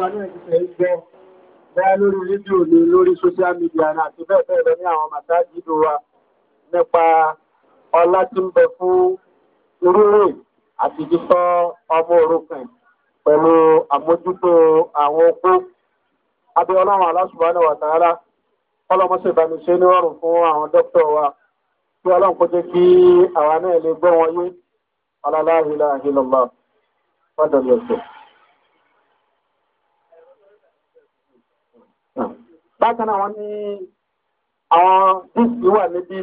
náà ìfẹ́ gbọ́ bẹ́ẹ̀ lórí rédíò ní lórí social media náà àti bẹ́ẹ̀ bẹ́ẹ̀ lọ ní àwọn màtájìdò wa nípa ọlá tí ń bẹ fún orúurú àti títọ́ ọmọ òrukàn pẹ̀lú àmójútó àwọn okó abẹ́ ọlọ́run aláṣùbọ́nà wàtàrà ọlọ́mọṣẹ́ ìbánisẹ́ nírọ̀rùn fún àwọn dókítà wa kí ọlọ́run kó jẹ́ kí àwa náà lè gbọ́ wọn yé ọlọ́láhìláhìlọ́lá fọ́dọ̀ yẹ̀sọ̀. bákan náà wọ́n ní àwọn díìsì wà níbí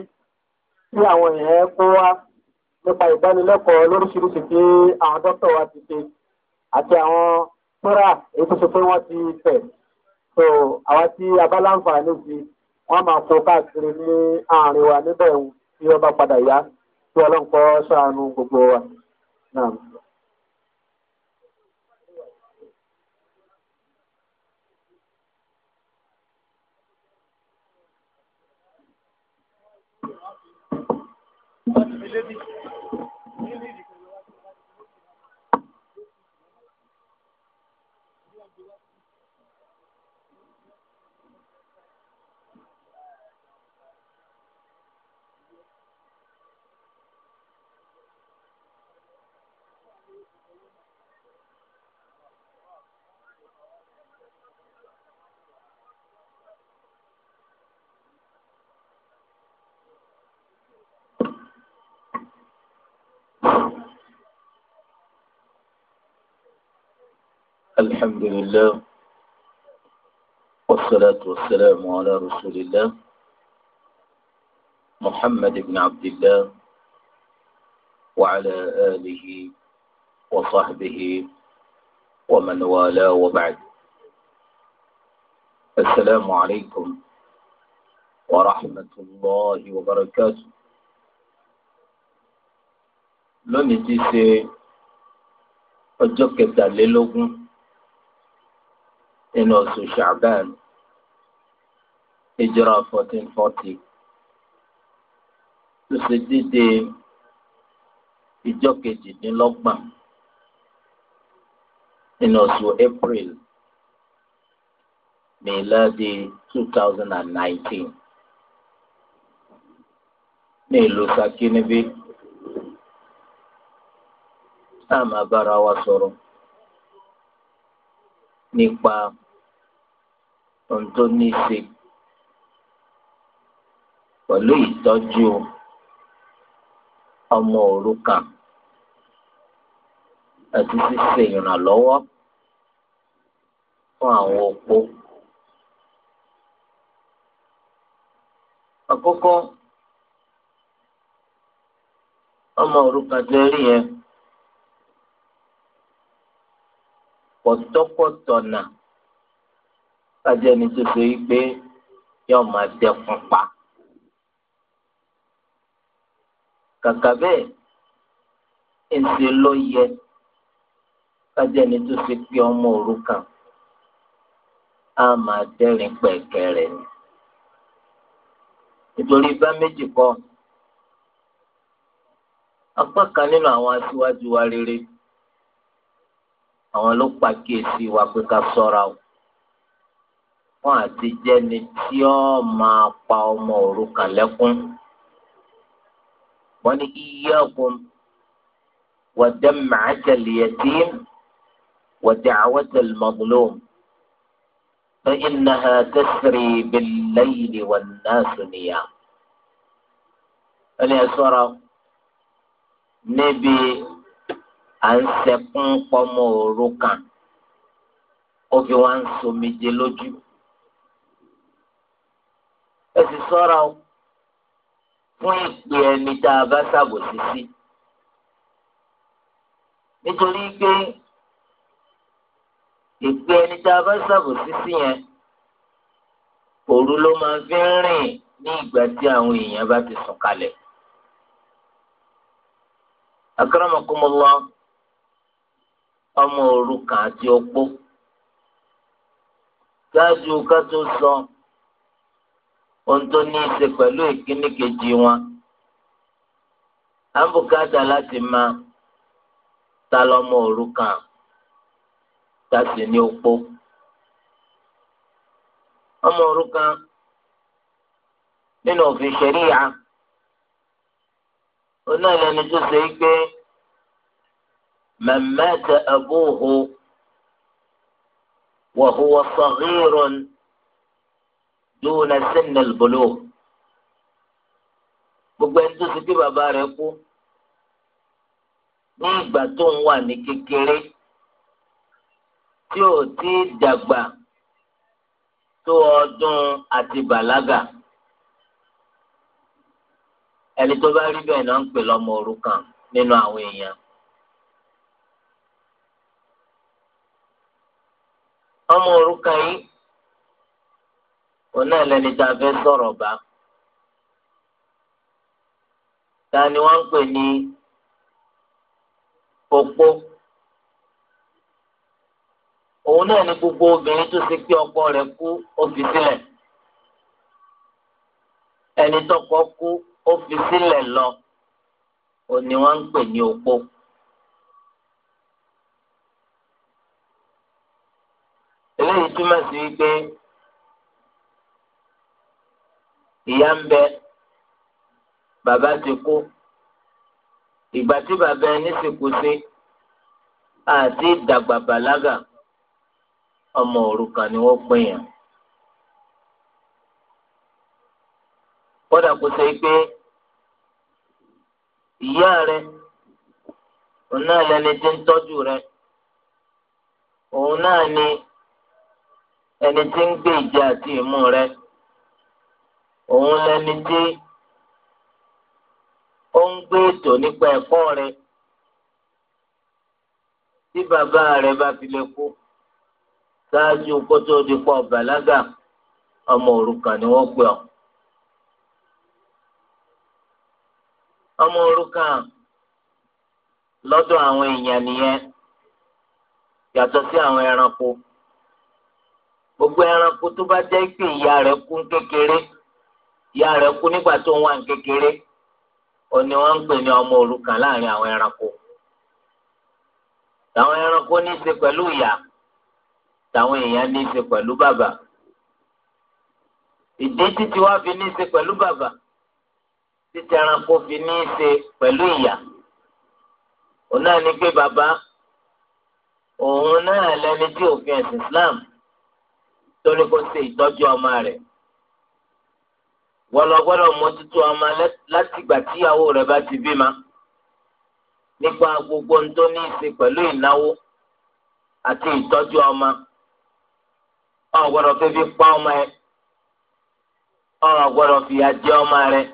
tí àwọn èèyàn kó wá nípa ìdánilẹ́kọ̀ọ́ lóríṣiríṣi tí àwọn dókítà wa ti ṣe àti àwọn pẹ́rà èyí tó ṣe pé wọ́n ti tẹ̀ so àwa tí abáláǹfààní sí wọ́n máa kó káàkiri ní àárín wa níbẹ̀ tí wọ́n bá padà yá tí ọlọ́nkọ́ ṣàánú gbogbo wa náà. Deus الحمد لله والصلاة والسلام على رسول الله محمد بن عبد الله وعلى آله وصحبه ومن والاه وبعد السلام عليكم ورحمة الله وبركاته لن تسي ọjọ́ kẹtàlélógún nínú oṣù ṣàbẹ́ẹ̀n ìjọra fourteen forty tó ṣe dídé ìjọ kejìdínlọ́gbọ̀n nínú oṣù April míládì two thousand and nineteen ní ìlú Ṣakí níbí táà máa bára wa sọ̀rọ̀ nípa ohun tó ní í ṣe pẹ̀lú ìtọ́jú ọmọ òrukàn àti ṣíṣe ìrànlọ́wọ́ fún àwọn opó. àkọ́kọ́ ọmọ òrukàn jẹ́ rí yẹn pọ̀tọ́pọ̀tọ̀ náà kájẹ́ ni tó so yí pé yóò máa dẹkùn pa. kàkà bẹ́ẹ̀ ẹsẹ̀ ló yẹ kájẹ́ ni tó so pé ọmọ òrukàn á máa dẹ́rìn pẹ̀kẹ́ rẹ̀ ni. nítorí bá méjì kọ́ apá kan nínú àwọn aṣíwájú wa rere àwọn ló pàkíyèsí wa pé ká ṣọ́ra o wọn àti jẹni tí ó máa pa ọmọ òrukàn lẹ́kún wọn ní iyyakum wa dam'ata al-yatim wa da'wata al-mazlum fa innaha tasri bil-layli wan-nasu niyam. ẹni ẹ sọ̀rọ̀ níbi à ń sẹkún pọmọ òrukàn ó fi wá ń somijé lójú ẹ sì sọ́ra o fún ìpè ẹni tá a bá ṣàbòsí sí nítorí pé ìpè ẹni tá a bá ṣàbòsí sí yẹn òru ló máa fi ń rìn ní ìgbà tí àwọn èèyàn bá ti sùn kalẹ̀. akramakumullah ọmọ òrukàn àti opó ṣáájú ká tó sọ. So, ohun tó ní í ṣe pẹ̀lú ìkíní kejì wọn. àbùkátà láti máa ta lọ́mọ òrukàn ta sì ní opó. ọmọ òrukàn nínú òfin ṣẹ̀ríyà oná ìlànà tó ṣe é pé man mata abuhu wa dúnà sẹ́nà lùbọ́lọ́ gbogbo ẹni tó ti pé bàbá rẹ̀ kú ní ìgbà tó ń wà ní kékeré tí ò tí ì dàgbà tó ọdún àti bàlágà ẹni tó bá rí bẹ́ẹ̀ náà ń pè lọ́mọ òrukàn nínú àwọn èèyàn. ọmọ òrukàn yìí. Ona náà lẹni tá a fẹ́ sọ̀rọ̀ bá ta ni wọ́n ń pè ní opó òun náà ni gbogbo obìnrin tó ṣe pé ọkọ rẹ̀ kú ó fi sílẹ̀ ẹni tọkọ kú ó fi sílẹ̀ lọ òun ni wọ́n ń pè ní opó. eléyìí túmọ̀ sí wípé ìyá ń bẹ bàbá ti kú ìgbà tí bàbá ẹni sì kú sí àti ìdàgbà bàlágà ọmọ òrukàn ni wọ́n pè yàn. kódà kó ṣe pé ìyá rẹ òun náà lẹni tí ń tọ́jú rẹ òun náà ni ẹni tí ń gbé ìjà àti ìmú rẹ. òun lẹni tí ó ń gbé ètò nípa ẹ̀kọ́ rẹ̀ tí bàbá rẹ bá fi lè kú ṣáájú kó tó di pọ̀ bàlágà ọmọ òrukàn ni wọ́n pè ọ́. ọmọ òrukàn lọ́dọ̀ àwọn èèyàn nìyẹn yàtọ̀ sí àwọn ẹranko gbogbo ẹranko tó bá jẹ́ pé ìyá rẹ̀ kú kékeré. ìyá rẹ̀ kú nígbà tó ń wà ní kékeré ó ní wọ́n ń pè ní ọmọ òrukàn láàrin àwọn ẹranko tàwọn ẹranko ní í ṣe pẹ̀lú ìyá tàwọn èèyàn ní í ṣe pẹ̀lú bàbá ìdí títí wá fi ní í ṣe pẹ̀lú bàbá títí ẹranko fi ní í ṣe pẹ̀lú ìyá òun náà ní pé bàbá òun náà lẹni tí òfin ẹ̀sìn Islam tó ní kó ṣe ìtọ́jú ọmọ rẹ̀ wọn lọ gbọ́dọ̀ mójútó ọmọ láti ìgbà tíyàwó rẹ̀ bá ti bímọ nípa gbogbo ohun tó ní í ṣe pẹ̀lú ìnáwó àti ìtọ́jú ọmọ ọ gbọ́dọ̀ fífi pa ọmọ ẹ ọ gbọ́dọ̀ fìyà jẹ ọmọ rẹ̀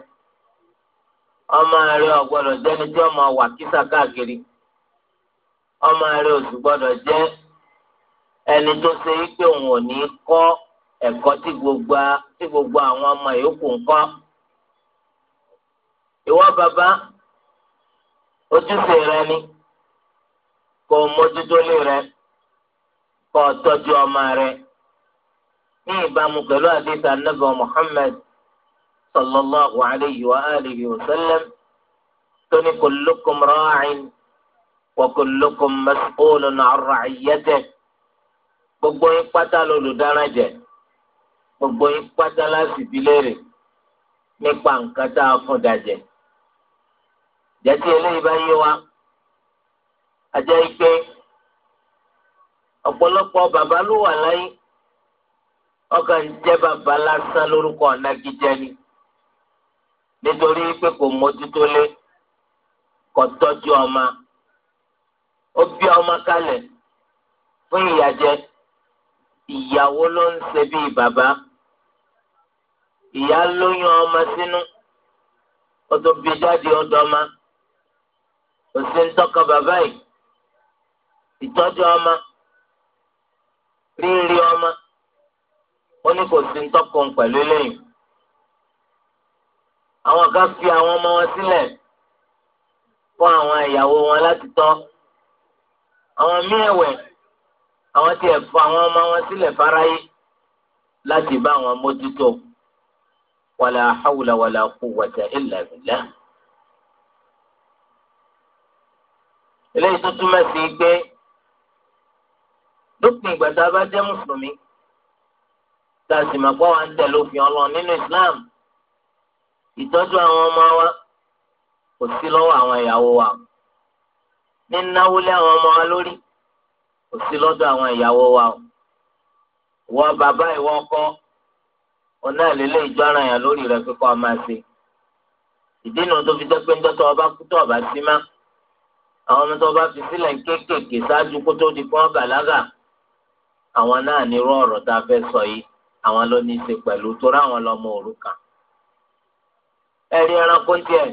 ọmọ rẹ̀ ọ gbọ́dọ̀ jẹni tí ọmọ wà kísà káàkiri ọmọ rẹ̀ ò sì gbọ́dọ̀ jẹ ẹni tó ṣe wípé òun ò ní kọ́ ẹ̀kọ́ tí gbogbo tí gbogbo àwọn ọmọ yòókù ń kọ́. ìwọ bàbá ojúṣe rẹ ni kó o mójútó lé rẹ kó o tọ́jú ọmọ rẹ ní ìbámu pẹ̀lú àdìsá nàbà Muhammad sallallahu alayhi wa alihi wa sallam tóní kullukum ra'in wa kullukum mas'ulun 'an ra'iyyatihi gbogbo yín pátá gbogbo yín pátá láti nkata léèrè nípa nǹkan tá a fún dajẹ jẹtí eléyìí bá yé wa ajá ike ọ̀pọ̀lọpọ̀ bàbá ló wà láyé ọkàn bàbá lásán lórúkọ ọ̀nàgíjẹ ni nítorí pé kò mójútó lé kò tọ́jú ọmọ ìyá lóyún ọmọ sínú ó tó bí jáde ọ̀dọ̀ ọmọ kò sí ń tọ́ka bàbá yìí ìtọ́jú ọmọ rírí ọmọ ó ní kò sí ń tọ́kùn pẹ̀lú lẹ́yìn àwọn kan fi àwọn ọmọ wọn sílẹ̀ fún àwọn ìyàwó wọn láti tọ́ àwọn míì àwọn tiẹ̀ fọ àwọn ọmọ wọn sílẹ̀ fáráyé láti bá wọn mójútó wàlà hawla wàlà quwwata illa billah. eléyìí tó túmọ̀ sí pé lópin ìgbà tá a bá jẹ́ mùsùlùmí tá a sì máa gbọ́ wa ń tẹ̀lé òfin ọlọ́run nínú islam ìtọ́jú àwọn ọmọ wa kò sí lọ́wọ́ àwọn ìyàwó wa nínáwó lé àwọn ọmọ wa lórí kò sí lọ́dọ̀ àwọn ìyàwó wa wọ bàbá ìwọ ọkọ ọ̀nà àlélẹ́ ìjọ́ra yẹn lórí rẹ pé kó o máa ṣe ìdí nu tó fi jẹ́ pé ńjọ́ tó o bá kú tó o bá sí má àwọn ọmọ tó o bá fi sílẹ̀ kéékèèké ṣáájú kó tó di fún ọ̀bàlágà àwọn náà nírú ọ̀rọ̀ tá a fẹ́ sọ yìí àwọn ló ní í ṣe pẹ̀lú torí àwọn lọ́mọ òrukàn ẹ̀rí ẹranko tiẹ̀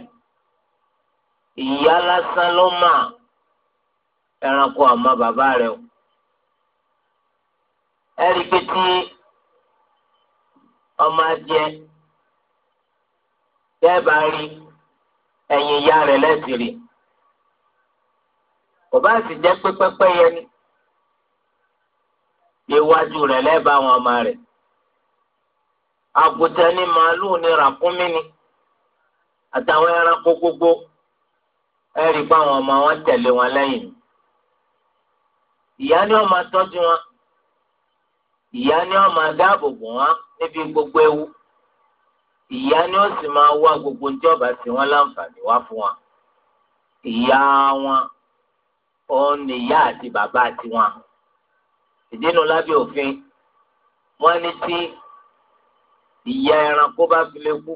ìyá lásán ló mà ẹranko àmọ́ bàbá rẹ̀ ẹ̀rí pé tí ọmọ adìẹ tẹ́ẹ̀bà rí ẹ̀yìn ìyá rẹ̀ lẹ́sìrì kò bá sì jẹ́ pé pẹ́pẹ́yẹ ni iwájú rẹ̀ lẹ́ẹ̀bà àwọn ọmọ rẹ̀ àgùntàn ni màálù ni ràkúnmí ni àtàwọn ẹranko gbogbo ẹ̀rí bá àwọn ọmọ wọn tẹ̀lé wọn lẹ́yìn ìyá ni wọ́n máa tọ́jú wọn ìyá ni ó máa dáàbò bò wọn níbi gbogbo ewu ìyá ni ó sì máa wá gbogbo ní ọba tí wọn láǹfààní wá fún wọn ìyá wọn òun ni ìyá àti bàbá àti wọn ìdínú lábẹ́ òfin wọn ní tí ìyá ẹranko bá fi lè kú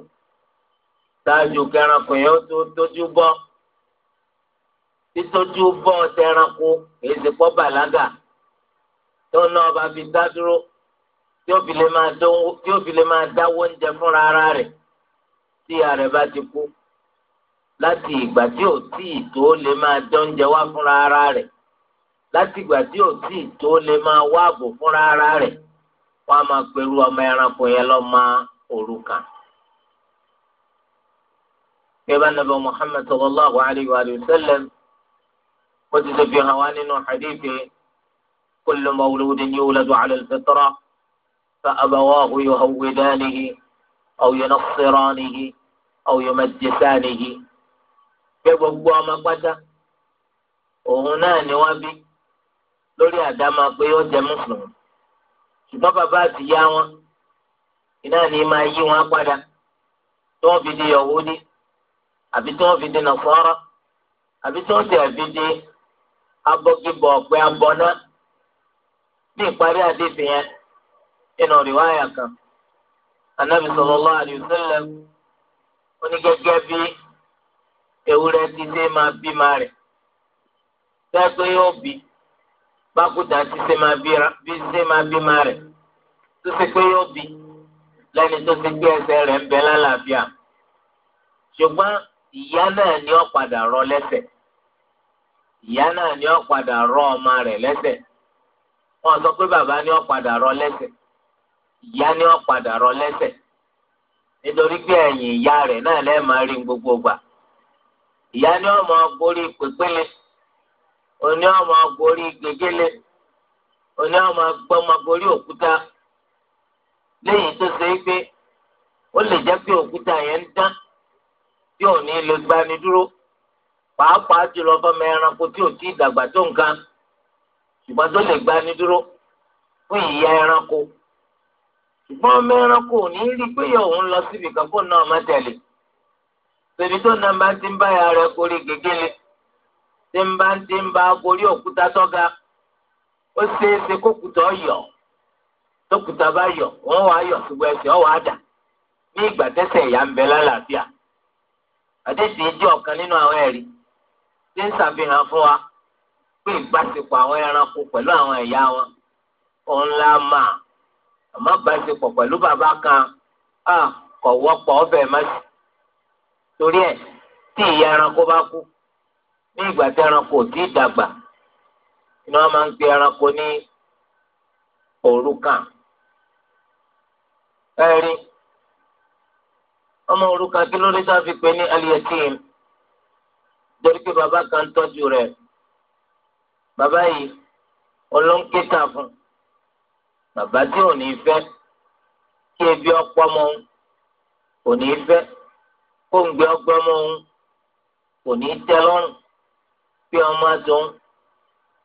ṣáájú kẹranko yẹn ó tó tójú bọ títójú bọ ọtẹ ẹranko èsì pọ bàlágà tó náà bá fi dá dúró tí ó fi lè máa dáwọ́ oúnjẹ fúnra ara rẹ̀ tí ìyá rẹ̀ bá ti kú láti ìgbà tí ò tí ì tó lè máa dọ́njẹ wá fúnra ara rẹ̀ láti ìgbà tí ò tí ì tó lè máa wá ààbò fúnra ara rẹ̀ wọ́n á máa pẹ̀lú ọmọ ẹranko yẹn lọ́mọ òrukàn. kẹ́bà nàbẹ̀ Muhammad sallallahu alayhi wa sallam ó ti ṣe fi hàn wá nínú hadithi kullu mawludin yuladu ala al-fitra. فأبواه يهودانه أو ينصرانه أو يمجسانه pé gbogbo ọmọ pátá òun náà ni wọ́n bí lórí àdámà pé ó jẹ́ mùsùlùmí ṣùgbọ́n bàbá àti ìyá wọn iná ni máa yí wọn padà tí wọ́n fi di Yahudi àbí tí wọ́n fi di Nasara àbí tí wọ́n ti fi di abọ́gibọ̀ ọ̀pẹ abọ́ná ní ìparí àdébìyẹn. nínú rìwáyà kan anabi sallallahu alayhi wa sallam ó ní gẹ́gẹ́ ti ṣe ma bi ma rẹ̀ gbẹgbẹ yóò bi bákútà ti ṣe bi ma rẹ̀ tó ṣe pé yóò bí lẹ́ni tó ṣe gbé ẹsẹ̀ rẹ̀ ń bẹ lálàáfíà ṣùgbọ́n ìyá náà ni padà rọ lẹ́sẹ̀ ìyá náà ni padà rọ ọmọ sọ pé bàbá ni padà rọ ìyá ni ó padà rọ lẹ́sẹ̀ nítorí pé ẹyìn ìyá rẹ̀ náà lẹ máa rí gbogbo gbà ìyá ni ọmọ gorí pèpéle oní ọmọ gorí gègéle oní ọmọ gbọmọ gorí òkúta léyìí tó ṣe é pé ó lè jẹ́ pé òkúta yẹn dàgbà tó nǹkan ṣùgbọ́n tó lè gbani dúró fún ìyá ṣùgbọ́n ọmọ ẹranko ò ní rí pé yọ òun lọ síbi kan fóun náà má tẹ̀lé tòbí tó náà bá ti ń bá ya rẹ gorí gègéle tí ń bá ti ń bá gorí òkúta tọ́ga ó ṣeé ṣe kókùtà ọ̀yọ́ tókùtà bá yọ wọ́n wàá yọ ṣùgbọ́n ẹsẹ̀ ọ̀wọ́ àdà ní ìgbà tẹ́sẹ̀ ìyá ń bẹ lálàáfíà àdéhùn ìdí ọ̀kan nínú àwọn ẹ̀rí tí ń ṣàfihàn fún wa pé ìbáṣepọ̀ àwọn ẹranko pẹ̀lú àwọn ẹ̀yà wọn òun la máa àmọ́ bàjẹ́pọ̀ pẹ̀lú bàbá kan à kọ̀ wọ́pọ̀ ọbẹ̀ má sí. torí ẹ̀ tí ìyá ẹranko bá kú ní ìgbà tí ẹranko ò tí ì dàgbà ni wọ́n máa ń pe ẹranko ní òrukàn. ẹ rí ọmọ òrukàn kí ló dé tá a ní aliyetim torí pé bàbá kan tọ́jú rẹ̀ bàbá yìí olóńkéta fún un bàbá tí ò ní fẹ́ kí ebi ọ̀pọ̀ mọ òun kò ní fẹ́ kó ń gbé ọgbọ́n mọ òun kò ní tẹ́ lọ́rùn pé ọmọ àtòun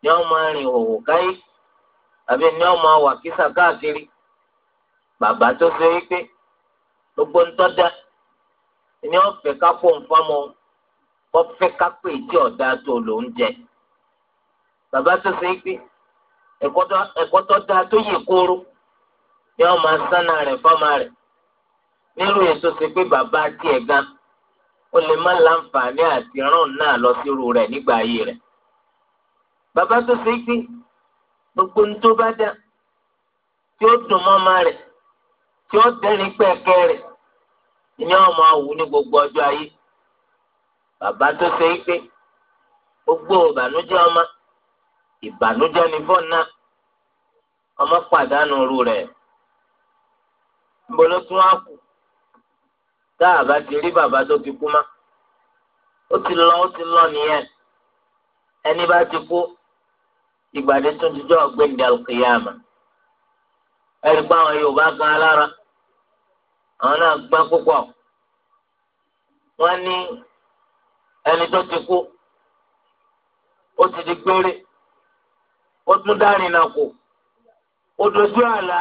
ni wọ́n máa rìn òwò káyé àbí ni wọ́n máa wà kísà káàkiri bàbá tó ṣe wípé gbogbo ń tọ́ ni wọ́n fẹ́ ká pọ̀ nǹkan mọ wọ́n fẹ́ ká pè tí ọ̀dà tó lòún jẹ bàbá tó ṣe wípé. ẹ̀kọ́ tó tó yè kóró yọ ọmọ asánà rẹ̀ fọ́mà rẹ̀ nínú èso ṣe pé bàbá tiẹ̀ gan ó lè má láǹfààní àti rán náà lọ sírú rẹ̀ nígbà ayé rẹ̀ bàbá tó ṣe pé gbogbo ní tó bá dá tí ó dùn tí gbogbo ọjọ́ ayé bàbá tó ṣe pé gbogbo ìbànújẹ́ ọmọ. ìbànújẹ́ ni na ọmọ pàdánù òru rẹ̀ nbọlọ tún á kù tá a bá ti rí bàbá tó ti kú mọ́ ó ti lọ ó ti lọ nìyẹn ẹni bá ti kú ìgbàdé tún ti jọ ọgbẹni alùkìyàmà ẹni pa àwọn Yorùbá kan alára àwọn náà gbọ́n púpọ̀ wọ́n ní ẹni tó ti kú ó ti di ó tún dárin náà kù ó dojú àlá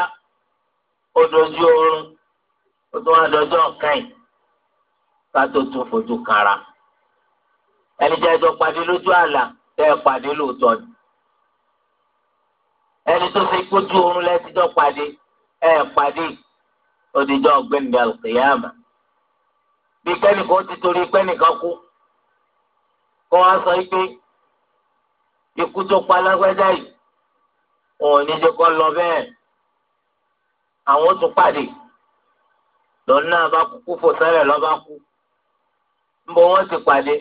ó dojú oorun ó tún wá dojú ọ̀kan yìí ká tó tún fojú kara ẹni jẹ́ ẹjọ́ pàdé lójú àlá tẹ́ ẹ pàdé lóòótọ́ ni ẹni tó fi kójú oorun lẹ́tijọ́ pàdé ẹ pàdé òdìjọ́ ọ̀gbẹ́ni alùpùpù bí kẹ́nìkan ti torí pẹ́nìkan kú kọ́ wa sọ pé ikú tó pa lágbájá yìí òun ò ní jẹ́ kó lọ bẹ́ẹ̀ àwọn ó tún pàdé lọ́nà náà bá kú kú fò sẹ́rẹ̀ lọ́ba kú nbọ wọn ti pàdé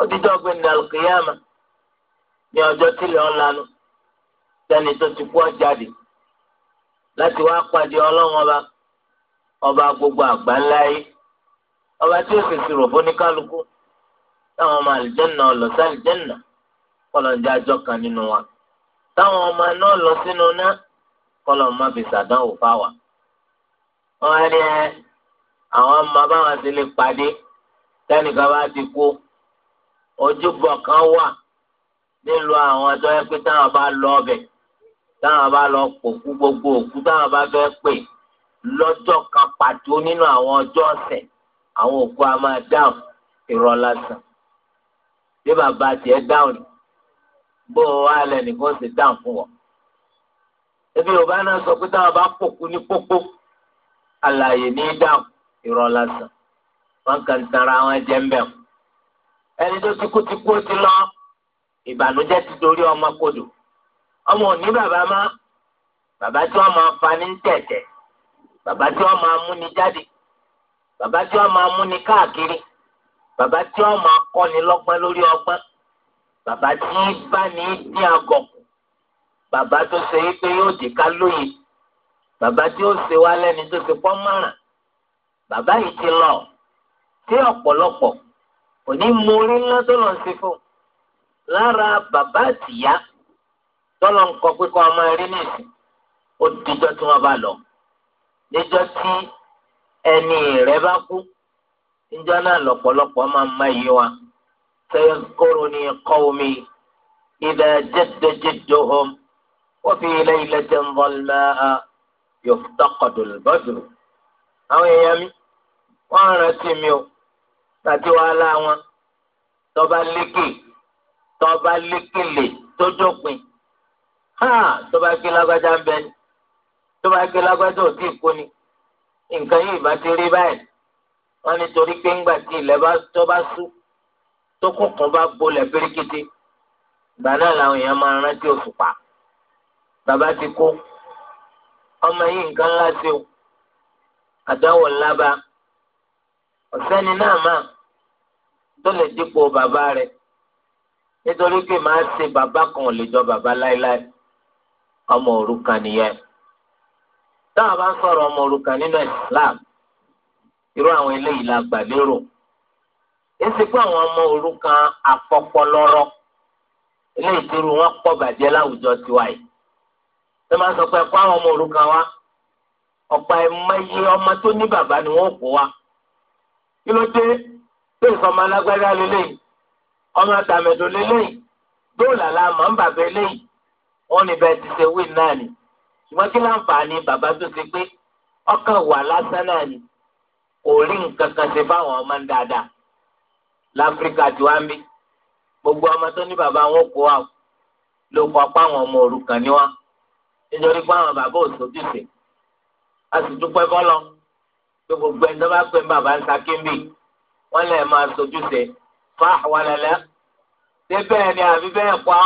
ó ti jọ pé nàlùkìyàmà ní ọjọ́ tílẹ̀ ọ̀lànà sẹ́ni tó ti kú ọ̀jáde láti wá pàdé ọlọ́wọ́n ọba ọba gbogbo àgbáńláyé ọba tí òsì sì rò fún ní kálukú táwọn ọmọ àlìjẹ́nà ọlọ́sẹ̀ àlìjẹ́nà kọlọ́njá àjọ kan nínú wa táwọn ọmọ náà lọ sínú náà kọlọ má fi sàdánwò fáwa wọn á ní ẹ àwọn ọmọ báwọn ti lè pàdé tẹnìkan bá ti kú ojúbọ kan wà nílùú àwọn tó yẹ pé táwọn bá lọ ọbẹ̀ táwọn bá lọ pòkú gbogbo òkú táwọn bá fẹ́ pè lọ́jọ́ kan pàtó nínú àwọn ọjọ́ ọ̀sẹ̀ àwọn òkú a máa dáhùn ìrọ̀ lásán bí bàbá tiẹ̀ dáhùn bó o wá lẹ nìkan ṣe dáhùn fún wọn. ebi yorùbá náà sọ pé táwọn bá pòkú ní pópó àlàyé ní dáhùn irọ́ lásán wọn kàn tara wọn jẹ ń bẹ̀ wọn. ẹni tó ti kú ti kú ti lọ ìbànújẹ́ ti dorí ọmọ kodò ọmọ òní bàbá má bàbá tí wọn máa fa ní tẹ̀tẹ̀ bàbá tí wọn máa mú ni jáde bàbá tí wọn máa mú ni káàkiri bàbá tí wọn máa kọ́ ni lọ́gbọ́n lórí ọgbọ́n bàbá tí bá ní dín agọ̀ bàbá tó ṣe é pé yóò dìka lóye bàbá tí ó ṣe wá lẹ́ni tó ṣe pọ́ márùn bàbá yìí ti lọ tí ọ̀pọ̀lọpọ̀ kò ní mú orí ńlá tó lọ sí fún lára bàbá àtìyá tọ́lọ̀ ń kọ pé kọ́ ọmọ rí nìsín ó dijọ́ tí wọ́n bá lọ níjọ́ tí ẹni rẹ̀ bá kú níjọ́ náà lọ́pọ̀lọpọ̀ máa ń mọ iye wa. سيذكرني قومي إذا جد جدهم وفي ليلة ظلماء يفتقد البدر أو يامي وأنا سيميو tàbí wàhálà wọn tọba lékè tọba lékèlè tó dópin ha tọba ké lágbájá ń bẹ ni tọba ké lágbájá ò tí ì kú ni nǹkan yìí bá ti rí báyìí wọn nítorí pé ńgbà tí ilẹ̀ bá tọ́ bá sùn tókùn kan bá bolẹ̀ pérégede ìgbà náà làwọn èèyàn máa rántí òṣùpá bàbá ti kó ọmọ yìí nǹkan ńlá sí o àdáwò ńlá bá ọ̀sẹ́ni náà máa tó lè dípò bàbá rẹ̀ nítorí pé màá ṣe bàbá kan ò lè jọ bàbá láéláé ọmọ òrukàn nìyẹn táwọn bá ń sọ̀rọ̀ ọmọ òrukàn nínú Islam irú àwọn eléyìí la gbà lérò èsì pé àwọn ọmọ òrukàn afọpọlọrọ ilé ìdúró wọn pọ̀ bàjẹ́ láwùjọ tiwa yìí tó máa sọ pé kó àwọn ọmọ òrukàn wa ọ̀pọ̀ ẹ̀mọ́yé ọmọ tó ní bàbá ni wọ́n kó wa kí ló dé pé ìfọmọ alágbádá lélẹ́yìn ọmọ àtàmẹ̀dò lélẹ́yìn dóòlà la máa ń bàbá eléyìí wọn ní ti ṣe wí náà ni ṣùgbọ́n kí láǹfààní bàbá tó ṣe pé ọkàn wà lásán náà ni kò rí nǹkan kan ṣe fáwọn ọmọ ń dáadáa láfíríkà tí wàá mi gbogbo ọmọ tó ní bàbá wọn kó wa ló kọ pa àwọn ọmọ òrukàn ni wa nítorí pé àwọn bàbá ò sójúṣe a sì dúpẹ́ bọlọ pé gbogbo ẹni tó bá pè ní bàbá ń sa kébì wọn lè máa sójúṣe fa àwọn lẹlẹ débẹ̀ ni àbí bẹ́ẹ̀ kọ́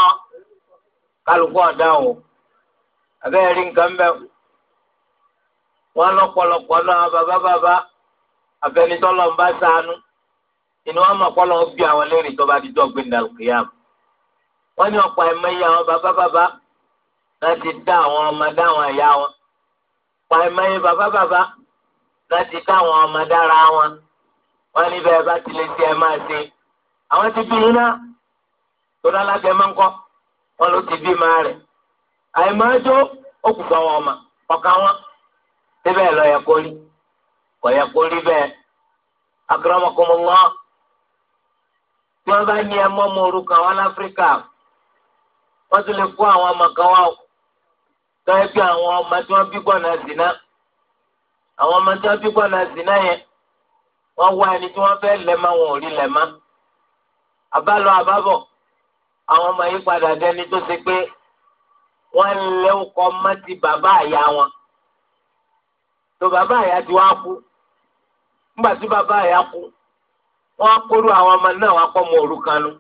kálukú ọ̀dà o àbẹ́ẹ̀ rí nǹkan bẹ́ẹ̀ wọn lọ́pọ̀lọpọ̀ náà bàbá bàbá àfẹnitọ́lọ́ ń sànú inú wọn mọ̀ kọ́ lọ́wọ́ bí àwọn léèrè tó bá di dọ́gbìn dà kìyàm. wọ́n ní ọ̀pọ̀ ẹ̀mẹ́yà àwọn bàbá bàbá láti dá àwọn ọmọ dá àwọn ẹ̀yà wọn. ọ̀pọ̀ ẹ̀mẹ́yà bàbá bàbá láti dá àwọn ọmọ dára wọn. wọ́n ní bẹ́ẹ̀ bá tilẹ̀ sí ẹ máa ṣe. àwọn ti bí iná tó dálágẹ mọ́ńkọ́ wọn ló ti bí máa rẹ̀. àìmọ́jọ́ ó kù àwọn ọmọ ọ̀ka wọn. síbẹ̀ lọ yẹ kó rí kọ̀ yẹ kó rí bẹ́ẹ̀ akramakumullah tí wọ́n bá yẹ ẹmọ́ ọmọ òrukàn wá láfíríkà wọ́n tún lè kó àwọn ọmọ kan wá tọ́yẹ́ bí àwọn ọmọ tí wọ́n bí gbọ́nà zìnà àwọn ọmọ tí wọ́n bí gbọ́nà zìnà yẹn wọ́n wá ẹni tí wọ́n fẹ́ lẹ́mọ́ wọn ò rí lẹ́mọ́ àbálọ àbábọ̀ àwọn ọmọ yìí padà dẹni tó ṣe pé wọ́n lé ọkọ̀ mọ́ ti bàbá àyà wọn tó bàbá àyà ti wá kú nígbà tí bàbá àyà kú. wọ́n á kóró àwọn ọmọ náà wọ́n á ọmọ òrukàn nu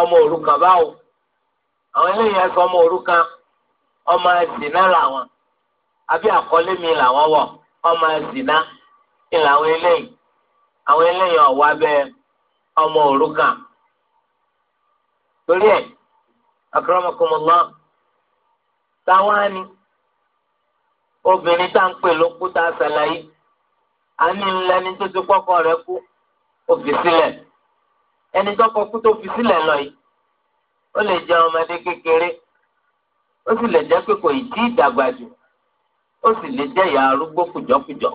ọmọ òrukàn báwo àwọn eléyìí ẹ̀sọ́ ọmọ òrukàn ọmọ ẹ̀sìnà làwọn àbí àkọlé mi làwọn ọmọ ẹ̀sìnà ni làwọn eléyìí àwọn eléyìí ọ̀wá bẹ́ẹ̀ ọmọ òrukàn torí ẹ̀ akramakumullah táwọn á obìnrin tá à ń pè lókúta a ní tó ti ó fi sílẹ̀ ẹni tọkọ kú tó fi sílẹ̀ lọ yìí ó lè ọmọdé kékeré ó sì lè jẹ́ pé kò ì tí ì jù ó sì lè jẹ́ ìyá arúgbó kùjọkùjọ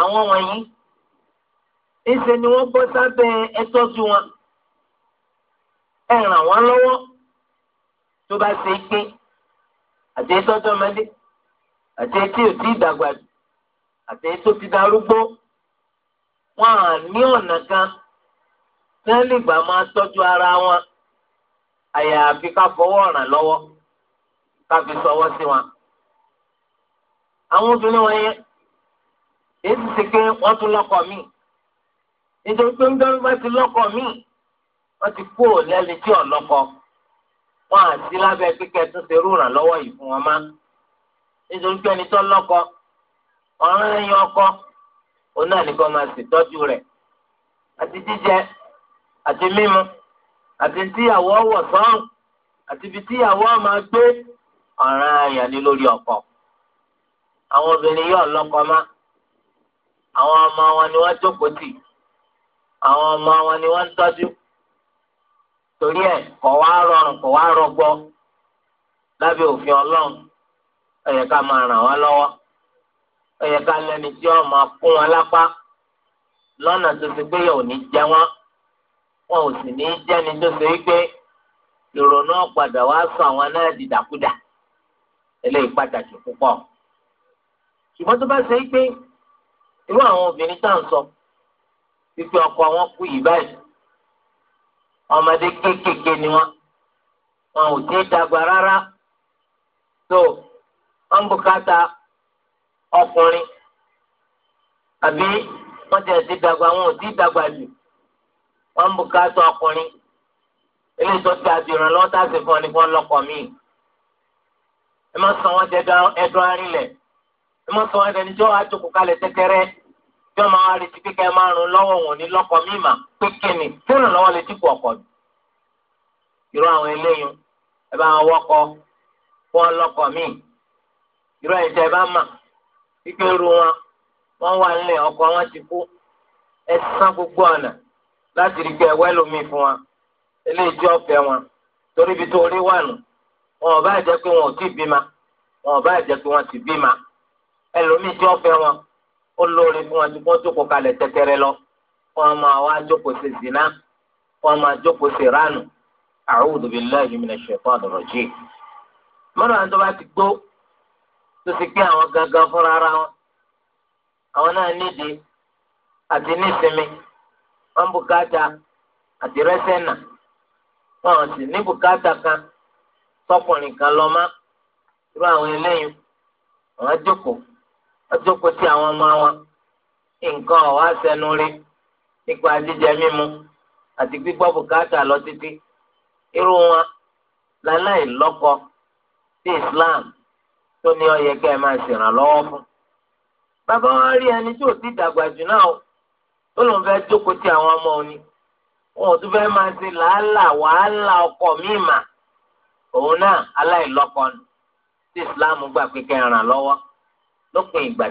àwọn ńṣe ni wọ́n bọ́ sábẹ́ wọn ẹ ràn wọ́n lọ́wọ́ tó bá ṣe pé àti ọmọdé àti ẹtí wọn à ní ọ̀nà kan tí wọ́n máa tọ́jú ara wọn àyàfi ká fọwọ́ ràn lọ́wọ́ ká fi sọwọ́ sí wọn. àwọn obìnrin wọn yẹn èyí ti ṣe pé wọ́n tún lọ́kọ míì nítorí pé ńgbẹ́rún bá ti lọ́kọ míì wọ́n ti kúrò tí lábẹ́ fún wọn má pé ẹni tó ọkọ. òun náà nìkan máa ṣètọ́jú rẹ̀ àti jíjẹ àti mímu àti tíyàwó ọwọ́ sọ́run àti ibi tíyàwó máa gbé ọ̀ràn àyàn ni lórí ọkọ àwọn obìnrin yóò lọ́kọ má àwọn ọmọ wọn ni wọ́n jókòó tì àwọn ọmọ wọn ni wọ́n ń tọ́jú torí ẹ̀ kọ̀ wá rọrùn kọ̀ wá rọgbọ lábẹ́ òfin ọlọ́run ẹ̀yẹ ká máa ràn wá lọ́wọ́. ẹ̀yẹ ká lẹ́ni tí wọ́n máa kún wọn lápá lọ́nà tó ti pé yóò ní jẹ wọ́n wọn ò sì ní jẹ́ni tó ṣe wípé ìrònú ọ̀padà wá sọ àwọn náà di dàkúdà eléyìí pàtàkì púpọ̀ ṣùgbọ́n tó bá ṣe irú àwọn obìnrin tá à ń sọ fífi ọkọ wọn kú yìí báyìí ọmọdé kéékèèké ni ọkùnrin àbí wọ́n ti ẹ̀sìn dàgbà wọn ò tí ì dàgbà lù wọ́n ń bùkátà ọkùnrin eléyìí tó ti àti ìrànlọ́wọ́ tá a sì fún ọ ní fún ọlọ́kọ̀ míì ẹ má sọ wọn jẹ ẹdùn arìnlẹ̀ ẹ má sọ wọn jẹ níjọ́ àjòkò kalẹ̀ tẹ́tẹ́rẹ́ tí wọ́n máa retí pé kẹ́ ẹ máa rún lọ́wọ́ wọn ní lọ́kọ̀ míì mà pé kíni tí ìrànlọ́wọ́ lè dípò ọkọ̀ jù irú àwọn eléyìí ẹ bá wọn wọ́kọ fún ọlọ́kọ̀ míì irú ẹ̀ ike ń ru wọn wọn wà nílẹ̀ ọkọ wọn ti kú ẹ san gbogbo ọ̀nà láti rí pé ẹwẹ́ lomi fún wa eléyìí jẹ́ ọ̀fẹ́ wọn torí ibi tó rí wà nù wọn ò bá jẹ́ pé wọn ò tí ì bímọ wọn ò bá jẹ́ pé wọn ti bímọ ẹlòmíì jẹ́ ọ̀fẹ́ wọn ó lóore fún wọn ju kó jókòó kalẹ̀ tẹ́tẹ́rẹ́ lọ wọn máa wá jókòó ṣe zina wọn máa jókòó ṣe ránù a'udhu billahi minash shaitanir rajim mọ́nà àti tó bá ti gbó tó fi pé àwọn gangan fúnra ara wọn àwọn náà nídìí àti nísinmi wọn bùkátà àti rẹsẹ̀nà wọn ò sì ní bùkátà kan tọkùnrin kan lọ má irú àwọn eléyìí àwọn jókòó wọn jókòó tí àwọn ọmọ wọn nǹkan ọ̀wá sẹnu rí nípa jíjẹ mímu àti gbígbọ́ bùkátà lọ títí irú wọn láláì lọ́kọ sí Islam tó ní ọyẹ kẹ́ ẹ máa ṣèrànlọ́wọ́ fún. bàbá wa rí ẹni tí ò ti dàgbà jù náà ó lóun fẹ́ jókòó ti àwọn ọmọ òní tún fẹ́ máa ṣe làálà wàhálà míì mà òun náà aláìlọ́kọ tí ìsìláàmù gbà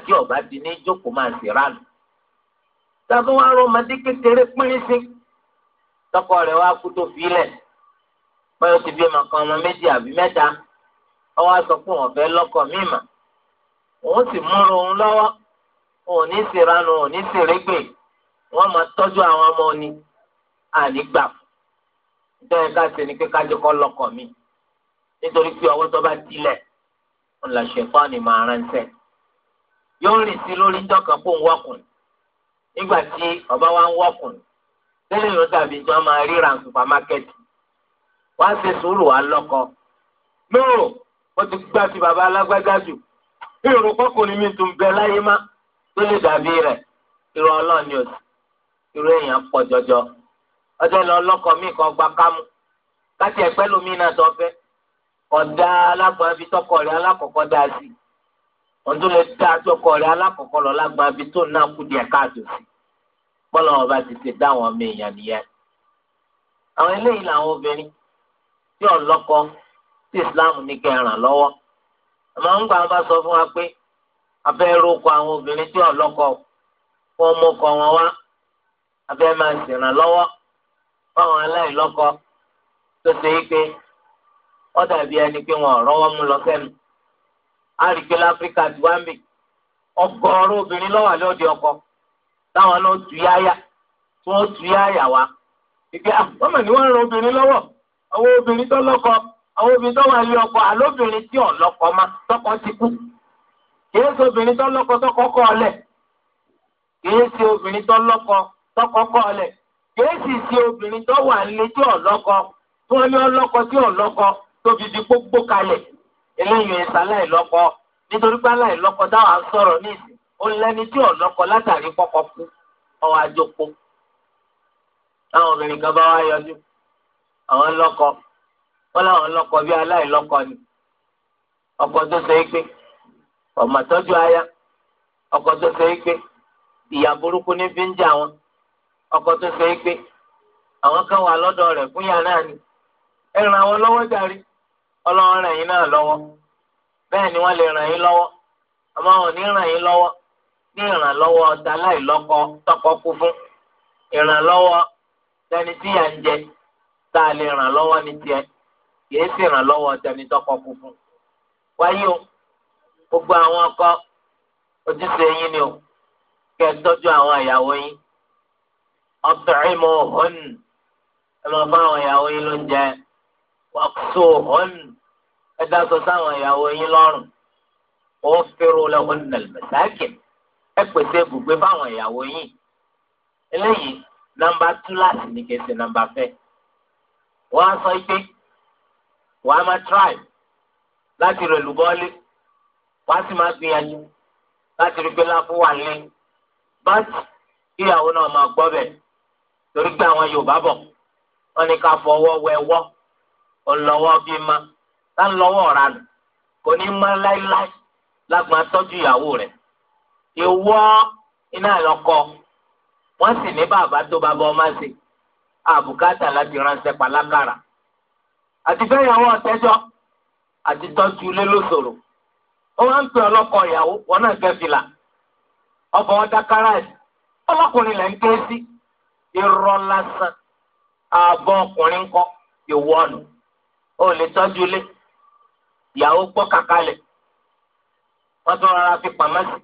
tí ọba ti ní jókòó máa rọ ọmọdé kékeré pínrín sí tọkọ rẹ̀ wá kú tó fi lẹ̀ báyọ̀ ti bí ọwọ́ á sọ pé wọ́n fẹ́ lọ́kọ mí mà òun sì múra òun lọ́wọ́ òun ní sèrànù òun ní sèrègbè wọ́n máa tọ́jú àwọn ọmọ ni ànígbà bẹ́ẹ̀ ká ṣe ni pé ká jẹ́ kọ́ lọ́kọ mí nítorí pé ọwọ́ tó bá dilẹ̀ ń la ṣẹ̀fọ́ọ̀nì máa ránṣẹ́ yóò rìn sí lórí jọ́kan fún wọ́kùn nígbà tí ọba wa ń wọ́kùn tẹ́lẹ̀ yóò dàbí tí máa ríra ní wọ́n á ṣe sùúrù wá lọ́kọ. lóòrò wọ́n ti gbá ti bàbá alágbádá jù èrò pọ́kùnrin mi tún bẹ láyé má tó lè dàbí rẹ̀ irú ọlọ́ọ̀ni ò sí irú èèyàn pọ̀ jọjọ ọjọ́ lọ ọlọ́kọ mi kan gba kámú káti ẹ̀pẹ́ lómi náà tó fẹ́ ọ̀dà alágbọ̀n fi tọkọ rẹ̀ alákọ̀ọ́kọ́ dá sí òun tó lè dá tọkọ rẹ̀ alákọ̀ọ́kọ́ lọ lágbọ̀n fi tó náà kú díẹ̀ káàtó sí bọ́lá wọn bá ti ṣe dá àwọn ọmọ èèyàn nìyẹn àwọn eléyìí làwọn obìnrin tí ọlọ́kọ tí islam ní kẹ́ ràn lọ́wọ́ àmọ́ ń gbà bá sọ fún wa pé abẹ́ àwọn obìnrin tí ọlọ́kọ wọn wọn wá abẹ́ máa ṣèrànlọ́wọ́ fáwọn aláìlọ́kọ tó ṣe é pé dàbí ẹni pé wọn rọ́wọ́ mú lọ sẹ́nu pé ti wá ń bì ọgọ́rùn obìnrin lọ́wọ́ àlẹ́ òde ọkọ wá wọ́n ń ran obìnrin lọ́wọ́ àwọn àwọn obìnrin tó wà lé ọkọ àlóbìnrin tí ọlọ́kọ má tọkọ ti kú kìí ṣe obìnrin tó lọ́kọ tọkọ kọ ọlẹ̀ kìí ṣe obìnrin tó lọ́kọ tọkọ kọ ọlẹ̀ kìí sì ṣe obìnrin tó wà lé tí ọlọ́kọ tí wọ́n ní ọlọ́kọ tí ọlọ́kọ tóbi di gbogbo kalẹ̀ eléyìí ẹ̀sà láìlọ́kọ nítorí pé aláìlọ́kọ dáwà ń sọ̀rọ̀ ní ìsìn ó lẹ́ni tí ọlọ́kọ látàrí kọ́kọ́ kú ọwọ́ àjọpọ̀ táwọn obìnrin kan bá wá yọjú àwọn lọ́kọ wọn lọ́kọ bí aláìlọ́kọ ni ọkọ tó ṣe é pé ọmọ tọ́jú aya ọkọ tó ṣe é pé ìyà burúkú ní fi ń jà wọn ọkọ tó ṣe é pé àwọn kan wà lọ́dọ̀ rẹ̀ fún yàrá náà ni ẹ ràn wọn lọ́wọ́ jàre Ọlọ́run ràn yín náà lọ́wọ́ bẹ́ẹ̀ ni wọ́n lè ràn yín lọ́wọ́ ọmọ wọn kìí sì ràn lọ́wọ́ tẹni tọkọ kú fún. wáyé o gbogbo àwọn ọkọ ojúṣe yín ni o kẹ́ ẹ tọ́jú àwọn ìyàwó yín ọ̀tọ̀rìmọ̀ òhún ẹ máa fún àwọn ìyàwó yín lóúnjẹ wàásù òhún ẹ dáṣọ sáwọn ìyàwó yín lọ́rùn wọ́n fẹ́ràn lẹ́wọ̀n nàlmẹ́sáàkì ẹ pèsè ibùgbé fáwọn ìyàwó yín eléyìí nàmbà túláàsì ní kẹsì nàmbà fẹ́ wọ́n á sọ pé wàá máa try láti rẹ̀ lùbọ́lé wàá sì máa gbìyànjú láti rí gbẹ́lá fún wa lé báńkì kí ìyàwó náà máa gbọ́ bẹ̀ torí gbé àwọn Yorùbá bọ̀ wọ́n ní ká fọwọ́ wẹwọ́ ọlọ́wọ́ bí ma tá ń lọ́wọ́ ọ̀ra nù kò ní má láíláí lágbà tọ́jú ìyàwó rẹ̀ ìwọ́ iná ìlọ́kọ wọ́n sì ní bàbá tó bàbá ọmọ ṣe àbùkátà láti ránṣẹ́ pàlákàrà àti fẹ́ ìyàwó ọ̀tẹ́jọ́ àti tọ́jú ilé lóṣòro ó wá ń pè ọlọ́kọ ìyàwó wọn náà fẹ́ fìlà ọkọ̀ wọn dá káràdì ọlọ́kùnrin lẹ́ ń ké sí irọ́ lásán ààbọ̀ ọkùnrin kọ́ ìwọ́nù ó lè tọ́jú ilé ìyàwó gbọ́ kakalẹ̀ wọ́n tún rárá fi pamọ́ sí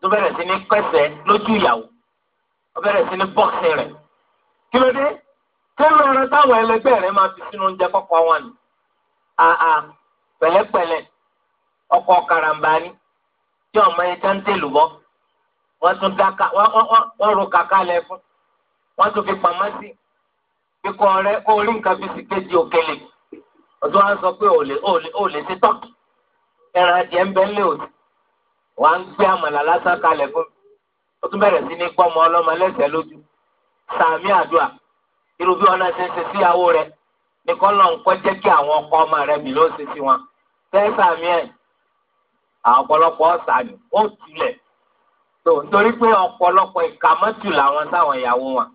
tó bẹ̀rẹ̀ sí ní pẹ̀sẹ̀ lójú ìyàwó ó bẹ̀rẹ̀ sí ní bọ́ọ̀sì rẹ̀ kí ló dé tẹ́lọ̀ rẹ táwọn ẹlẹgbẹ́ rẹ máa fi sínú oúnjẹ kọ́kọ́ wọn ni àà pẹ̀lẹ́pẹ̀lẹ́ ọkọ karambani tí ọmọ yẹn tẹ́ ń tèlù bọ́ wọ́n tún dáka wọ́n ro kàkà lẹ fún wọ́n tún fi pamọ́ sí kíkọ́ kó orí nǹkan fi òkèlè wa sọ pé tọ́kì ẹran adìẹ ń ń lé òsì wàá ń gbé àmàlà lásán kalẹ̀ fún irú bí ọ̀nà ṣe ń ṣe síyàwó rẹ̀ ní kọ́lọ̀ nǹkan jẹ́ kí àwọn ọkọ ọmọ rẹ̀ mi ló ṣe sí wọn tẹ́sà mìíràn àwọn ọ̀pọ̀lọpọ̀ ọ̀sà ni ó tilẹ̀ tó nítorí pé ọ̀pọ̀lọpọ̀ ìkàmọ́tù làwọn sáwọn ìyàwó wọn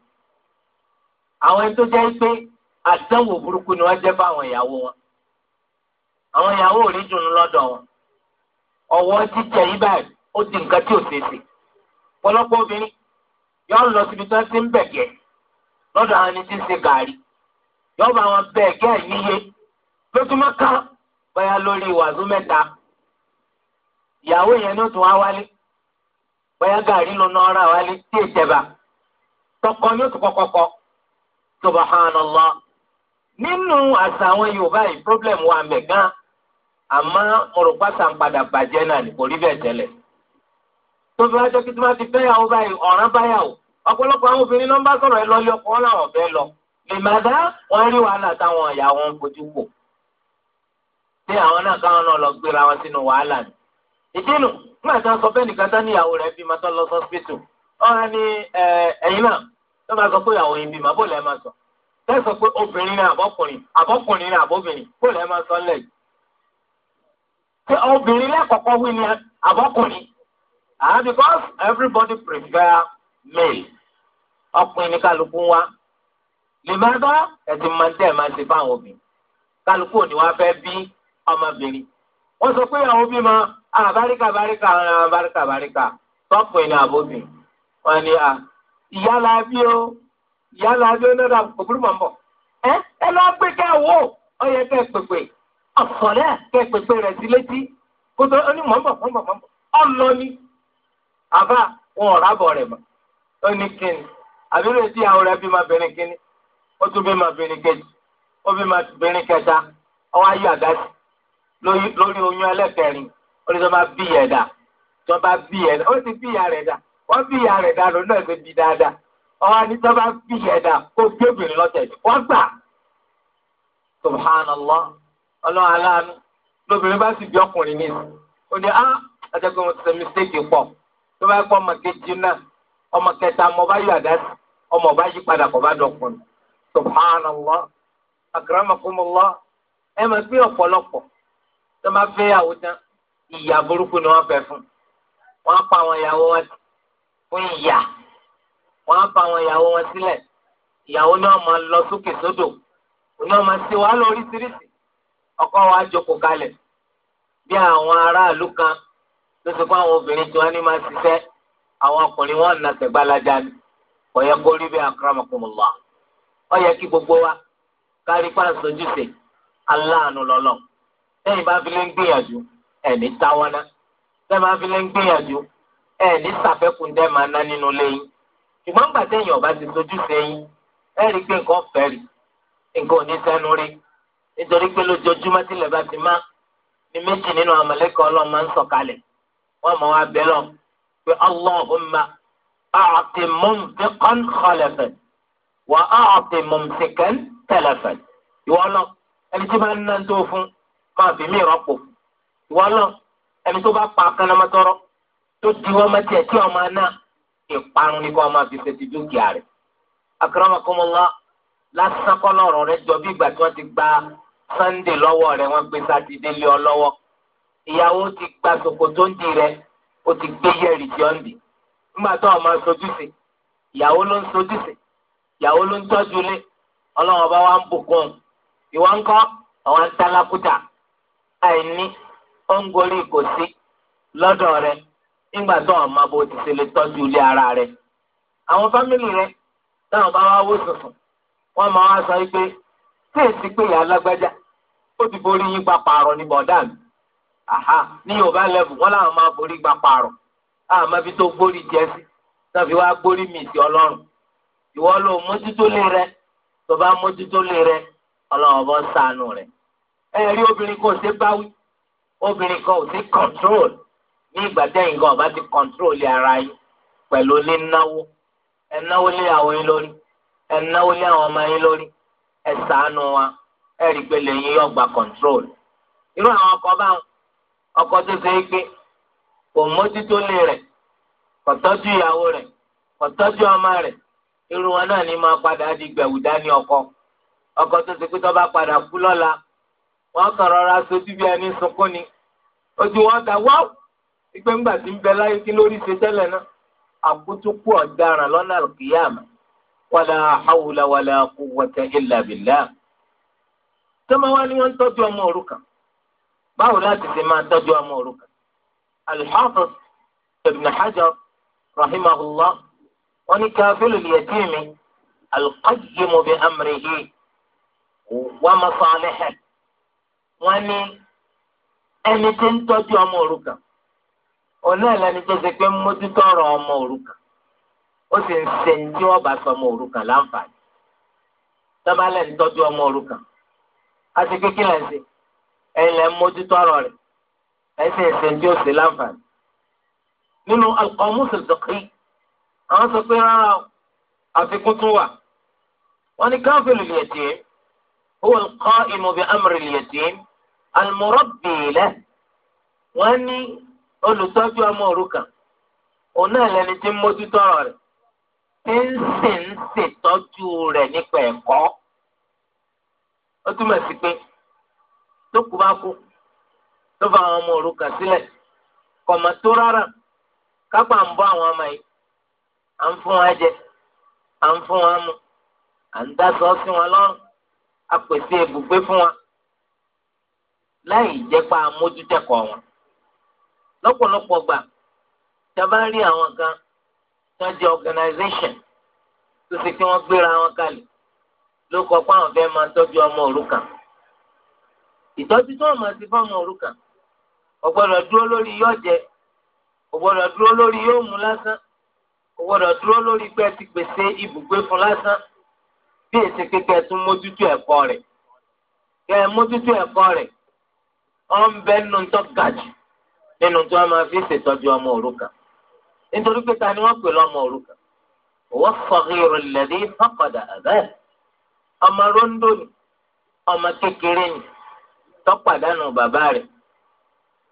àwọn ẹni jẹ́ pé àdánwò burúkú ni wọ́n jẹ́ fáwọn ìyàwó wọn àwọn ìyàwó ò ní dùnú lọ́dọ̀ wọn ọwọ́ jíjẹ yí báyìí ó di nǹkan tí ò ṣeé ṣe ọ̀pọ̀lọpọ̀ obìnrin yọ lọ́dọ̀ àwọn ẹni tí ń ṣe gàrí yọ bá wọn bẹ́ẹ̀ gẹ́ níye lójúmọ́ kan bóyá lórí wàzú mẹ́ta ìyàwó yẹn ni ó tún wá wálé bóyá gàrí ló ná ọ́ra wálé tí ìjẹba tọkọ ni ó tún kọkọkọ subhanallah nínú àṣà àwọn yorùbá yìí problem wà mẹ́ gan àmọ́ òrùpàṣà ń padà bàjẹ́ náà ní kò rí bẹ́ẹ̀ tẹ́lẹ̀ tó fi ti fẹ́ yàwó báyìí ọ̀ràn báyàwó ọ̀pọ̀lọpọ̀ àwọn obìnrin ló ń bá sọ̀rọ̀ ẹ lọ́lé ọkọ láwọn fẹ́ lọ ìmọ̀dá wọn rí wàhálà táwọn ìyá wọn fojú wò pé àwọn náà káwọn náà lọ gbéra wọn sínú wàhálà ni ìdínú nígbà tí wọn sọ bẹ́ẹ̀ nìkan tán níyàwó rẹ̀ bímọ tán lọ sọ́sìpìtì ọ̀rẹ́ ni ẹ̀yin náà tó bá sọ pé ìyàwó yìí bímọ bó lẹ́ẹ̀ máa sọ bẹ́ẹ̀ sọ pé obìnrin náà àbọ̀kùnrin àbọ̀kùnrin náà àbọ̀bìnrin bó lẹ́ẹ̀ máa sọ lẹ́yìn ṣé obìnrin lẹ́kọ̀ọ́kọ́ wí ni àbọ̀kùnrin ah because everybody prefer male ọkùnrin ní kálukú wa lèmọ́tọ́ ẹ̀sìn máa ń tẹ̀ máa ti bá àwọn obìnrin kálukú òní wá fẹ́ bí ọmọbìnrin wọ́n sọ pé àwọn obìnrin máa àbáríkà àbáríkà àbáríkà àbáríkà tọkùnrin ní àbóbìn wọn ni à ìyá la bí ó ìyá la bí ó lọ́dà òbúrú mọ̀ ń bọ̀ ẹ ẹ lọ pé ká wò ó yẹ ká pèpè ọ̀fọ̀lẹ́ ká pèpè rẹ̀ sí létí kó tó ó ní mọ̀ ń bọ̀ mọ̀ ń bọ̀ ni àbá wọn ò rábọ̀ rẹ̀ mọ̀ ó ní kíni àbúrò tí àwọn rẹ̀ bí máa bẹ̀rẹ̀ kínní ó tún bí máa bẹ̀rẹ̀ kejì ó bí máa bẹ̀rẹ̀ kẹta ọwọ́ ayé àgájì lórí oyún ẹlẹ́kẹrin ó ní sọ bá bí yẹ dà sọ bá bí yẹ dà ó ti bí yà rẹ̀ dà wọ́n bí yà rẹ̀ dà lónà ẹ̀sẹ̀ bí dáadáa ọwọ́ ní sọ bá bí yẹ dà kó gbé obìnrin lọ́tẹ̀ wọ́n gbà subhanallah ọlọ́run aláàánú lóbìnrin bá sì bí ọkùnrin ní ó ní ah àtẹ̀kùn ti sẹ́ mistake pọ̀ tó bá pọ̀ ọmọ kejì náà ọmọ kẹta mo bá yọ àdá sí ọmọ ọba yí padà kọ́ bá dọ̀pọ̀ nù subhanallah akramakumullah ẹ máa gbé ọ̀pọ̀lọpọ̀ tó máa fẹ́ yàwó tán ìyà burúkú ni wọ́n fẹ́ fún wọ́n á pa àwọn ìyàwó wọn fún ìyà wọ́n á pa àwọn ìyàwó wọn sílẹ̀ ìyàwó náà máa lọ sókè sódò òun máa ṣe wàhálà oríṣiríṣi ọkọ wa jókòó kalẹ̀ bí àwọn aráàlú kan tó ti kó àwọn obìnrin tí wọ́n ní máa ṣiṣẹ́ àwọn ọkùnrin wọn nà tẹ̀gbálájà ni kò yẹ kó rí bí akramakumullah ó yẹ kí gbogbo wa kárí pa sojúṣe aláàánú lọlọ lẹ́yìn bá fi lè ń gbìyànjú ẹni táwọnà lẹ́yìn bá fi lè ń gbìyànjú ẹni sàfẹkùn dẹ máa ná nínú lẹ́yìn ṣùgbọ́n gbà téèyàn bá ti sojúṣe yín ẹ pé nǹkan fẹ́ nǹkan ò ní rí nítorí pé lójoojúmọ́ tilẹ̀ bá ti má ní méjì nínú àmọ̀lẹ́kọ̀ ọlọ́run máa ń sọ̀kalẹ̀ wọ́n mọ̀ wá bẹ́ẹ̀ lọ pé Allahumma. أعط ممسكا خلفا وأعط ممسكا تلفا يوالا ẹni tí bá ń ná tó fún máa fi mí rọ́pò ìwọlọ ẹni tó bá pa akánamọtọrọ tó di wọn mọ tiẹ̀ tí wọn máa ná ìparun ni kí wọn máa fi fèsì dúkìá rẹ̀ akọrọmọkọmọlá lásán kọlọrọ rẹ̀ jọ bí ìgbà tí wọn ti gba Sunday lọ́wọ́ rẹ̀ wọn gbé sátidé lé ọ lọ́wọ́ ìyàwó ti gba ṣòkòtò ń di rẹ̀ ó ti gbé yẹ̀rì jọ ń di ńgbà tó ọmọ sojú sí ìyàwó ló ń sojú sí ìyàwó ló ń tọ́jú lé ọlọ́run bá wa ń bùkún ìwọ ń kọ́ àwọn ń tálákúta àìní ó ń gorí kò sí lọ́dọ̀ rẹ nígbà tó ọmọ bó ti ṣe lè tọ́jú ilé ara rẹ. àwọn fámìlì rẹ táwọn bá wá wó sùsùn wọ́n máa wá sọ pé tí èsì pé ìyá alágbájá ó ti borí yín gba pààrọ̀ ní bọ̀dá mi. àhà ní yorùbá lẹ́bù wọ́n láwọn máa borí gba pààrọ̀ àmọ́bi tó gbórí jẹ sí náà fi wá gbórí mi sí ọlọ́run ìwọ ló mójútó lé rẹ tó bá mójútó lé rẹ ọlọ́run ọba ṣàánú rẹ. ẹ rí obìnrin kan ò ṣe báwí obìnrin kan ò ṣe control ní ìgbà tẹ́yìn kan ọba ti control ara yín pẹ̀lú nínáwó ẹ náwó lé àwọn yín lórí ẹ náwó lé àwọn ọmọ yín lórí ẹ ṣàánú wa ẹ rí i pé lẹ́yìn yóò gba control irú àwọn ọkọ báwọn ọkọ tó ṣe é gbé kò mójútó lé rẹ̀ kò ìyàwó rẹ̀ kò tọ́jú rẹ̀ irú wọn náà ni máa padà di ní ọkọ ọkọ tó ti pé tó bá padà kú wọn kàn rọra sojú bí ẹni sunkún ni ojú wọn ta wáwù ńgbà tí ń bẹ láyé kí lórí ṣe náà ọ̀daràn lọ́nà kìyàmù wàlà wàlà wa ni wọ́n ń tọ́jú ọmọ òrukàn báwo láti ṣe máa tọ́jú الحافظ ابن حجر رحمه الله ونكافل اليتيم القيم بأمره ومصالحه وني ẹni tí ń tọ́jú ọmọ òrukàn òun náà lẹni ka! ṣe na mójútó ọ̀rọ̀ z'ekpe òrukàn ó sì ń ka! O tí wọ́n bá ẹsẹ̀ ẹsẹ̀ ń jẹ́ òsè láǹfààní. nínú al-Qamus al-Fiqhi àwọn sọ pé rárá àfikún tún wà. wọ́n ní káfíìlì al-yatim huwa al-qa'imu bi amri al-yatim al-murabbi lahu. wọ́n ní olùtọ́jú ọmọ òrukàn òun náà lẹni tí ń mójútó ọ̀rọ̀ rẹ̀ tí ń sì ṣètọ́jú rẹ̀ nípa ẹ̀kọ́. ó túmọ̀ sí pé tó bá kú. tó bá àwọn ọmọ òrukàn sílẹ̀ kọ̀mọ̀ tó rárá kápá ń bọ́ àwọn ọmọ yìí à ń fún wọn jẹ à ń fún wọn mu à ń sí wọn lọ́rùn a pèsè ibùgbé fún wọn láì jẹ́ pa amójútẹ́kọ̀ wọn lọ́pọ̀lọpọ̀ gbà rí àwọn kan tó jẹ́ organization tó ti wọ́n gbéra wọn kalẹ̀ ló ọgbọ́dọ̀ dúró lórí yóò jẹ ọgbọ́dọ̀ dúró lórí yóò mú lásán ọgbọ́dọ̀ dúró lórí pé ti pèsè ibùgbé fún lásán bí èsì kékeré tún mójútó ẹ̀kọ́ rẹ̀ kẹ mójútó ẹ̀kọ́ rẹ̀ ọ ń bẹ nínú tó ga jù nínú tó a máa fi ṣètọ́jú ọmọ òrukàn nítorí pé ta ni wọ́n pè lọ́mọ òrukàn òwò fọhírò lẹdí fọkàdà àbẹ ọmọ róńdó ọmọ kékeré ni tó bàbá rẹ̀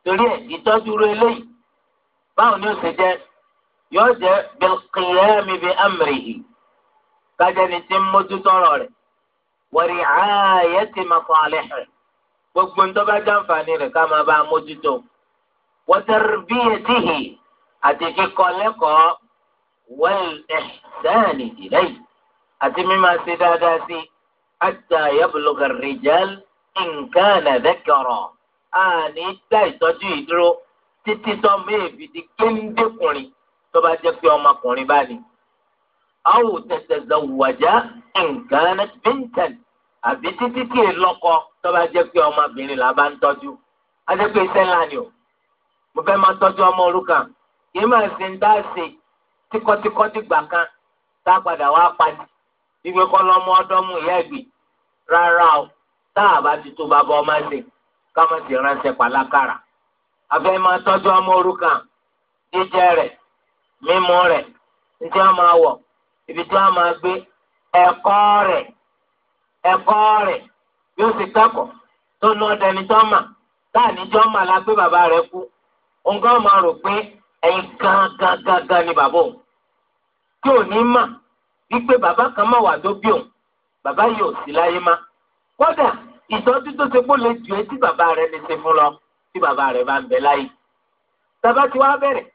torí ẹ̀ ìtọ́jú ru eléyìí báwo ni ó ṣe jẹ́ yóò jẹ́ bilqiyami bi amrihi kájẹni tí ń mójútó ọ̀rọ̀ rẹ̀ wọ̀rì ààyètì masalihi gbogbo ńtọ́ bá jàǹfààní rẹ̀ ká máa bá a mójútó wa tarbiyatihi àti kíkọ́ lẹ́kọ̀ọ́ wal ihsani ilayhi àti mímá ṣe dáadáa sí hatta yablugha ar-rijal in kana àní dá ìtọ́jú ìdúró títí tọ́mọ èbí di kéńdékùnrin tó bá jẹ́ pé ọmọkùnrin bá ní. àwọn òtẹ̀tẹ̀ zàwùwàjá nǹkan bíntẹ̀n àbí títí tí èlọ́kọ tó bá jẹ́ pé ọmọbìnrin là bá ń tọ́jú. a jẹ́ pé iṣẹ́ ńlá ni o mo fẹ́ máa tọ́jú ọmọ òrukàn yìí máa ṣe ń dá ṣe tíkọ́tíkọ́ dìgbà kan tá a padà wá pàdé ìgbẹ́kọ́ lọ́mọ ọdọ́mú ìyá ìgbì rárá o tá a bá ti tó bá bọ́ ọmọ ṣe káwọn ti ránṣẹ́ pàlákàrà afẹ́ máa tọ́jú ọmọ jíjẹ rẹ̀ mímu rẹ̀ ntí wọ́n máa wọ̀ ibi tí wọ́n máa gbé ẹ̀kọ́ rẹ̀ ẹ̀kọ́ rẹ̀ yóò sì kẹ́kọ̀ọ́ tó nu ọdẹ ní jọ́mà láàní jọ́mà la gbé bàbá rẹ̀ kú nǹkan máa rò pé ẹ̀yin gangan ni bàbá òun tí ò ní mà wípé bàbá kan máa wà tó òun bàbá láyé ìtọ́jú tó ṣe kó lè jù ẹ́ tí bàbá rẹ lè ṣe fún lọ tí bàbá rẹ bá ń bẹ láyé. bàbá ti wá bẹ̀rẹ̀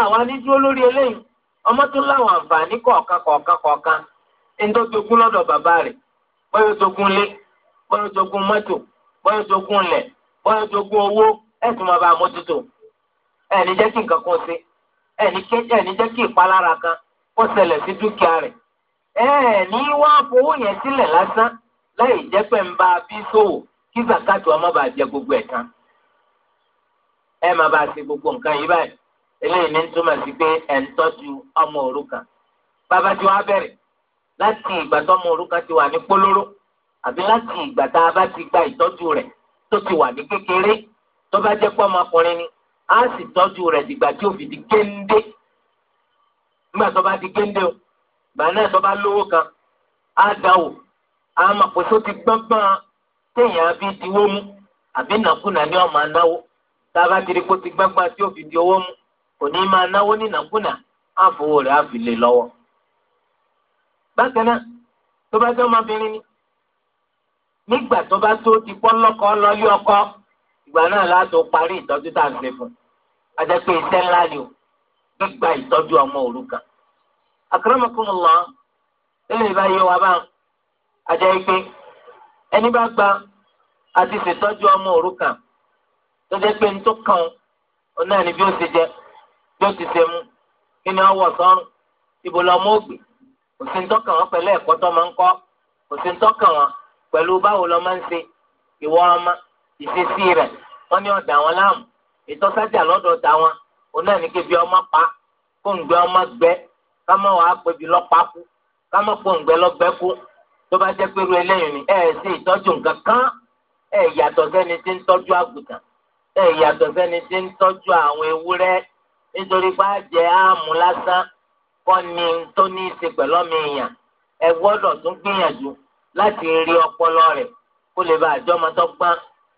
àwa ní dúró lórí eléyìí ọmọ tó láwọn àǹfààní kọ̀ọ̀kan kọ̀ọ̀kan kọ̀ọ̀kan ń tó jogún lọ́dọ̀ bàbá rẹ̀ bọ́yọ̀ jogún lé bọ́yọ̀ jogún mọ́tò bọ́yọ̀ jogún lẹ̀ bọ́yọ̀ jogún owó ẹ̀sùn máa bá a mójútó ẹ̀ní jẹ́ kí nǹkan kan ṣe ẹ̀ní jẹ́ kí ìpalára kan kó ṣẹlẹ̀ láì jẹ́ pé ń bá a bí sòwò kí zakatu ọmọ bá jẹ gbogbo ẹ̀ tán ẹ má bá a ṣe gbogbo nǹkan yìí báyìí eléyìí ní túmọ̀ sí pé ẹ̀ ń tọ́jú ọmọ òrukàn bàbá tí wàá bẹ̀rẹ̀ láti ìgbà tó ọmọ òrukàn ti wà ní pólóró àbí láti ìgbà tá a bá ti gba ìtọ́jú rẹ̀ tó ti wà ní kékeré tó bá jẹ́ pé ni á sì tọ́jú rẹ̀ dìgbà tí ó di géńdé nígbà tó bá di géńdé o ìgbà náà tó bá lówó kan á dá àmọ̀pẹ̀sọ ti gbọ́ngbọ́n téèyàn bí diwó mú àbí nàkúnà ni ọ̀ máa náwó tá a bá ti rí kó ti gbọ́ngbọ́n tí ó fi di owó mú kò ní máa náwó ní nàkúnà àfọwọ́ rẹ̀ àfi lè lọ́wọ́. bákan náà tó bá jẹ́ ọmọbìnrin ni nígbà tó bá tó ti pọ́ lọ́kọ́ lọ yí ọkọ ìgbà náà láti parí ìtọ́jú tá à ṣe fún un ajẹ́ pé iṣẹ́ ńlá ni o gbígba ìtọ́jú ọmọ òrukàn. àkàràmọ́kùnrin lọ ilé ìbáyé ajá ife ẹni bá gba àti ṣètọ́jú ọmọ òrukàn tó jẹ́ pé nítorí kan òun náà ni bí ó ṣe jẹ bí ó ti ṣe mu kí ni wọ́n wọ̀ sọ́run ibo lọ́mọ ògbè kò sí wọn pẹ̀lú ẹ̀kọ́ tó kọ́ kò sí ń tọ́kàn wọn pẹ̀lú báwo máa ń ṣe ìwọ ọmọ ìṣesí rẹ̀ wọ́n ní ọ̀dà wọn láàmú ìtọ́sájà lọ́dọ̀ wọn òun náà kébi ọmọ pa ọmọ tó bá jẹ́ pé irú eléyìí ni ẹ ṣe ìtọ́jú nǹkan kan ẹ yàtọ̀ sẹ́ni tí ń tọ́jú àgùntàn ẹ yàtọ̀ sẹ́ni tí ń tọ́jú àwọn ewúrẹ́ nítorí pé àjẹ àmú lásán kọ́ ni tó ní í ṣe pẹ̀lú ọmọ èèyàn ẹ gbọ́dọ̀ tún gbìyànjú láti rí ọpọlọ rẹ̀ kó lè bá àjọmọ tó gbọ́n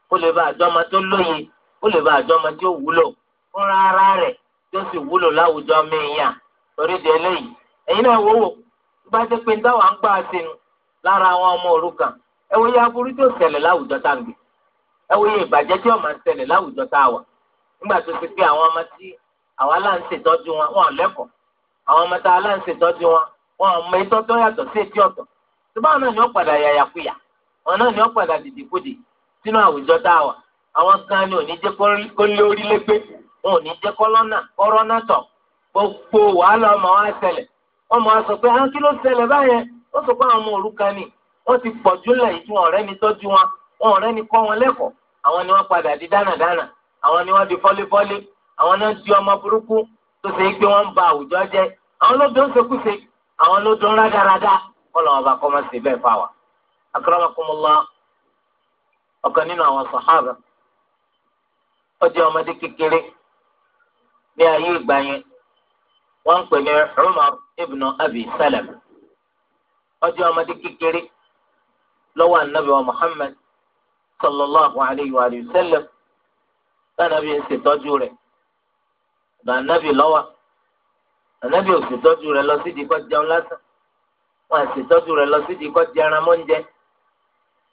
kó lè bá àjọmọ tó lóye kó lè bá àjọmọ tó wúlò fúnra ara rẹ̀ tó sì wúlò láwùjọ ọmọ èèyàn torí di eléyìí ẹ̀yin náà wò bá jẹ́ pé ń ń gbà sínú lára àwọn ọmọ òrukàn ẹ ya iye aburú tí ó ṣẹlẹ̀ láwùjọ tá a gbé ẹ wo iye ìbàjẹ́ tí ó máa ń ṣẹlẹ̀ láwùjọ tá a wà nígbà tó ti pé àwọn ọmọ tí àwọn aláǹṣètọ́jú wọn wọn lẹ́kọ̀ọ́ àwọn ọmọ tá aláǹṣètọ́jú wọn wọn tó sí àwọn náà ni padà wọn náà ni padà sínú a wà àwọn kan ó sọ pé àwọn ọmọ òrukàn ni wọ́n ti pọ̀ jù lẹ́yìn tí wọn ọ̀rẹ́ ni tọ́jú wọn wọn ọ̀rẹ́ ni kọ́ wọn lẹ́kọ̀ọ́ àwọn ni wọ́n padà di dánàdánà àwọn ni wọ́n di fọ́léfọ́lé àwọn náà di ọmọ burúkú tó ṣe é gbé ba àwùjọ jẹ àwọn ṣekúṣe àwọn bá kọ́ ṣe bẹ́ẹ̀ fáwa. ọ̀kan nínú àwọn ọjọ́ ọmọdé kékeré lọ́wọ́ anabi wa muhammed sallallahu alayhi wa sallam lánàbí ń ṣètọ́jú rẹ̀ ọ̀dọ̀ anabi lọ́wọ́ anabi ò ṣètọ́jú rẹ̀ lọ sí ìdíkọ́ jẹun lásán wọn ṣètọ́jú rẹ̀ lọ sí ìdíkọ́ jẹran mọ́ńjẹ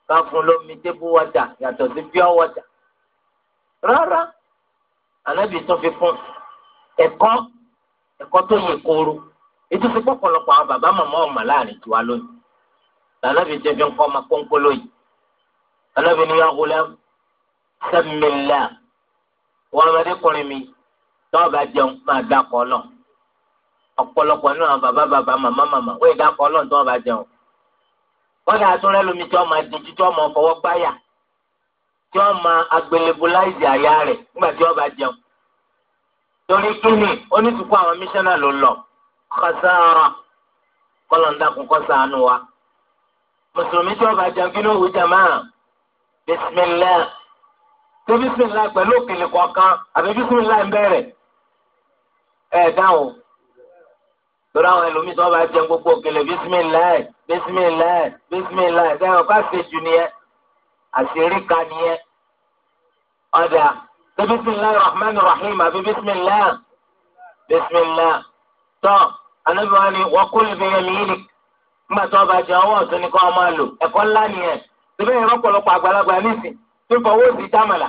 ká fún lómi tébù wọ́tà yàtọ̀ sí pure water rárá anabi tó fi fún ẹ̀kọ́ ẹ̀kọ́ tó yẹ kóró ètò ìsìnkú ọ̀pọ̀lọpọ̀ àwọn bàbá màmá ọ̀mà láàrin tiwa lónìí lànàbì jẹ́ fi ń kọ́ ọmọ pọ́npọ́lọ́ yìí lànàbì ni yà wọlé sẹ́mìlá wọn ọmọdékùnrin mi tọ́wọ́ bá jẹun máa dákọ̀ ọlọ́ ọ̀pọ̀lọpọ̀ nínú àwọn bàbá bàbá màmá màmá wọ́n yìí dákọ̀ ọlọ́ tọ́wọ́ bá jẹun wọ́n dà tún rẹ́lu mi tí wọ́n máa di títí wọ́n máa fọwọ́ gbáyà tí wọ́n máa agbélébúláìsì àyà rẹ̀ nígbà tí wọ́n bá jẹun torí kíni onítùkú àwọn míṣánná ló lọ khasaara kọlọ̀ndà kún kọ́ sànù wa. mùsùlùmí tí wọ́n bá jẹun kí ló wù jàmáà bisimilá ṣé bisimilá pẹ̀lú òkèlè kọ̀ọ̀kan àbí bisimilá ń bẹ̀rẹ̀ ẹ̀ dáhùn lórí àwọn ẹlòmíì tí wọ́n bá jẹun gbogbo òkèlè bisimilá bisimilá bisimilá sẹ́yìn ká ṣe jù nìyẹn àṣírí ka nìyẹn ọ̀dà ṣé bisimilá rahman rahim àbí bisimilá bisimilá tán. anabi wa ni wakul bẹyẹmí yìí nígbà tó ọba jẹ ọwọ́ ọ̀tún ni kò ọmọ lò ẹ̀kọ́ ńlá nìyẹn síbẹ̀ yẹn lọ́pọ̀lọpọ̀ àgbàlagbà nísìn tó fọwọ́ sí támàlà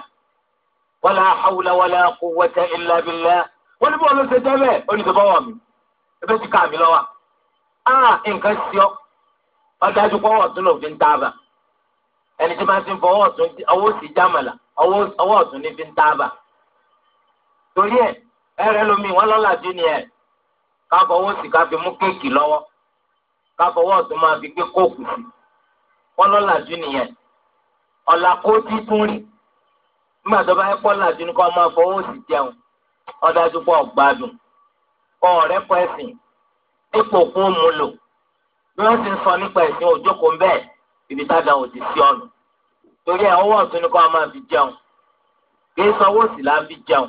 wala hawla wala quwwata illa billah wọ́n ní bọ́ọ̀lù ṣe tẹ́lẹ̀ olùsọ̀bọ̀wọ̀ mi ẹgbẹ́ ti ká mi lọ́wọ́ a nǹkan ló fi ń ẹni tí ti sí ọwọ́ fi ń torí wọn káfọwọ́ sí ká fi mú kéèkì lọ́wọ́ káfọwọ́ ọ̀tún máa fi gbé kóòkù sí wọn lọ́làjú nìyẹn ọ̀là kó tí tún rí nígbà tó bá yẹ kó làjú ni kó máa fọwọ́ sí jẹun ọ̀dájú pọ̀ gbádùn kọ́ ọ̀rẹ́ pọ̀ ẹ̀sìn dípò kún mu lò bí wọ́n ti ń sọ nípa ẹ̀sìn òjókòó bẹ́ẹ̀ ibi tága ò ti sí ọ̀nà torí ẹ̀ ọwọ́ ọ̀tún ni kó máa fi jẹun kì í sanwó sí là jẹun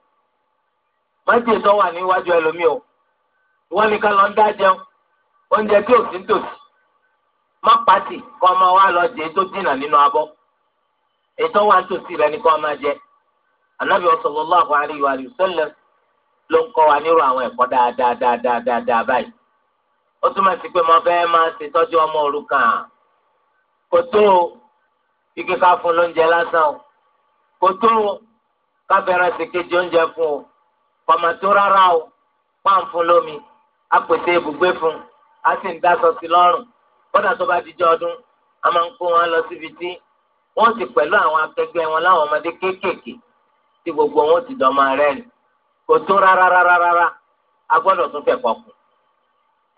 májè tó wà níwájú ẹlòmíì o ìwọ nìkan lọ ń dá jẹun oúnjẹ tí ò sí ń tòsí má pàtì kọ́ ọmọ wa lọ jẹ tó dínà nínú abọ́ ètò wa ń tòsí rẹ ní kọ́ ọmọ jẹ Ànábì sallallahu alaihi wa sallam ló ń kọ́ wa nírò àwọn ẹ̀kọ́ dáadáa dáadáa dáadáa báyìí ó túmọ̀ sí pé mo fẹ́ máa ṣe tọ́jú ọmọ òrukàn kò tó ike ká fún lóúnjẹ lásán o kò tó ká fẹ́ràn sí kejì oúnjẹ fún o kọ̀mọ̀ tó rárá o pàǹfún lómi a pèsè ibùgbé fún un a sì ń dáṣọ sí lọ́rùn kódà tó bá dijọ́ ọdún a máa ń kó wọn lọ síbi tí wọ́n sì pẹ̀lú àwọn akẹgbẹ́ wọn láwọn ọmọdé kéékèèké tí gbogbo wọn ti dọ̀mọ rẹ̀ ni kò tó rárá rárá rárá a gbọ́dọ̀ tún fẹ̀ kọkùn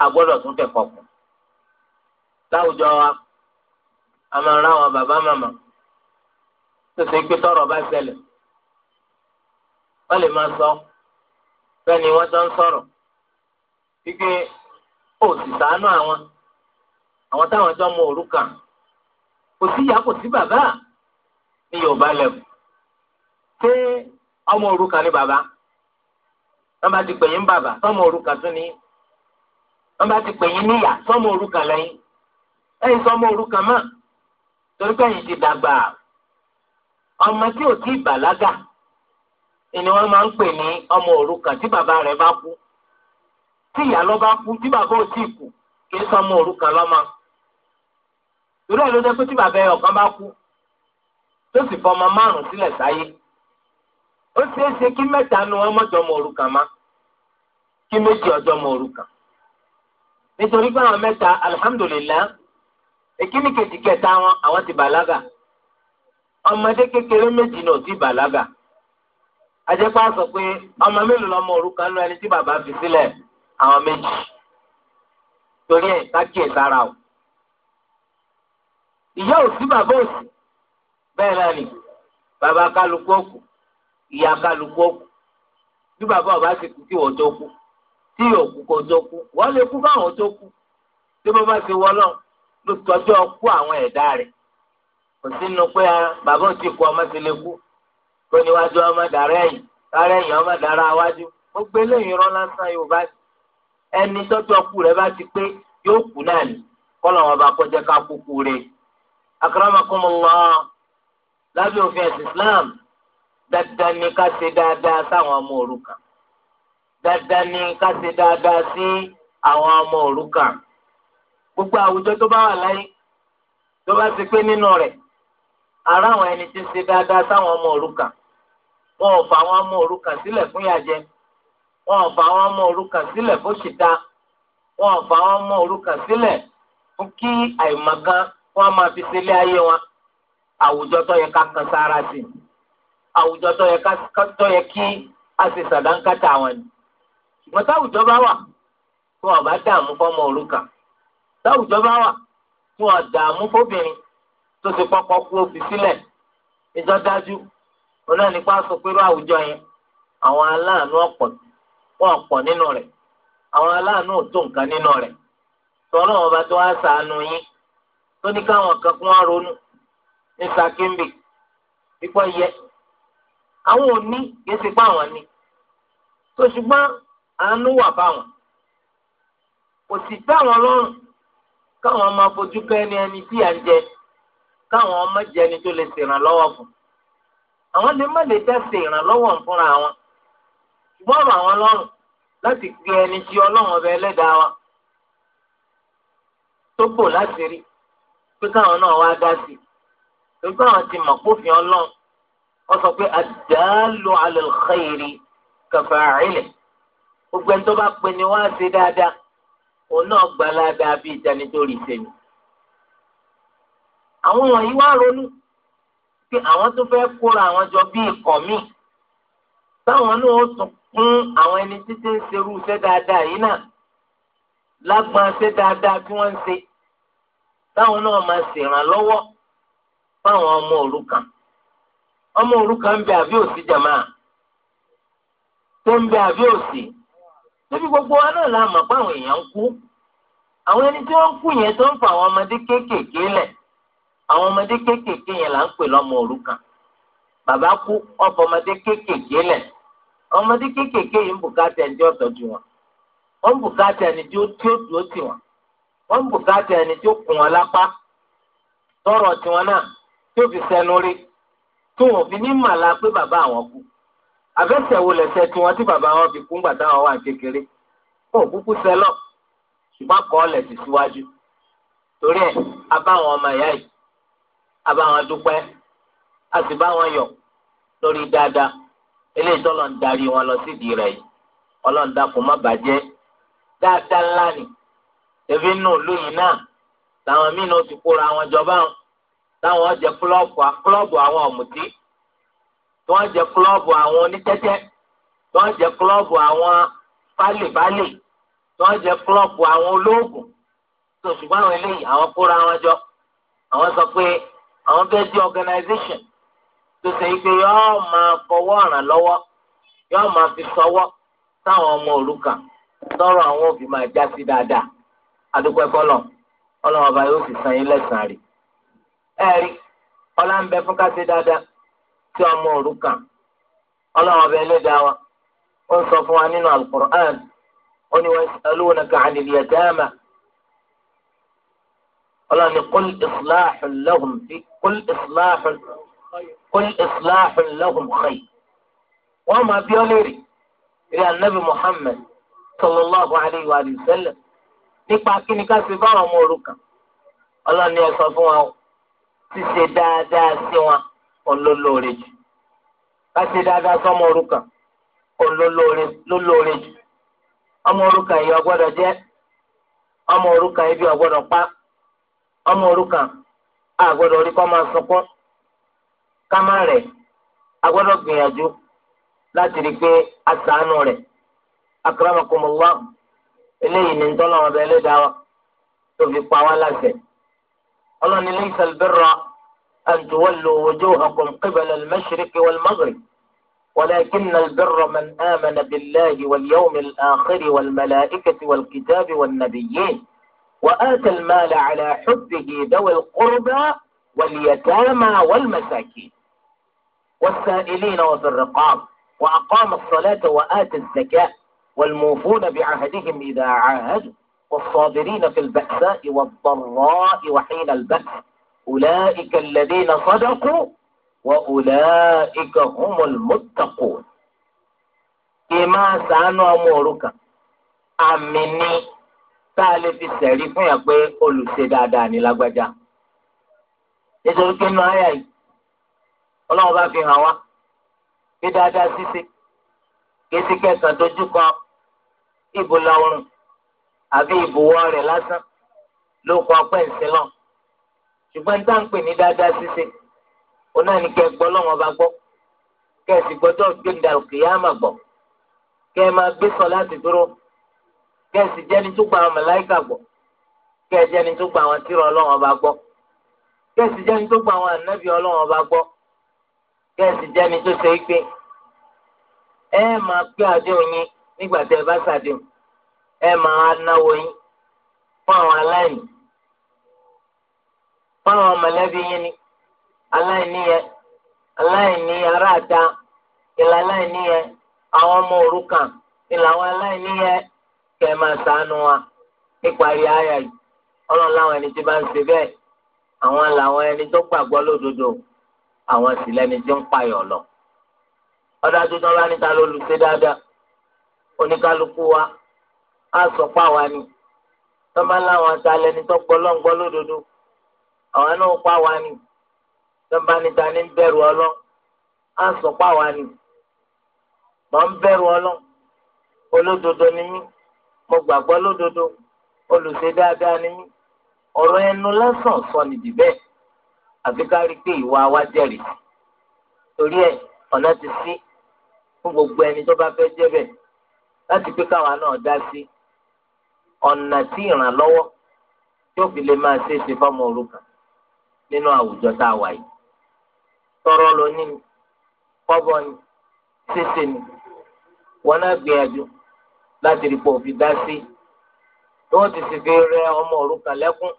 a gbọ́dọ̀ tún fẹ̀ kọkùn láwùjọ wa a máa rán àwọn bàbá màmá tó ṣe pé tọrọ bá ṣẹlẹ̀ wọ́n lè máa sọ. So, bẹ́ẹ̀ni wọ́n jọ ń sọ̀rọ̀ wípé ó sì ṣàánú àwọn àwọn táwọn jọ mọ òrukàn kò sí ìyá kò sí bàbá ní Yorùbá lẹ́bù ṣé ọmọ òrukàn ni bàbá wọ́n bá ti pè yín bàbá sọmọ òrukàn tún ní wọ́n bá ti pè n'íyà níyà sọmọ òrukàn lẹ́yìn ẹ̀yin sọmọ òrukàn mọ́ torí pé ẹ̀yin ti dàgbà ọmọ tí ò tí ì bàlágà. ni wọ́n máa ń pè ní ọmọ òrukàn tí bàbá rẹ̀ bá kú tí ìyá lọ bá kú tí bàbá ò tíì kú kì í sọmọ òrukàn lọ́mọ. ìrú ẹ̀ ló dé pé tí bàbá ọ̀kan bá kú tó sì fọmọ márùn-ún sílẹ̀ sáyé ó ṣeé ṣe kí mẹ́ta nu wọn mọ́jọ ọmọ òrukàn má kí méjì ọjọ́ ọmọ òrukàn. nítorí pé àwọn mẹ́ta alihamudulilayi èkíní kejì kẹta wọn àwọn ti bàlágà ọmọdé kékeré méjì náà ti bàlágà ajẹ́pá sọ pé ọmọ mélòó lọmọ òrukàn lọ ẹni tí bàbá fi sílẹ̀ àwọn méjì torí ẹ̀ kákìí sára o ìyá ò sí bàbá ò sí bẹ́ẹ̀ náà ni bàbá kálukú òkú ìyá kálukú òkú bí bàbá ọba ti kú kí wọ́n tó kú tí òkú kò tó kú wọ́n lè kú káwọn tó kú tí wọ́n bá ti wọ́lọ́ ló tọ́jú ọkú àwọn ẹ̀dá rẹ̀ kò sínú pé ah, bàbá ò kú ọmọ ti lè kú tó níwájú ọmọ dàrá ẹ̀yìn dàrá ẹ̀yìn ọmọ dàrá iwájú ó gbé lẹ́yìn rán lásán yorùbá ẹni tọ́jú ọkù rẹ̀ bá ti pé yóò kú náà ní kọ́lọ̀ wọn bá kọjá ká kúkú rẹ̀ akramakumullah lábẹ́ òfin ẹ̀sìn islam dandan ni ká ṣe dáadáa sáwọn ọmọ òrukàn dandan ni ká ṣe dáadáa sí àwọn ọmọ òrukàn gbogbo àwùjọ tó bá wà láyé tó bá ti pé nínú rẹ̀ ara àwọn ẹni tí ń ṣe dáadáa sáwọn ọmọ òrukàn wọn ò fà àwọn ọmọ òrukàn sílẹ̀ fún yàjẹ́ wọn ò fà àwọn ọmọ òrukàn sílẹ̀ fún ṣìta wọn ò fà àwọn ọmọ òrukàn sílẹ̀ fún kí àìmọ̀kan wọn máa fi sílé ayé wọn àwùjọ tó yẹ ká kan sára sí i àwùjọ tó yẹ ká tó yẹ kí a sì sàdánkátà wọn ni ṣùgbọ́n táwùjọ bá wà tí wọn bá dààmú fọmọ òrukàn táwùjọ bá wà tí wọn dààmú fóbìnrin tó ti kọ́kọ́ kú ó fi sílẹ̀ ìjọ dájú. ọlọ́ọ̀ni pa sọ pé irú àwùjọ yẹn àwọn aláàánú ọ̀pọ̀ ọ̀pọ̀ nínú rẹ̀ àwọn aláàánú ò tó nǹkan nínú rẹ̀ tọ́lọ́ ọba tó wá sàánú yín tó ní káwọn kan kún wọn ronú ní sakínbì pípọ́ yẹ àwọn ò kìí ṣe pé àwọn ní tó ṣùgbọ́n àánú wà fáwọn kò sì lọ́rùn káwọn fojú kẹ́ni ẹni tí à ń jẹ káwọn ọmọ jẹni tó lè ṣèrànlọ́wọ́ fún àwọn lè má lè tẹ̀sí ìrànlọ́wọ́ fúnra wọn ṣùgbọ́n ọ̀rọ̀ àwọn lọ́rùn láti pe ẹni tí ọlọ́run ọba ẹlẹ́dàá wa tó pọ̀ láti rí pé káwọn náà wá dá sí i pé káwọn ti mọ̀ pófin ọlọ́run wọ́n sọ pé ad-dallu 'ala al-khayri gbogbo ẹni tó bá pe ni wọ́n á ṣe dáadáa òun náà gbà ládàá bíi ìdánitórí sẹ́mi. àwọn wọ̀nyí wá ronú pé àwọn tó fẹ́ kóra àwọn jọ bí ikọ̀ míì táwọn náà ó tún kún àwọn ẹni títí ń serú iṣẹ́ dáadáa yìí náà lágbọn iṣẹ́ dáadáa tí wọ́n ń ṣe táwọn náà máa ṣèrànlọ́wọ́ fáwọn ọmọ òrukàn ọmọ òrukàn ń bẹ àbí òsì jàmá tó ń bẹ àbí òsì níbi gbogbo wa náà la mọ̀ pé àwọn èèyàn ń kú àwọn ẹni tí wọ́n ń kú yẹn tó ń fa àwọn ọmọdé kéékèèké lẹ̀ àwọn ọmọdé kéékèèké yẹn là ń pè lọ́mọ òrukàn bàbá kú ọ̀fọ̀ ọmọdé kéékèèké lẹ̀ ọmọdé kéékèèké yìí ń bùkátà ẹni tí ó tọ́jú wọn ó ń bùkátà ẹni tí ó tí ó dúró tì wọn ó ń bùkátà ẹni tí ó kùn wọn lápá tọrọ tiwọn náà tí ó fi sẹnu rí tí wọn fi ní màlá pé bàbá àwọn kú àfẹsẹ̀wò lẹ̀sẹ̀ tiwọn tí bàbá wọn fi kú ńgbà táwọn wà kékeré ó kúkú sẹlọ ṣùgbọ́n kọ́ ọ̀lẹ̀ ti síwájú torí ẹ̀ abáwọn ọmọ ìyá yìí abáwọn dúpẹ́ a sì bá wọn yọ̀ lórí dáadáa eléyìí tọ́lọ̀ ń darí wọn lọ sídìí rẹ̀ yìí ọlọ́run dákun má bàjẹ́ dáadáa ńlá ni èmi nù lóyìn náà làwọn míì náà ti kóra àwọn jọba wọn táwọn jẹ kúlọ́ọ̀bù àwọn ọ̀mùtí tí wọ́n jẹ kúlọ́ọ̀bù àwọn onítẹ́tẹ́ tí wọ́n jẹ kúlọ́ọ̀bù àwọn fálèbálè tí wọ́n jẹ kúlọ́ọ̀bù àwọn olóògùn tó ṣùgbọ́n àwọn eléyìí àwọn kóra wọn jọ àwọn sọ pé àwọn fẹ́ẹ́ di organisation tó ṣe yọọ máa fọwọ́ ràn lọ́wọ́ yọọ máa fi sọwọ́ táwọn ọmọ òrukàn tọrọ àwọn òbí máa já sí dáadáa adúpẹ́ fọlọ́ ọlọ́run ọba yóò sì san yín lẹ́sàn-án rè rí ọlá ń bẹ fún ká ṣe dáadáa ọmọ ọlọ́run ọba ẹlẹ́dàá ọlọ́ni kul islahun lahum fi kul islahun kul islahun lahum khayr wọ́n máa bí ọ́ léèrè ìrìn ànábì Muhammad sallallahu alayhi wa sallam nípa kíni ká fi báwọn ọmọ òrukàn ọlọ́ni ẹ sọ fún wa o ṣíṣe dáadáa sí wọn olólóore jù ká ṣe dáadáa sọmọ òrukàn olólóore jù ọmọ òrukàn yìí ọgbọ́dọ̀ jẹ́ ọmọ òrukàn yìí bí ọgbọ́dọ̀ pa ọmọ òrukàn a gbọ́dọ̀ rí kó máa sunkún ká má rẹ̀ a gbọ́dọ̀ gbìyànjú láti rí i pé a ṣàánú rẹ̀ akramakumullah eléyìí ni ntọ́nà ọbẹ̀ ẹlẹ́dàá wa tó fi pa wá láṣẹ. ọlọ́ni laysal birra an tuwallu wujuhakum qibala al-mashriqi wal-maghrib ولكن البر من آمن بالله واليوم الآخر والملائكة والكتاب والنبيين وآتى المال على حبه ذوي القربى واليتامى والمساكين والسائلين وفي الرقاب وأقام الصلاة وآتى الزكاة والموفون بعهدهم إذا عاهدوا والصابرين في البأساء والضراء وحين البأس أولئك الذين صدقوا وأولئك هم المتقون. إما سأنو أمورك أمني tá a lè fi sẹ̀rí fún yàn pé olùṣe dáadáa ní lágbájá. nítorí pé nínú àyà yìí ọlọ́run bá fi hàn wá pé dáadáa ṣíṣe kéésì kẹsàn-án dojú kan ìbò lọ́rùn àbí ìbòwọ́ rẹ̀ lásán ló kọ ọpẹ́ ìsìn ṣùgbọ́n níta ń pè ní dáadáa ṣíṣe òun ní kẹ́ gbọ́ lọ́wọ́n bá gbọ́ kẹ́ ẹ̀ sì gbọ́dọ̀ gbé ìdàrú kìí àmà kẹ́ ẹ máa gbé sọ láti dúró kẹ́ẹ̀sì jẹ́ni tó gba àwọn mẹ̀láìkà gbọ́ kẹ́ẹ̀sì jẹ́ni tó gba àwọn tírà ọlọ́run ọba gbọ́ kẹ́ẹ̀sì jẹ́ni tó gba àwọn ànábì ọlọ́run ọba gbọ́ kẹ́ẹ̀sì jẹ́ni tó ṣe é pé ẹ máa pé àdéhùn yín nígbà tẹ́ ẹ bá ṣàdéhùn ẹ máa náwó yín fún àwọn aláìní fún àwọn mọ̀lẹ́bí yín ni aláìní yẹn aláìní aráàdá ìlà aláìní yẹn àwọn ọmọ òrukàn ìlà àwọn aláìní yẹn kẹ́ ẹ máa ṣàánú wa níparí àyà yìí ọlọ́run láwọn ẹni tí bá ń ṣe bẹ́ẹ̀ àwọn làwọn ẹni tó gbàgbọ́ lódodo àwọn sì lẹni tí ń payọ̀ lọ. ọ̀dájú tán bá níta ló lùṣe dáadáa oníkálukú wa á sọ pé àwa ni tán bá láwọn atalẹ́ni tó gbọ́ lọ́ngbọ́ lódodo àwọn náà pa àwa ni tán bá níta ní bẹ̀rù ọlọ́ á sọ pé àwa ni mọ̀ ń bẹ̀rù ọlọ́ olódodo ni mí mo gbàgbọ́ lódodo olùṣe dáadáa ni mí ọ̀rọ̀ ẹnu lásán sọ nìdí bẹ́ẹ̀ àfi ká rí i pé ìwà wa jẹ́rìí torí ẹ̀ ọ̀nà ti ṣí fún gbogbo ẹni tó bá fẹ́ jẹ́ bẹ́ẹ̀ láti pé káwa náà dá sí ọ̀nà tí ìrànlọ́wọ́ tí fi lè máa ṣe é ṣe fọ́mọ òrukàn nínú àwùjọ tá a wà yìí tọrọ lónìí kọ́bọ̀ ni ṣéṣe ni wọn náà gbìyànjú láti rí pé òfin dá sí bí wọ́n ti sì fi rẹ ọmọ òrukàn lẹ́kún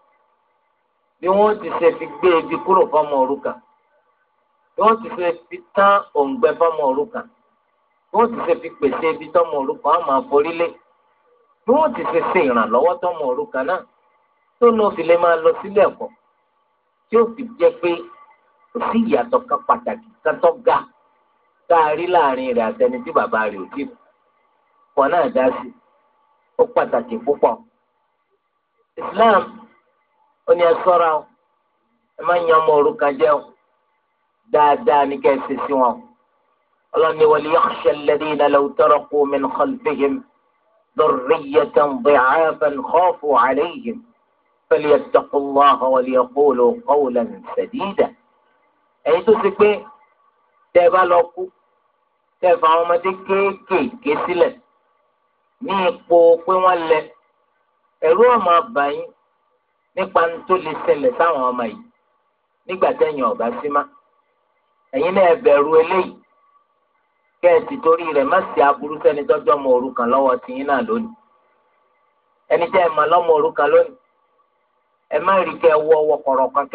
bí wọ́n ti ṣe fi gbé ebi kúrò fọ́mọ òrukàn bí wọ́n ti ṣe fi tán òǹgbẹ fọ́mọ òrukàn bí wọ́n ti ṣe fi pèsè ibi tọ́mọ òrukàn á máa forí lé bí wọ́n ti ṣe ṣe ìrànlọ́wọ́ tọ́mọ òrukàn náà tó náà fi lè máa lọ sílé ẹ̀kọ́ tí ó fi jẹ́ pé kò sí ìyàtọ̀ kan pàtàkì kan tó ga tá a rí láàrin rẹ̀ àtẹni tí bàbá rẹ̀ ò tí kù wọn náà dá sí ó pàtàkì púpọ̀ Islam ó ní ẹ ṣọ́ra o ẹ má yan ọmọ òrukàn jẹ o dáadáa ní ká ẹ ṣe sí wọn ọlọ́ni wal yakhsha alladhina law taraku min khalfihim dhurriyyatan dhi'afan khafu alayhim falyattaqullaha wa liyaqulu qawlan sadida ẹ̀yin tó ti pé tẹ́ ẹ bá lọ kú tẹ́ ẹ fa ọmọdé kéékèèké sílẹ̀. ni ipò pé wọ́n lẹ ẹ̀rú ọmọ àbáyín nípa ní tó lè ṣẹlẹ̀ sáwọn ọmọ yìí nígbà tẹ̀yìn ọ̀bá sí má ẹ̀yin náà bẹ̀rù eléyìí kẹ́ ẹ̀ sì torí rẹ̀ má sí aburú sẹ́ni tọ́jú ọmọ lọ́wọ́ náà lónìí ẹni tẹ́ ẹ mọ̀ lọ́mọ òrukàn lónìí ẹ má rí kẹ́ ẹ wọ ọwọ́ kọ̀rọ̀ kan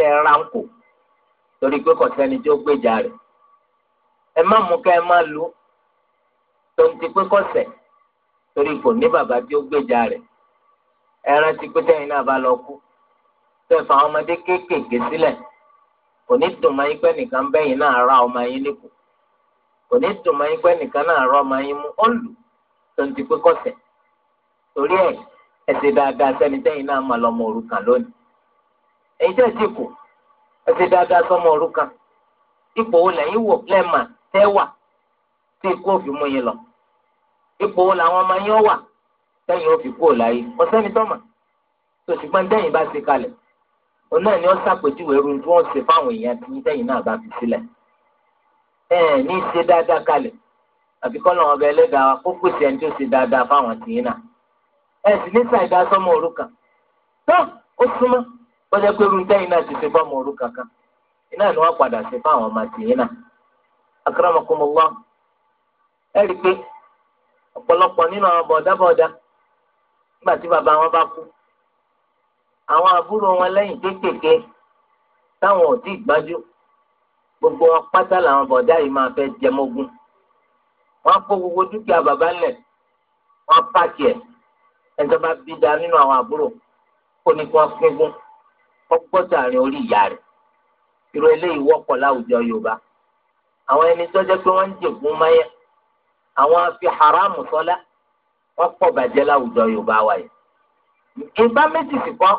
kẹ́ ẹ torí kò ní bàbá tí ó gbèjà rẹ̀ ẹran ti pété tẹ́yìn náà bá lọ kú ọmọdé kéékèèké sílẹ̀ kò ní dùn máa ń nìkan náà ra ọmọ yín níkù kò ní ọmọ yín mú tó ń ti pé torí ẹ dáadáa náà lónìí ẹ ti kù dáadáa ipò wo lọ. ipò wo làwọn ọmọ yín wà tẹ́yìn ó kúrò láyé ọ̀sẹ́ni tọ́mà tó ṣùgbọ́n tẹ́yìn bá ṣe kalẹ̀ òun náà ni ó ṣàpèjúwe irun tí wọ́n ṣe fáwọn èèyàn tí tẹ́yìn náà bá fi sílẹ̀ ẹ̀ ní ṣe dáadáa kalẹ̀ àfi kọ́ lọ́wọ́ ọba ẹlẹ́dàá wa kó pèsè ẹni tó ṣe dáadáa fáwọn tìyín náà sì ní tó ó ọ̀pọ̀lọpọ̀ nínú àwọn bọ̀dábọ̀dá nígbà tí bàbá wọn bá kú àwọn àbúrò wọn lẹ́yìn kéékèèké táwọn ò tí ì gbájú gbogbo wọn pátá làwọn bọ̀dá yìí máa fẹ́ jẹmógún wọn kó gbogbo dúkìá bàbá lẹ̀ wọn pààkì ẹ̀ ẹjọ́ bá bí da nínú àwọn àbúrò kó ní kí wọ́n pínpín ọgbọ́tà àárín orí ìyá rẹ̀ irú eléyìí wọ́pọ̀ láwùjọ Yorùbá àwọn ẹni tó jẹ́ pé wọ́n ń jẹ̀gún máyẹ́ àwọn afi haramu sọlá wọn pọ̀ bàjẹ́ láwùjọ yorùbá wa yìí ìbá méjì sì kọ́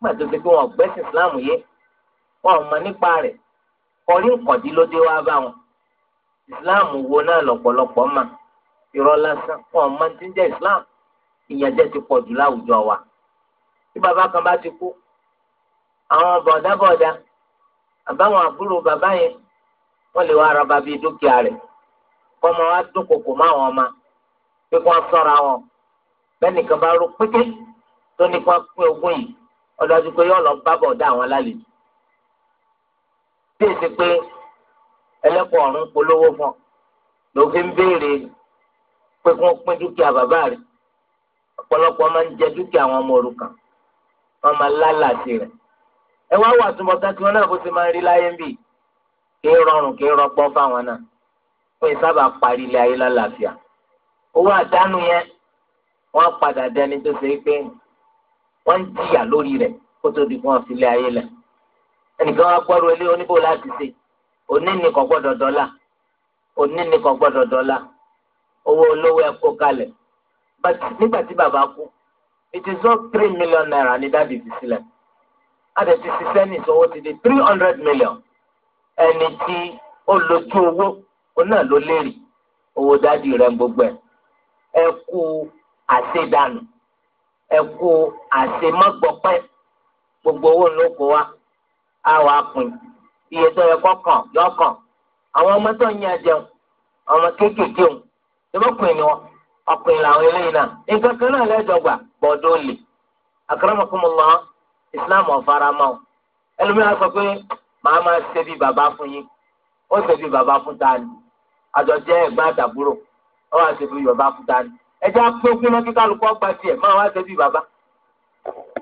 gbàdúrà pé wọn gbẹ́sì islam yé wọn mọ̀ nípa rẹ̀ kọrí nkọ̀dínlódé wá bá wọn islam wo náà lọ́pọ̀lọpọ̀ mà irọ́ lásán wọn mọ̀ tí ń jẹ́ islam ìyànjẹ ti pọ̀ jù láwùjọ wa tí bàbá kan bá ti kú àwọn bọ̀dábọ̀dá àbáwọn àbúrò bàbá yẹn wọ́n lè wá ara bàbí dúkìá rẹ̀ kọ́mọ wa dún kòkò má wọn ma pé kí wọ́n sọ̀ra wọn bẹ́ẹ̀ nìkan bá rú pété tó ní kó pé ogún yìí ọ̀dájú pé yóò lọ bábọ̀ dá àwọn lálejò bí èsì pé ẹlẹ́kọ̀ọ́ ọ̀run polówó fún ọ ló fi ń béèrè pé kí wọ́n pín dúkìá bàbá rẹ̀ ọ̀pọ̀lọpọ̀ máa ń jẹ dúkìá àwọn ọmọ òrukàn wọ́n máa lálàsì rẹ̀ ẹ wá wà túnbọ̀ tá kí wọ́n náà bó ti máa rí láyé ń bì kí rọrùn kí rọpọ́ fáwọn náà fún ìsábà parí ilé ayé lálàáfíà owó àdánù yẹn wọ́n padà dẹni tó ṣe pé wọ́n ń jìyà lórí rẹ̀ kó tó di fún wọn sílé ayé lẹ̀ ẹnìkan wá gbọ́rọ̀ ilé oníbò láti ṣe òní gbọ́dọ̀ dọ́là òní gbọ́dọ̀ dọ́là owó olówó ẹ kó kalẹ̀ nígbà tí bàbá kú it is not three million naira ní dáàbì fi sílẹ̀ adẹ̀ ti ṣiṣẹ́ ní ìṣòwò ti di three hundred million ẹni tí ó lójú owó ona lo leri lérì owó dádì rẹ̀ gbogbo ẹ̀ ẹ kú àṣedànù ẹ kú gbogbo owó ló kó wa á wàá pín iye tó yẹ àwọn ọmọ tó ń jẹun ọmọ kéékèèké ni wọn ọkùnrin làwọn eléyìí náà nǹkan kan náà lẹ́jọ̀gbà bọ́ọ̀dọ́ lè àkàràmọ̀kùnmọ̀ ìsìláàmù ọ̀faramọ́ ẹlòmíràn sọ pé màá máa ṣe bí bàbá fún yín ó ṣe bí bàbá fún àjọ jẹ́ ẹ̀gbọ́n àtàbúrò ọ wá ṣe bí yorùbá kúta ni ẹjẹ́ apẹ́ ogun náà kíkà lùkọ́ gba tiẹ̀ máa wá ṣe bí bàbá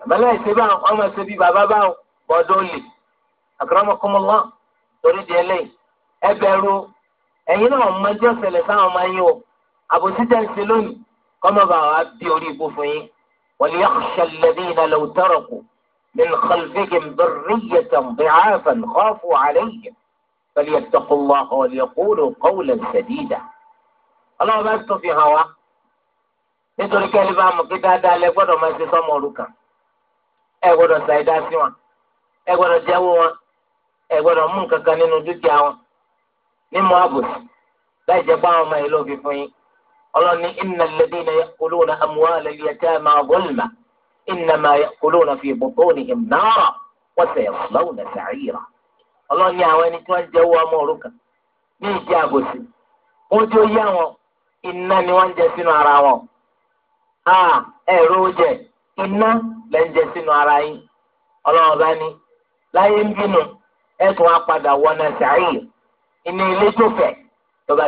àmàlẹ́ ìṣe báwọn wọ́n máa ṣe bí bàbá báwọn bọ́dọ̀ lè àkàràmọ́kọ́mọ́lá torí di ẹlẹ́yìn ẹ bẹ̀rù ẹ̀yin náà mọ ẹjọ́ ṣẹlẹ̀ sáwọn ọmọ yín o àbòsí tẹ̀ ń lónìí kọ́mọ bá wa bí orí ibú fún yín wọ́n yà ṣẹlẹ̀dí iná lọ́wọ́ tọ́rọ̀kù min khalfihim dhurriyatan dhi'afan khafu alayhim فليتقوا الله وليقولوا قولا سديدا ọlọ́run bá tún fi hàn wá nítorí kẹ́lí bá mọ̀ pé dáadáa lẹ gbọ́dọ̀ máa ṣe sọ́mọ òrukàn ẹ gbọ́dọ̀ ṣàìdá sí wọn ẹ gbọ́dọ̀ jẹ́wọ́ wọn ẹ gbọ́dọ̀ mú nǹkan kan nínú dúkìá wọn mímú àbòsí láì jẹ́ pé àwọn ọmọ yìí ló fi fún yín ọlọ́run ní innal ladina ya'kuluna amwalal yatama zulman innama ya'kuluna fi butunihim nara wa sayaslawna sa'ira. ọlọ́run ní àwọn ẹni tí wọ́n jẹ́wọ́ ọmọ òrukàn ní ìdí àbòsí ó tí ó yá wọn iná ni wọ́n ń jẹ sínú ara wọn a ẹ̀rọ jẹ iná lẹ́ ń jẹ sínú ara yín ọlọ́run bá ní láyé ń bínú tún padà wọnà sàárì inú ilé tó fẹ̀ tó bá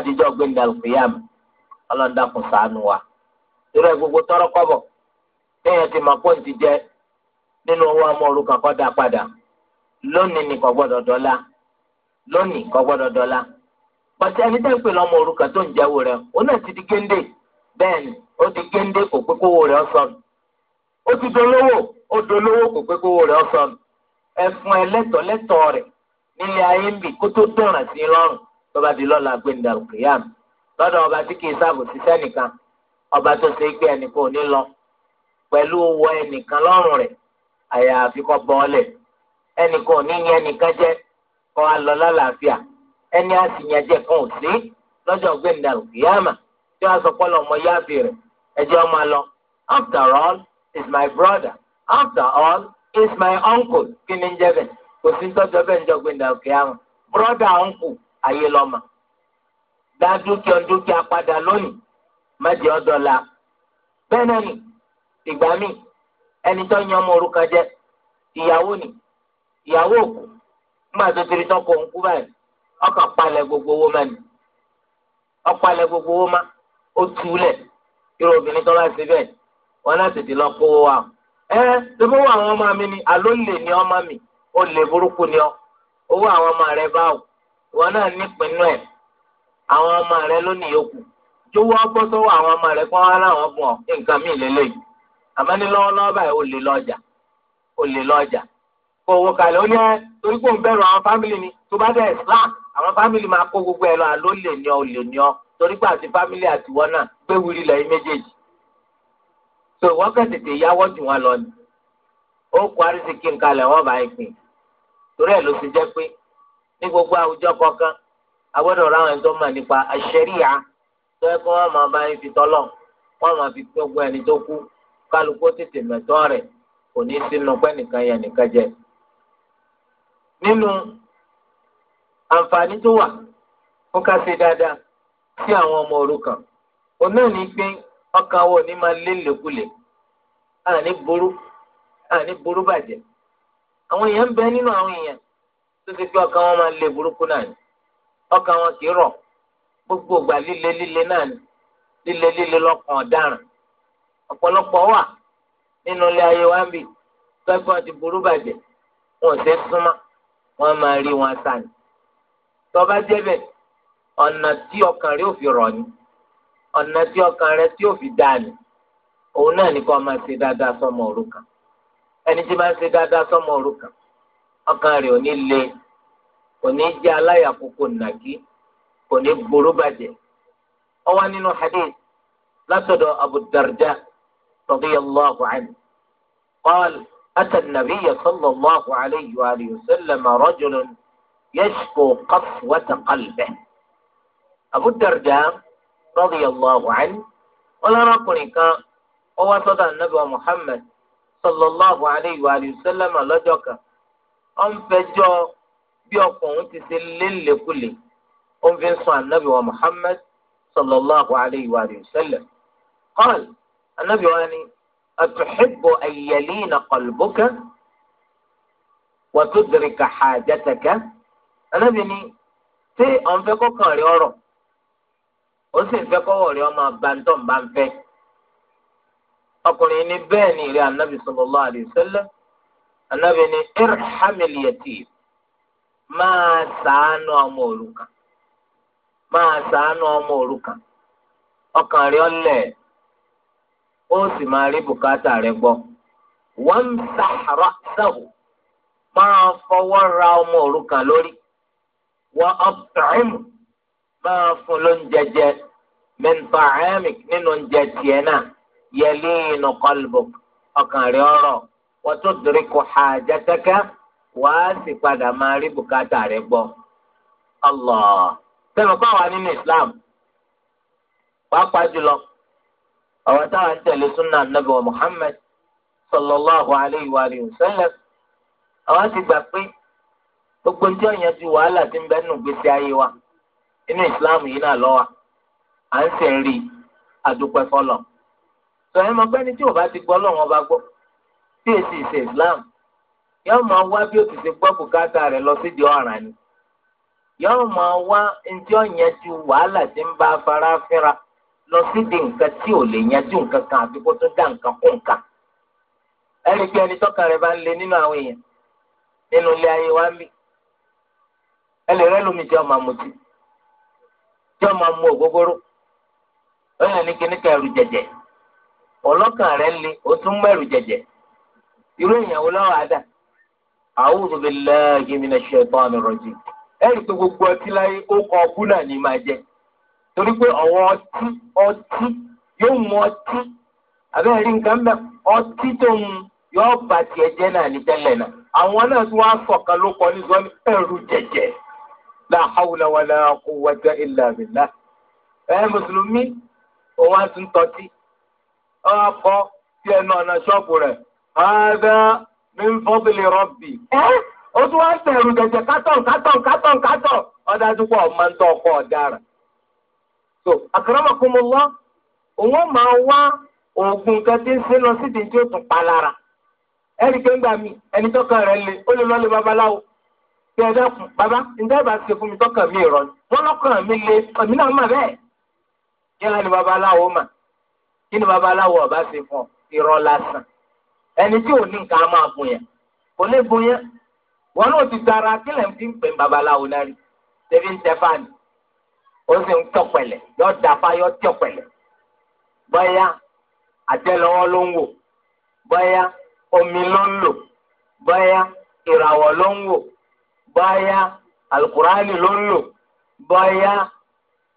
gbogbo tọrọ kọ́bọ̀ bẹ́ẹ̀ ti mọ̀ pé ti jẹ nínú owó ọmọ lónìí ni kò gbọ́dọ̀ dọ́là lónìí kò gbọ́dọ̀ pàṣẹ ẹni tẹ́ ń pè lọ́mọ tó ń jẹ́wọ́ rẹ ó náà ti di géńdé bẹ́ẹ̀ ni ó di kò pé kówó ó ti dolówó ó dolówó kò pé kówó ẹ̀fún lẹ́tọ̀ rẹ̀ nílé ayé ń sí lọ́rùn tó bá di lọ́la lọ́dọ̀ ọba tí kì í sáàbò nìkan ọba tó ṣe ẹnìkan ò ní yẹn nìkan jẹ kọ alọ lálàáfíà ẹni àtìyànjẹ kan ò sí lọ́jọ́ gbẹndà tí wọn sọ pọlọ ọmọ yáàfin rẹ ẹjẹ ọmọ lọ after all is my brother after all is my uncle kí ni ń jẹ bẹ́ẹ̀ kò sí tọjọ bẹ́ẹ̀ ń jọ gbẹndà brother uncle ayé lọmọ dúkìá dúkìá padà lónìí ìyàwó òkú nígbà tó torí tán kò ń báyìí ọkàn palẹ̀ gbogbo owó mẹ́ni ọpalẹ̀ gbogbo owó má ó túlẹ̀ irú obìnrin tó bá wọn tètè lọ kó wa ẹ tóbi owó àwọn ọmọ mi ni àló lè ní ọmọ mi ó lè burúkú ni ọ owó àwọn ọmọ rẹ náà ẹ rẹ ní àwọn rẹ láwọn ọ nǹkan àmọ́ ní lọ́wọ́lọ́wọ́ báyìí ó lè kó owó kalẹ̀ ó ní ẹ torí pé òun bẹ̀rù àwọn fámìlì ni tó bá dẹ̀ slack àwọn fámìlì máa kó gbogbo ẹ̀ lọ àló lè ní ọ lè ní ọ torí pé àti fámìlì àti wọn náà gbé wíri lẹ́yìn méjèèjì tó wọ́n kẹ́ tètè yáwọ́ jù wọn lọ ni ó kó arísìkí nǹkan lẹ̀ wọ́n bá yín pín torí ẹ̀ ló ti jẹ́ pé ní gbogbo àwùjọ kọ̀ọ̀kan agbọ́dọ̀ ra àwọn ẹni tó mọ̀ nípa àṣẹríyà tó yẹ kó wọ́n máa bá yín fi tọ́lọ̀ wọ́n máa fi gbogbo ẹni tó kú kálukú tètè mẹ̀tọ́ rẹ̀ kò ní sínú pẹ́ nìkan yẹn nìkan jẹ́ nínú àǹfààní tó wà ó ká ṣe dáadáa sí àwọn ọmọ òrukàn òun náà ní pé ọkàn wọn ò ní máa lé lèkulè àní burú àní burú bàjẹ́ àwọn èèyàn ń bẹ nínú àwọn èèyàn tó ti pé ọkàn wọn máa lé burúkú náà ni ọkàn wọn kì í rọ̀ gbogbo ìgbà líle líle náà ni líle líle lọ́kàn ọ̀daràn ọ̀pọ̀lọpọ̀ wà nínú ilé ayé wa ń bì gbẹ́gbọ́n ti burú bàjẹ́ wọn ò ṣe é Wọn máa rí wọn sàn. Tọba débẹ̀ ọ̀nà tí ọkàn rẹ ò fi ọ̀nà tí ọkàn rẹ tí O fi òun náà ní kó máa ṣe dáadáa sọmọ oruka. ẹni tí máa ṣe dáadáa sọmọ òrukàn ọkàn rẹ ò ní le kò ní jẹ́ aláyàkókò nàkí kò ní burú bàjẹ́ nínú أتى النبي صلى الله عليه وآله وسلم رجل يشكو قسوة قلبه أبو الدرداء رضي الله عنه ولا ركن كان هو صدى النبي محمد صلى الله عليه وآله وسلم لجوك أم فجو بيقون تسلل لكل أم في النبي محمد صلى الله عليه وآله وسلم قال النبي وآله أتحب أن يلين قلبك وتدرك حاجتك Ànábì ní ṣé ka fẹ́ kọ́kàn anabini ọ̀rọ̀ ó sì fẹ́ kọ́wọ́ rẹ ọmọ àgbàntọ́ bá ń fẹ́ ọkùnrin ní bẹ́ẹ̀ ni sallallahu alaihi wasallam Ànábì anabini irhamil yatim ma ó sì máa rí bùkátà rẹ gbọ́. wọ́n ń ta àrà sẹ́wọ̀ máa fọwọ́ ra ọmọ òrukàn lórí wọ́n ọ̀pẹ̀rẹ̀mù máa fún lóúnjẹ jẹ mẹ́ntàrẹ́mìk nínú oúnjẹ tiẹ̀ náà yẹlé inú kọlbùk ọkàn rẹ ọ̀rọ̀ wọ́n tó dorí kò hàjẹ́tẹ́kẹ́ wàá sì padà máa rí bùkátà rẹ gbọ́. Allah sẹ́wọ̀n kọ́ wa nínú Islam pàápàá jùlọ. àwọn táwọn ń tẹ̀lé súnà nàbì wa Muhammad sallallahu alayhi wa alihi wa sallam àwọn ti gbà pé gbogbo ní ọ̀yàn ti wàhálà ti ń nù gbèsè ayé wa inú ìsìláàmù yìí náà lọ́wọ́ à ń sì rí àdúpẹ́ fọlọ́ sọ̀rọ̀ mọ pé ní tí bá ti gbọ́ lọ́wọ́ bá gbọ́ tí islam yóò máa wá bí ó ti ṣe gbọ́ bùkátà rẹ̀ lọ sí di ni yóò máa wá ní tí lọ síbi nǹkan tí ò lè yanjú nǹkan kan àti kó tó dá nǹkan kún nǹkan. ẹnì pé ẹni tọ́ka rẹ̀ bá ń le nínú àwọn èèyàn nínú ilé ayé wa ń bì. ẹ lè rẹ́ lómi jẹ́ ọmọ àmùtí jẹ́ ọmọ àmú ògógóró ó ní kíní kan ẹrù jẹjẹ ọlọ́kàn rẹ̀ ń le ó tún mú ẹrù jẹjẹ irú ìyàwó lọ́wọ́ àdá a'udhu billahi minash shaitani rajim ẹ̀rì pé gbogbo ọtí láyé ó kọ ọkú náà ní máa jẹ́ torí pé ọ̀wọ́ ọtí ọtí yóò mu ọtí àbẹ́rẹ́ nǹkan bẹ́ẹ̀ ọtí tó mu yóò bà tiẹ̀ jẹ́ náà ní tẹ́lẹ̀ náà àwọn náà tún wá fọ̀kan ló kọ́ ní sọ ní ẹ̀rù jẹ̀jẹ̀ la hawla wala quwwata illa billah ẹ̀ mùsùlùmí òun á tún tọ́tí ọ̀rọ̀ kọ́ sí ẹnu ọ̀nà ṣọ́ọ̀bù rẹ̀ ọ̀dà mi ń fọ́bìlì rọ́bì ó tún wá ń tẹ̀rù jẹ̀jẹ̀ kátọ̀ kátọ̀ kátọ̀ kátọ̀ ọ̀dà àdúgbò ọ̀ so akramakumullah òun máa wá oògùn kan tí ń ṣe lọ síbi tí ó tún pa lára ẹ̀rí pé ń gbà mí ẹni tọ́kàn rẹ̀ le ó lè lọ lé babaláwo bí ẹ dákun bàbá ǹjẹ́ ìbá ti fún mi tọ́kàn mi rọ ni wọ́n lọ́kàn mi le èmi náà mà bẹ́ẹ̀ kí ni babaláwo mà kí ni babaláwo ọba ṣe fún ọ irọ́ lásán ẹni tí ò ní nǹkan á máa bùn yẹn kò lè bùn yẹn wọn náà ti tara kílẹ̀ ń fi ń pè babaláwo náà rí tẹ̀bí ń tẹ́fà ni ó sì ń tọpẹlẹ yọ dàfa yọ tọpẹlẹ bóyá àtẹ́lẹwọ́ ló ń wò bóyá omi ló ń lò bóyá ìràwọ̀ ló ń wò bóyá alukurani ló ń lò bóyá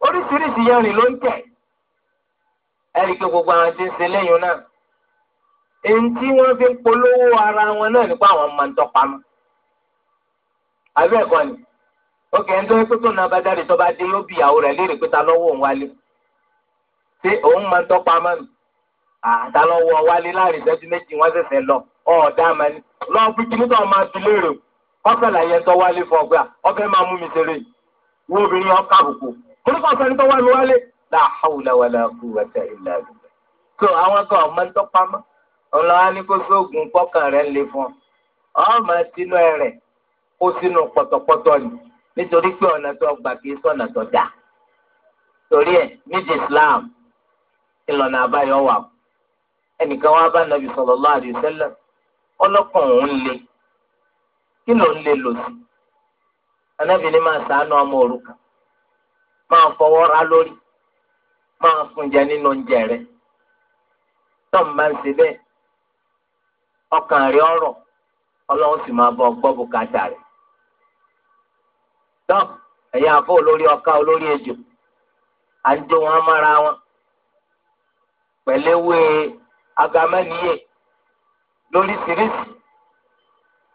oríṣiríṣi yẹrin ló ń tẹ̀ ẹ̀rí pé gbogbo àwọn tí ń ṣe lẹ́yìn náà èyí tí wọ́n fi ń polówó ara wọn náà nípa àwọn ọmọ ń tọpa mọ́ ni ókè ẹni tó ń pẹ́ tó náà bá jáde tó bá dé yóò bí ìyàwó rẹ̀ léèrè pé ta lọ́wọ́ òun wálé ṣé òun máa ń tọ́pa mọ́ mi àtà lọ́wọ́ wálé láàrin ìṣẹ́jú méjì wọ́n ṣẹ̀ṣẹ̀ lọ ọ̀ọ́dà mẹ́ni lọ́ọ́ fi kíní tó máa fi léèrè kọ́fẹ̀lá yẹn tó wálé fún ọgbà ọfẹ́ máa mú mi ṣeré wo obìnrin ọkà àbùkù mo ní kọ́fẹ́ ní tó wálé wálé la hawla wala quwwata illa billah so àwọn kan ọmọ ń tọ́pa mọ́ ọlọ́wà ní kó nítorí pé ọ̀nà tó gbà kí sọ̀nà tó dà torí ẹ̀ Islam ìlànà àbáyọ wà ẹnìkan wá bá nàbì sallallahu alaihi wasallam ọlọ́kàn òun le kí ló ń le lò sí anábì ni máa ṣàánú ọmọ òrukàn máa fọwọ́ ra lórí máa fún jẹ nínú tọ́ ẹ̀yin àfọ olórí ọká olórí ejò à ń wọn mọ́ra wọn pẹ̀lẹ́wé agamẹ́niyè lóríṣiríṣi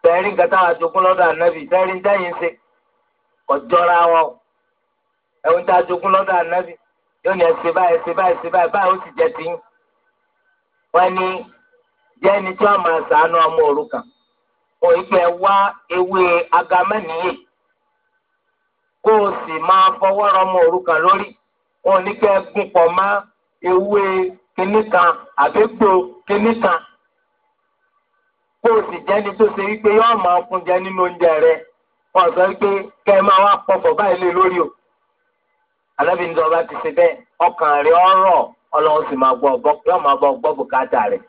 tẹ́rí nǹkan táwọn àjogún lọ́dọ̀ ànábì tẹ́rí dẹ́yìn ṣe ọ̀jọ́ra wọn ẹ̀hún tá àjogún lọ́dọ̀ ànábì yóò ní ẹsẹ̀ báyìí ẹsẹ̀ báyìí ẹsẹ̀ báyìí báyìí ó sì jẹ tiyín wọ́n ní jẹ́ ẹni tí wọ́n ọmọ wá ewé kó o sì máa fọwọ́ rọmọ òrukàn lórí wọn ní kẹ́ ẹ gún pọ̀ mọ́ ewé kínní kan àgbégbò kínní kan kó o sì jẹ́ni tó ṣe wípé yóò máa fún jẹ nínú oúnjẹ rẹ wọn sọ wípé kẹ́ ẹ máa wá pọ̀pọ̀ báyìí lé lórí o alábìnrin tó bá ti ṣe bẹ́ẹ̀ ọkàn rẹ ọ̀rọ̀ ọlọ́run sì máa gbọ́ yóò máa bọ̀ gbọ́ bùkátà rẹ̀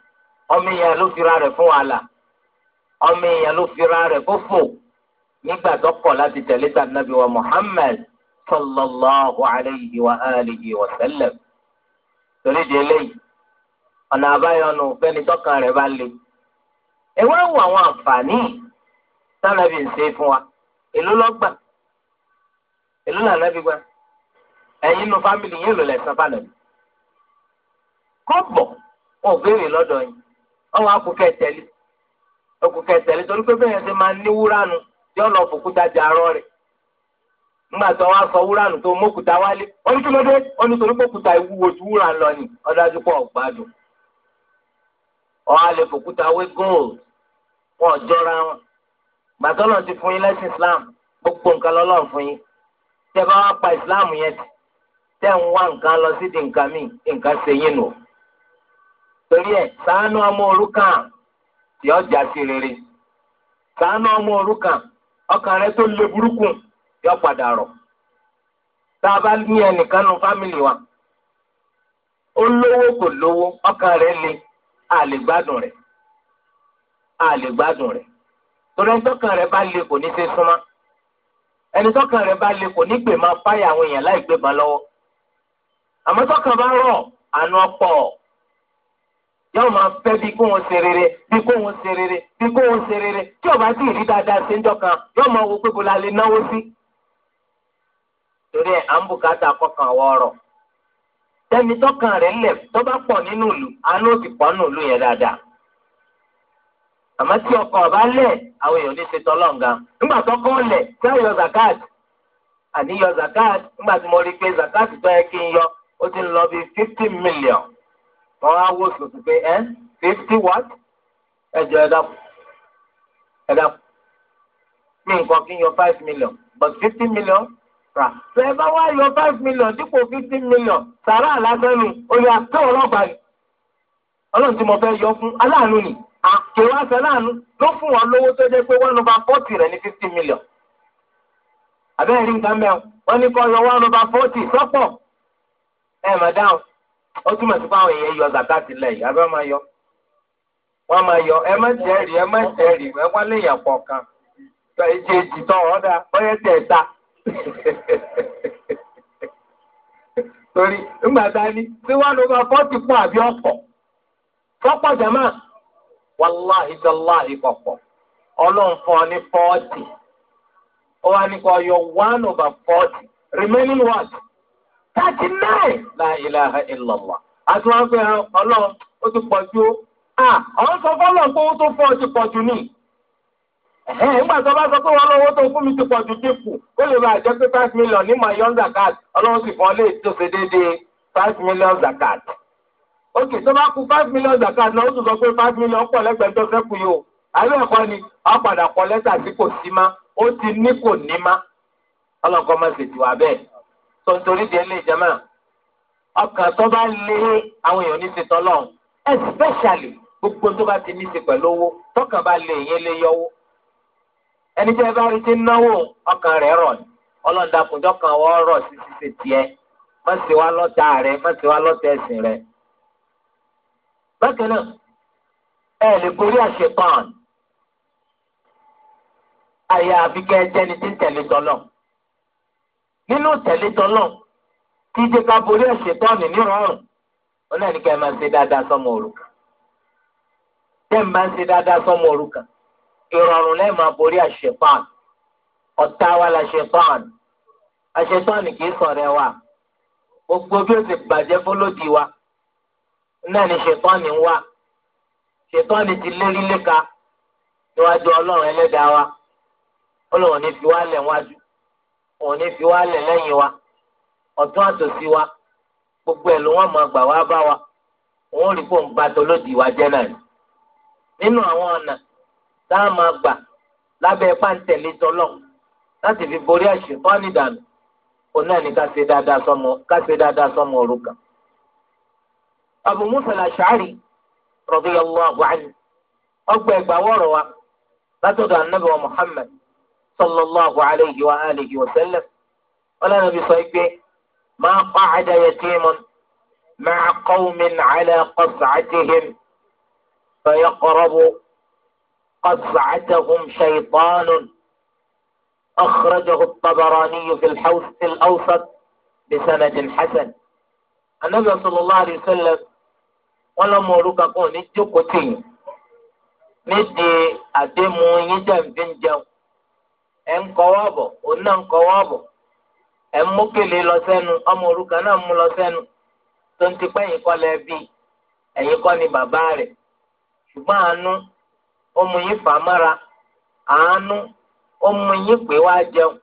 ọmọ ìyá ló fira rẹ̀ fún wàhálà ọmọ ìyá ló fira rẹ̀ fún fò. nígbà tó kọ̀ láti tẹ̀lé ta nabi wa muhammad sallallahu alayhi wa alihi wa sallam torí di eléyìí ọ̀nà àbáyọnu fẹ́ni tọ́kàn rẹ̀ bá le ẹ wá wo àwọn àǹfààní tánàbì ń ṣe fún wa èló lọ́gbà èló lànàbì gbà ẹ̀yin nu fámìlì yín lò lẹ́sàn fànàbì kọ́bọ̀ wọn ò béèrè lọ́dọ̀ tẹ̀lé tí ọ̀nà òfòkúta jẹ arọ rẹ̀ ńgbà tó wá sọ wúrà nù tó mọ́kúta wálé oníkílódé onítorí pókúta ìwúwo wúrà lọ ni ọdájú pọ̀ gbádùn ọ̀hà fòkúta wé gold wọn ò jọra wọn gbàtọ́ náà ti fún yín lẹ́sìn Islam gbogbo nǹkan fún yín bá Islam yẹn tì tẹ́ ń wá nǹkan lọ sí nǹkan nǹkan torí ẹ̀ ọmọ ọkàn rẹ tó le burúkú yọ padà rọ̀ tá a bá ní ẹnìkan nu fámìlì wa ó lówó kò lówó ọkàn rẹ le a lè gbádùn rẹ̀ a lè gbádùn rẹ̀ torí ẹni rẹ bá le kò ní ṣe súnmọ́ ẹni rẹ bá le kò ní gbè máa fáyà àwọn èèyàn láì gbé ba lọ́wọ́ àmọ́ bá rọ̀ àánú ọ̀pọ̀ yóò máa fẹ́ bí kó wọn ṣe rere bí kó wọn ṣe rere bí kó wọn ṣe rere tí ọba sì rí dáadáa ṣe ń jọkan yóò máa wo pé bó la lè náwó sí. torí ẹ à ń bùkátà kọkàn wọ ọ̀rọ̀ tẹni tọkàn rẹ̀ lẹ tó bá pọ̀ nínú ìlú àánú ò sì pọ̀ nínú ìlú yẹn dáadáa. àmọ́ tí ọkàn ọba lẹ̀ àwọn èèyàn ní ṣe tọ́lọ́ǹga nígbà tọkọ lẹ̀ tí a zakat àníyọ zakat nígbà tí mo rí pé zakat tó yẹ kí n yọ ó ti ń lọ bí fifty million wọn á wò sùn pé ẹ fifty watt ẹ jọ ẹ dàpọ̀ ẹ dàpọ̀ mi nǹkan kí n yọ five million but fifty million rà bẹ́ẹ̀ bá wá yọ five million dípò fifty million sàrà lásán ni oyè àtọ ọlọ́pàá ni Ọlọ́run tí mo fẹ́ yọ fún aláàánú ni àkèwà sàláàánú ló fún wọn lówó tó jẹ́ pé one over forty rẹ̀ ní fifty million abẹ́rẹ́ rí nǹkan mẹ́wọ̀n wọ́n ní kọ́ yọ one over forty sọ́pọ̀ ẹ̀ mọ̀ dáhùn. ó túmọ̀ sí fáwọn èèyàn yọ zakati lẹ̀ yìí abẹ́ máa yọ wọ́n máa yọ ẹ má jẹ́rìí ẹ má jẹ́rìí ẹ wọ́n lè pọ̀ kan tó ẹ jẹ́ èjì tán ọ̀dà ọ̀yẹ́ tẹ̀ ta torí ńgbà tí wọ́n lọ bá fọ́ọ̀tì àbí ọ̀pọ̀ fọ́pọ̀ wàláhì pọ̀pọ̀ ọlọ́run fún ọ ní fọ́ọ̀tì ó wá ọyọ one over forty remaining thirty nine la ilaha illallah àti wọn fẹ́ ọlọ́run ó ti pọ̀ ju ọ̀hún sọ jù ní. nígbà tó bá sọ fún mi ti dínkù ó lè máa pé five million ní sì tó ṣe déédéé five million zakat. ok tó bá kú five million zakat náà ó tún sọ pé five o àbí ẹ̀kọ́ ni wọ́n padà kọ lẹ́tà tí kò sí má ó ti ní kò tó ń torí díẹ̀ lè jẹ́ mẹ́rin ọkàn tó bá lé àwọn èèyàn ní ti especially gbogbo tó bá ti ní ti pẹ̀lú owó tọkàn bá lé èèyàn lé yọwó ẹni tí ẹ bá rí ti náwó ọkàn rẹ̀ rọ̀ ni ọlọ́dàkùnjọ́ kan wọ́n rọ̀ sí ṣíṣe tiẹ̀ má ṣe wá lọ́tà rẹ̀ má ṣe wá lọ́tà ẹ̀sìn rẹ̀. bákan náà ẹ lè borí àṣepọ̀n àyà àfikẹ́ jẹ́ni tí tẹ̀lé tọ́lọ̀ nínú tẹ̀lé tọ́lọ̀ kí jẹ́ ká borí ẹ̀ṣẹ̀ tọ́ọ̀nì nírọ̀rùn ó náà ní ká ẹ máa ṣe dáadáa sọ́mọ òrukàn tẹ́ ẹ máa ṣe dáadáa sọ́mọ òrukàn ìrọ̀rùn lẹ́ẹ̀ máa borí ẹ̀ṣẹ̀ ọ̀tá wa la ṣe pàn ẹ̀ṣẹ̀ tọ́ọ̀nì kì í sọ̀rẹ́ wa gbogbo bí ó ti bàjẹ́ fọlọ́dì wa náà ni ṣètọ́ọ̀nì ń wà ṣètọ́ọ̀nì ti lérí léka níwájú ọlọ́run ẹlẹ́dàá wa ọlọ́run ní fi wá lẹ̀ wájú òun ní fi wá lẹ̀ lẹ́yìn wa ọ̀tún àtòsí wa gbogbo ẹ̀ ló wọ́n máa gbà wá bá wa òun rí fóun bá tolódì wa jẹ́ náà ni nínú àwọn ọ̀nà tá a máa gbà lábẹ́ pàǹtẹ̀lé tọ́lọ̀ láti fi borí àṣẹ dànù òun náà ká ṣe dáadáa sọmọ ọgbà ẹgbàá wa látọ̀dọ̀ anábìwọ̀ صلى الله عليه وآله وسلم قال النبي صيبه ما قعد يتيم مع قوم على قصعتهم فيقرب قصعتهم شيطان أخرجه الطبراني في الحوث الأوسط بسند حسن النبي صلى الله عليه وسلم ولم يرك قوم الجكتين ندي أدم ونجم ẹ̀ ń kọ́ wọ́ bọ̀ òun náà ń kọ́ wọ́ bọ̀ ẹ̀ ń mú kele lọ sẹ́nu ọmọ òrukàn náà mú lọ sẹ́nu tó ń ni bàbá rẹ̀ ṣùgbọ́n àánú ó mú yín fà àánú ó mú yín pé wá jẹun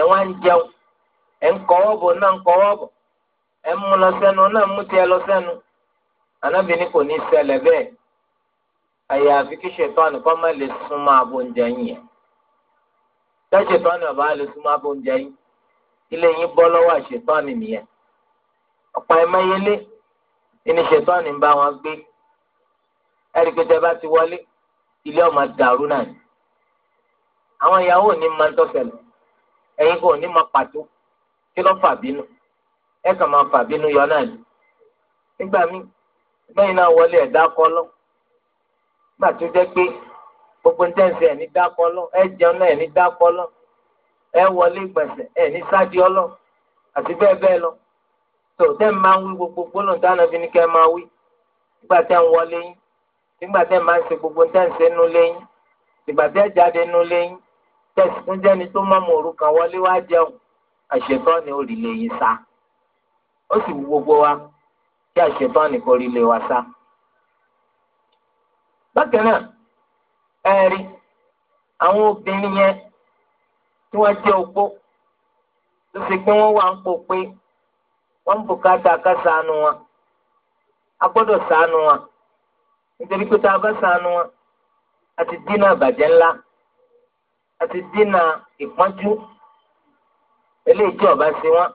ẹ̀ wá ń jẹun ń bọ̀ náà ń bọ̀ ń tẹ́sí tọ́ni ọ̀bá lè súnmọ́ abóúnjẹ yín ilé yín bọ́ lọ́wọ́ àṣetọ́ni nìyẹn ọ̀pọ̀ ẹ̀mẹ́yẹlé ni ṣetọ́ni ń bá wọn gbé ẹ̀rí pé tẹ́ bá ti wọlé ilé ọmọ dàrú náà ni àwọn ìyàwó ò ní máa ń tọ́sẹ̀lẹ̀ ẹ̀yin kò ní máa pàtó kí ló fà bínú ẹ kàn máa fà bínú yọ náà ni nígbà míì bẹ́ẹ̀ náà wọlé ẹ̀dá kọ́ lọ nígbà jẹ́ pé gbogbo ń tẹ̀sí ẹ̀ ní dákọ́ lọ ẹ jẹun náà ẹ̀ ní dákọ́ lọ ẹ wọlé gbẹ̀sẹ̀ ẹ̀ ní sáàdì ọlọ àti bẹ́ẹ̀ bẹ́ẹ̀ lọ tó tẹ́ ń máa ń wí gbogbo gbólóhùn táwọn ẹbí ní kẹ́ máa wí nígbà tẹ́ ń wọlé yín nígbà tẹ́ ń máa ń ṣe gbogbo ń tẹ̀sí nú léyìn ìgbà tẹ́ jáde nú léyìn tẹ̀sí tún jẹ́ni tó mọ́ mọ́ òru kan wọlé wá jẹun àṣetọ́ ni ó rí léyìn sá ó sì wú gbogbo wa kí àṣetọ́ ni rí lé wa sá bákan náà. ẹ̀rí àwọn obìnrin yẹn tí wọ́n jẹ́ opó tó fi pé wọ́n wà ń pò pé wọ́n ń bùkátà ká ṣàánú wọn a gbọ́dọ̀ ṣàánú wọn nítorí pé tá a bá ṣàánú wọn a ti dínà bàjẹ́ ńlá a ti dínà ìpọ́njú eléyìí tí ọba ṣe wọn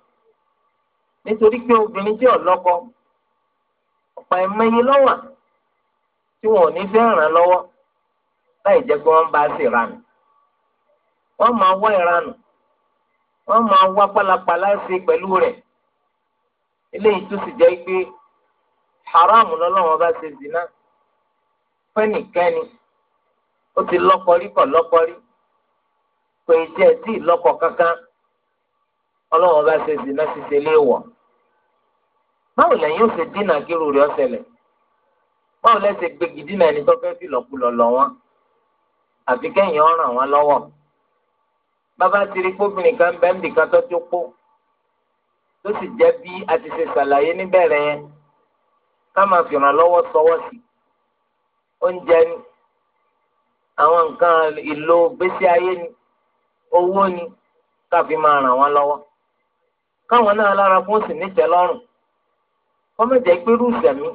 nítorí pé obìnrin ọlọ́kọ láì jẹ́ pé wọ́n bá sì ranù wọ́n máa wá ìranù wọ́n máa wá pálapàla sí pẹ̀lú rẹ̀ eléyìí tó sì jẹ́ pé lọ́lọ́wọ́n bá ṣe zina fẹ́nìkẹ́ni ó ti kọ̀ lọ́kọrí pé ìjẹ́ tí kankan ọlọ́wọ́n bá ṣe zina ti ṣe léèwọ̀ báwo lẹ́yìn báwo lẹ́sẹ̀ ẹni àfi kẹ́yìn ọ̀ràn wọn lọ́wọ́ bàbá ti rí kóbìnrin kan bẹ́ẹ̀ nìkan tó tó kó tó sì jẹ́ bí a ti ṣe ṣàlàyé níbẹ̀rẹ̀ yẹn ká máa fi ràn lọ́wọ́ sọwọ́ sí oúnjẹ ni àwọn nǹkan ìlò gbèsè ayé ni owó ni ká fi máa ràn wọ́n lọ́wọ́ káwọn náà lára kó sì níṣẹ́ lọ́rùn kọ́mẹ̀jẹ̀ pé rúùsẹ̀ mi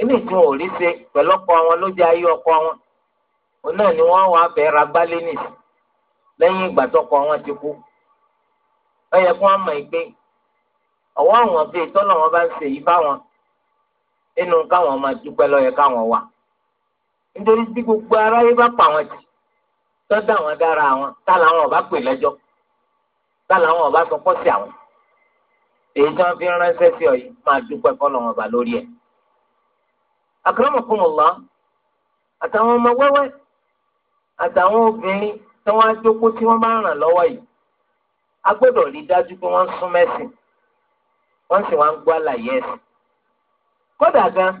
eléyìí tí wọn ò rí ṣe pẹ̀lọ́pọ̀ àwọn ló jẹ́ ayé ọkọ wọn. òun naa ni wọ́n wàá fẹ́ ra gbálé nìsí lẹ́yìn ìgbà tọkọ ti kú ó yẹ kí wọ́n mọ̀ ẹ́ pé ọ̀wọ́ àwọn bíi tọ́lọ̀ wọn bá ń ṣe yìí fáwọn nínú káwọn máa dúpẹ́ lọ́yẹ káwọn wà nítorí gbogbo aráyé bá pa àwọn jì tọ́jú àwọn dára àwọn tá làwọn ọba pè lẹ́jọ́ tá làwọn ọba sọ àwọn èyí tí wọ́n fi ránṣẹ́ sí ọ yìí máa dúpẹ́ kọ́ lọ́wọ́n ọba lórí ẹ̀. ọmọ wẹ́wẹ́ àtàwọn obìnrin tí wọ́n á jókòó tí wọ́n bá ràn lọ́wọ́ yìí a gbọ́dọ̀ rí dájú pé wọ́n ń sún mẹ́sìn wọ́n sì wá ń gbọ́ àlàyé ẹ̀sìn. kódà gan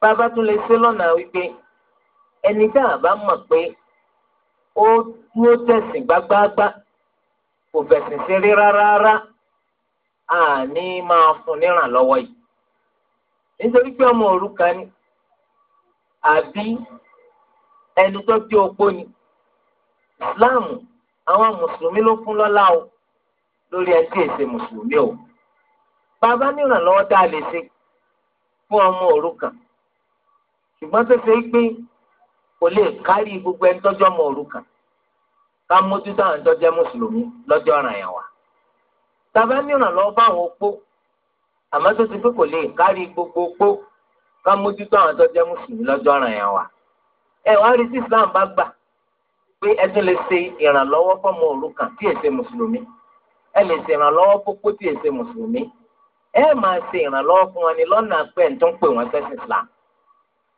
bàbá tún lè ṣe lọ́nà wípé ẹni tá a bá pé ó dúró tẹ̀sìn gbágbáágbá kò fẹ̀sìn ṣeré rárá àní máa fún nírànlọ́wọ́ yìí. nítorí pé ọmọ òrukàn ni àbí ẹni tó jẹ́ opó ni islam àwọn mùsùlùmí ló fún lọ́lá o lórí ẹni tí mùsùlùmí o bàbá nírànlọ́wọ́ tá lè ṣe fún ọmọ òrukàn ṣùgbọ́n tó ṣe pé gbogbo ẹni ọmọ òrukàn ká mójútó àwọn tó jẹ́ mùsùlùmí lọ́jọ́ ọ̀ràn yẹn wà bàbá nírànlọ́wọ́ opó àmọ́ tó gbogbo opó ká mójútó àwọn tó jẹ́ mùsùlùmí lọ́jọ́ ẹ wá rí sí islam bá gbà pé ẹ tún lè ṣe ìrànlọ́wọ́ fọmọ òrukàn tí mùsùlùmí ẹ lè ṣe ìrànlọ́wọ́ pópó tí èsè mùsùlùmí ẹ máa ṣe ìrànlọ́wọ́ fún wọn lọ́nà pẹ́ tó islam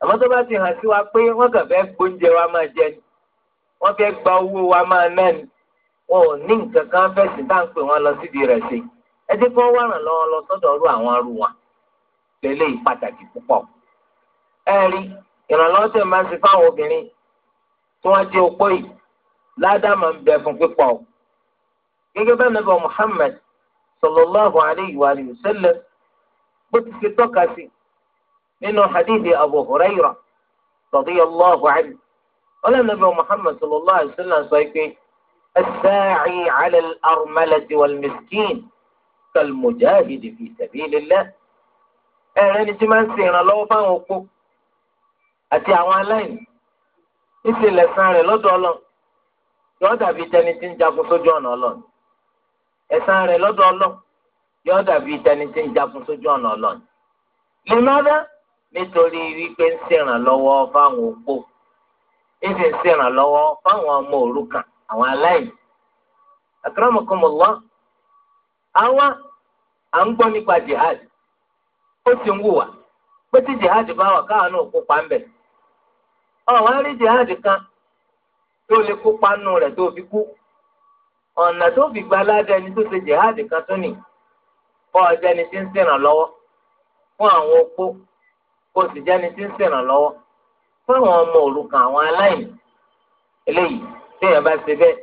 àmọ́ tó bá ti hàn sí wa pé wọ́n kàn fẹ́ gbóúnjẹ gba owó wa máa ná ni wọn ò ní nǹkan kan fẹ́ sí tá à ń pè wọ́n lọ síbi rẹ̀ sí ẹ jẹ́ wọ́n ràn lọ́wọ́ lọ ìrànlọ́wọ́ tẹ̀ máa ń sin fáwọn obìnrin tí wọ́n jẹ́ opó yìí ládàmà ń bẹ fún pípọ̀ o. gẹ́gẹ́ bẹ́ẹ̀ nàbẹ̀ Muhammad sallallahu alayhi wa sallam bó ti ṣe tọ́ka sí nínú hadithi Abu huraira Hurairah radiyallahu anhu ọlọ́run nàbẹ̀ Muhammad sallallahu alayhi wa sallam sọ pé as-sa'i 'ala al-armalati wal-miskin kal-mujahidi fi sabilillah ẹ̀rẹ́ni tí máa ń ṣèrànlọ́wọ́ fáwọn opó. àti àwọn aláìní níṣẹ́ lẹ̀san rẹ̀ lọ́dọ̀ ọlọ́run yóò dàbí tẹni tí ń jagun sójú ọ̀nà ọlọ́run ẹ̀san rẹ̀ lọ́dọ̀ ọlọ́run yóò dàbí tẹni tí ń jagun sójú ọ̀nà ọlọ́run lèmọ́dá nítorí wípé ń ṣèrànlọ́wọ́ fáwọn opó ń sì ń fáwọn ọmọ òrukàn àwọn aláìní àwa à ń jihad ó ti ń wù jihad bá wà káwọn náà kópa ọ̀wá rí jihad kan tó lè kópa nù rẹ̀ tó fi kú ọ̀nà tó fi gba aládé ẹni tó ṣe jihad kan tó nì kọ́ tí ń sèrànlọ́wọ́ fún àwọn opó kó o sì tí ń sèrànlọ́wọ́ fún àwọn ọmọ òrukàn àwọn aláìní eléyìí bá ṣe bẹ́ẹ̀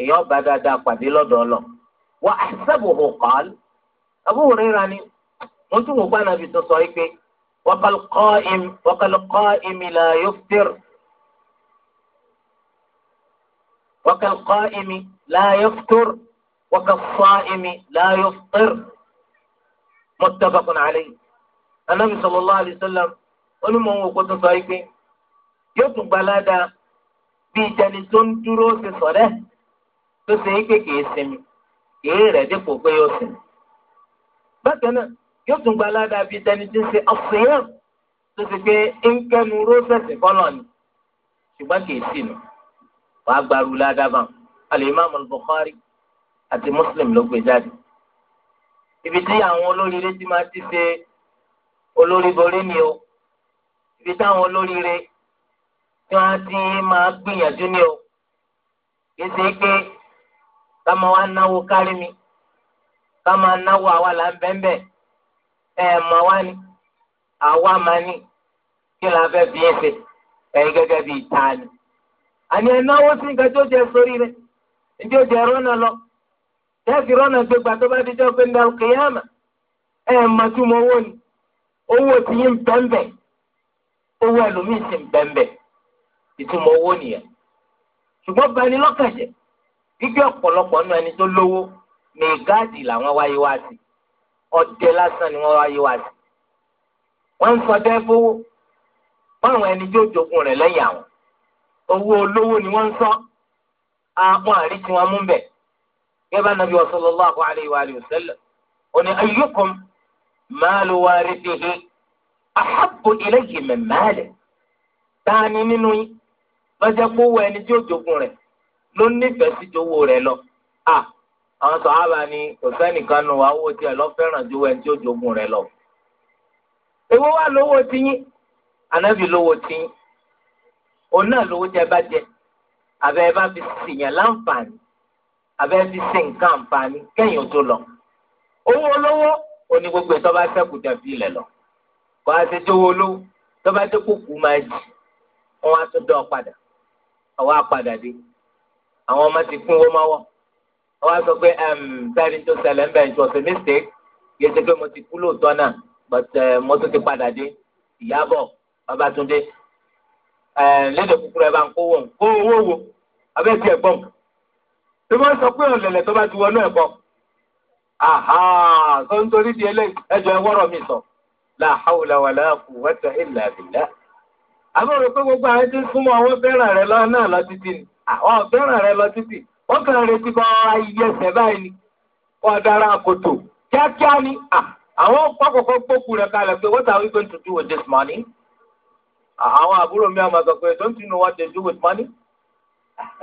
èèyàn bá dáadáa pàdé lọ́dọ̀ ọ lọ. hù kọ́ ọ́ mo وكالقائم وكالقائم لا يفطر وكالقائم لا يفطر وكالصائم لا يفطر متفق عليه النبي صلى الله عليه وسلم onímọ̀ wọn kò tó sọ yìí pé yóò tún gbalada bíi jẹni tó ń dúró ṣe sọ̀rẹ́ tó ṣe é pé kìí sinmi kìí rẹ̀ dípò pé yóò sinmi. bákan náà yóò tún gba aládàá bíi tẹni tí ń ṣe ọ̀sìnyàn tó ti gbé ńkẹ́nu rósẹ̀sì kọ́nà ni ṣùgbọ́n kì í sì nù wàá gbaru ládàbà alimami Bukhari àti Muslim ló gbé jáde ibi tí àwọn olóríire ti máa ti ṣe olórí ni o ibi táwọn olóríire tí wọ́n ti máa gbìyànjú ni o kì í ṣe pé ká máa wá náwó kárí mi ká máa náwó àwa là ń bẹ́ẹ̀ bẹ́ẹ̀ ẹ mà wá ní àwa máa ní kí la fẹ́ bí ẹsẹ ẹyin gẹ́gẹ́ bí ìta ni. àní ẹnáwó sí nǹkan tí ó jẹ sórí rẹ ní ó jẹ rọnà lọ jẹ́sì rọnà gbégbá tó bá di jọ pé ndàlù kìyàmà ẹ mà tún mọ owó ni owó tí yín bẹ́ńbẹ́ owó ẹlòmíì sì ń bẹ́ńbẹ́ ìtumọ̀ owó nìyẹn ṣùgbọ́n bani gbígbé ọ̀pọ̀lọpọ̀ nínú ẹni tó lówó mẹ́gáàdì làwọn wáyé wá sí ọdẹ lásán ni wọ́n wá yé wa sí. wọ́n ń sọdẹ fowó fáwọn ẹni tí ó jogun rẹ̀ lẹ́yìn àwọn owó olówó ni wọ́n ń sọ àwọn àríkí wọn mú bẹ̀. gẹ́gẹ́ bá nàbí sallallahu alayhi wa alihi wa sallam òní ayyukum maalu warithihi ahabbu ilayhi min maalihi tani nínú yín lọ́jọ́ pé ẹni tí ó jogun rẹ̀ ló nífẹ̀ẹ́ sí jowó rẹ̀ lọ àwọn sọ̀hábà ni kò sẹ́nìkan nù wá owó tiẹ̀ lọ fẹ́ràn ju ẹni tí ó jogun rẹ̀ lọ. èwo wá lówó tiyín ànábì lówó tiyín òun náà lówó jẹ bá jẹ àbẹ bá fi sìyàn láǹfààní àbẹ fi ṣe nǹkan àǹfààní kẹ́yìn tó lọ. owó olówó òní gbogbo ẹ̀ tó bá ṣẹ́kù jẹ ilẹ̀ lọ kó a ṣe jówó olówó tó bá dé kókù máa jì wọn á tún dán ọ padà àwọn á dé àwọn ọmọ ti kún owó máa wọ̀ wọ́n á sọ pé sẹ́ni tó ṣẹlẹ̀ ń bẹ̀ ṣe ọ̀sẹ̀ mistake kì í ṣe pé mo ti kú lóòótọ́ náà but eh, mo tún ti padà dé ìyábọ̀ babatunde eh, lédè kúkúrú ẹ bá ń kó wọn kó owó wo abẹ́ ti ẹ̀gbọ́n tí wọ́n sọ pé ọ̀lẹ̀lẹ̀ tó bá ti wọnú ẹ̀gbọ́n aha tó ń torí di ẹlẹ́ ẹjọ́ ẹwọ́rọ̀ mi sọ la hawla wala quwwata illa billah àbúrò pé gbogbo àwọn tí ń súnmọ́ àwọn fẹ́ràn rẹ lọ náà lọ títì ni àwọn fẹ́ràn rẹ lọ títì wọ́n kàn retí kọ́ ayé ẹsẹ̀ báyìí ni wọ́n adára àkótó kíákíá ni àwọn pákòkò gbókù rẹ̀ kalẹ̀ pé what are we going to do with this money? àwọn àbúrò mi àwọn àgbà pé don't you know what they do with money?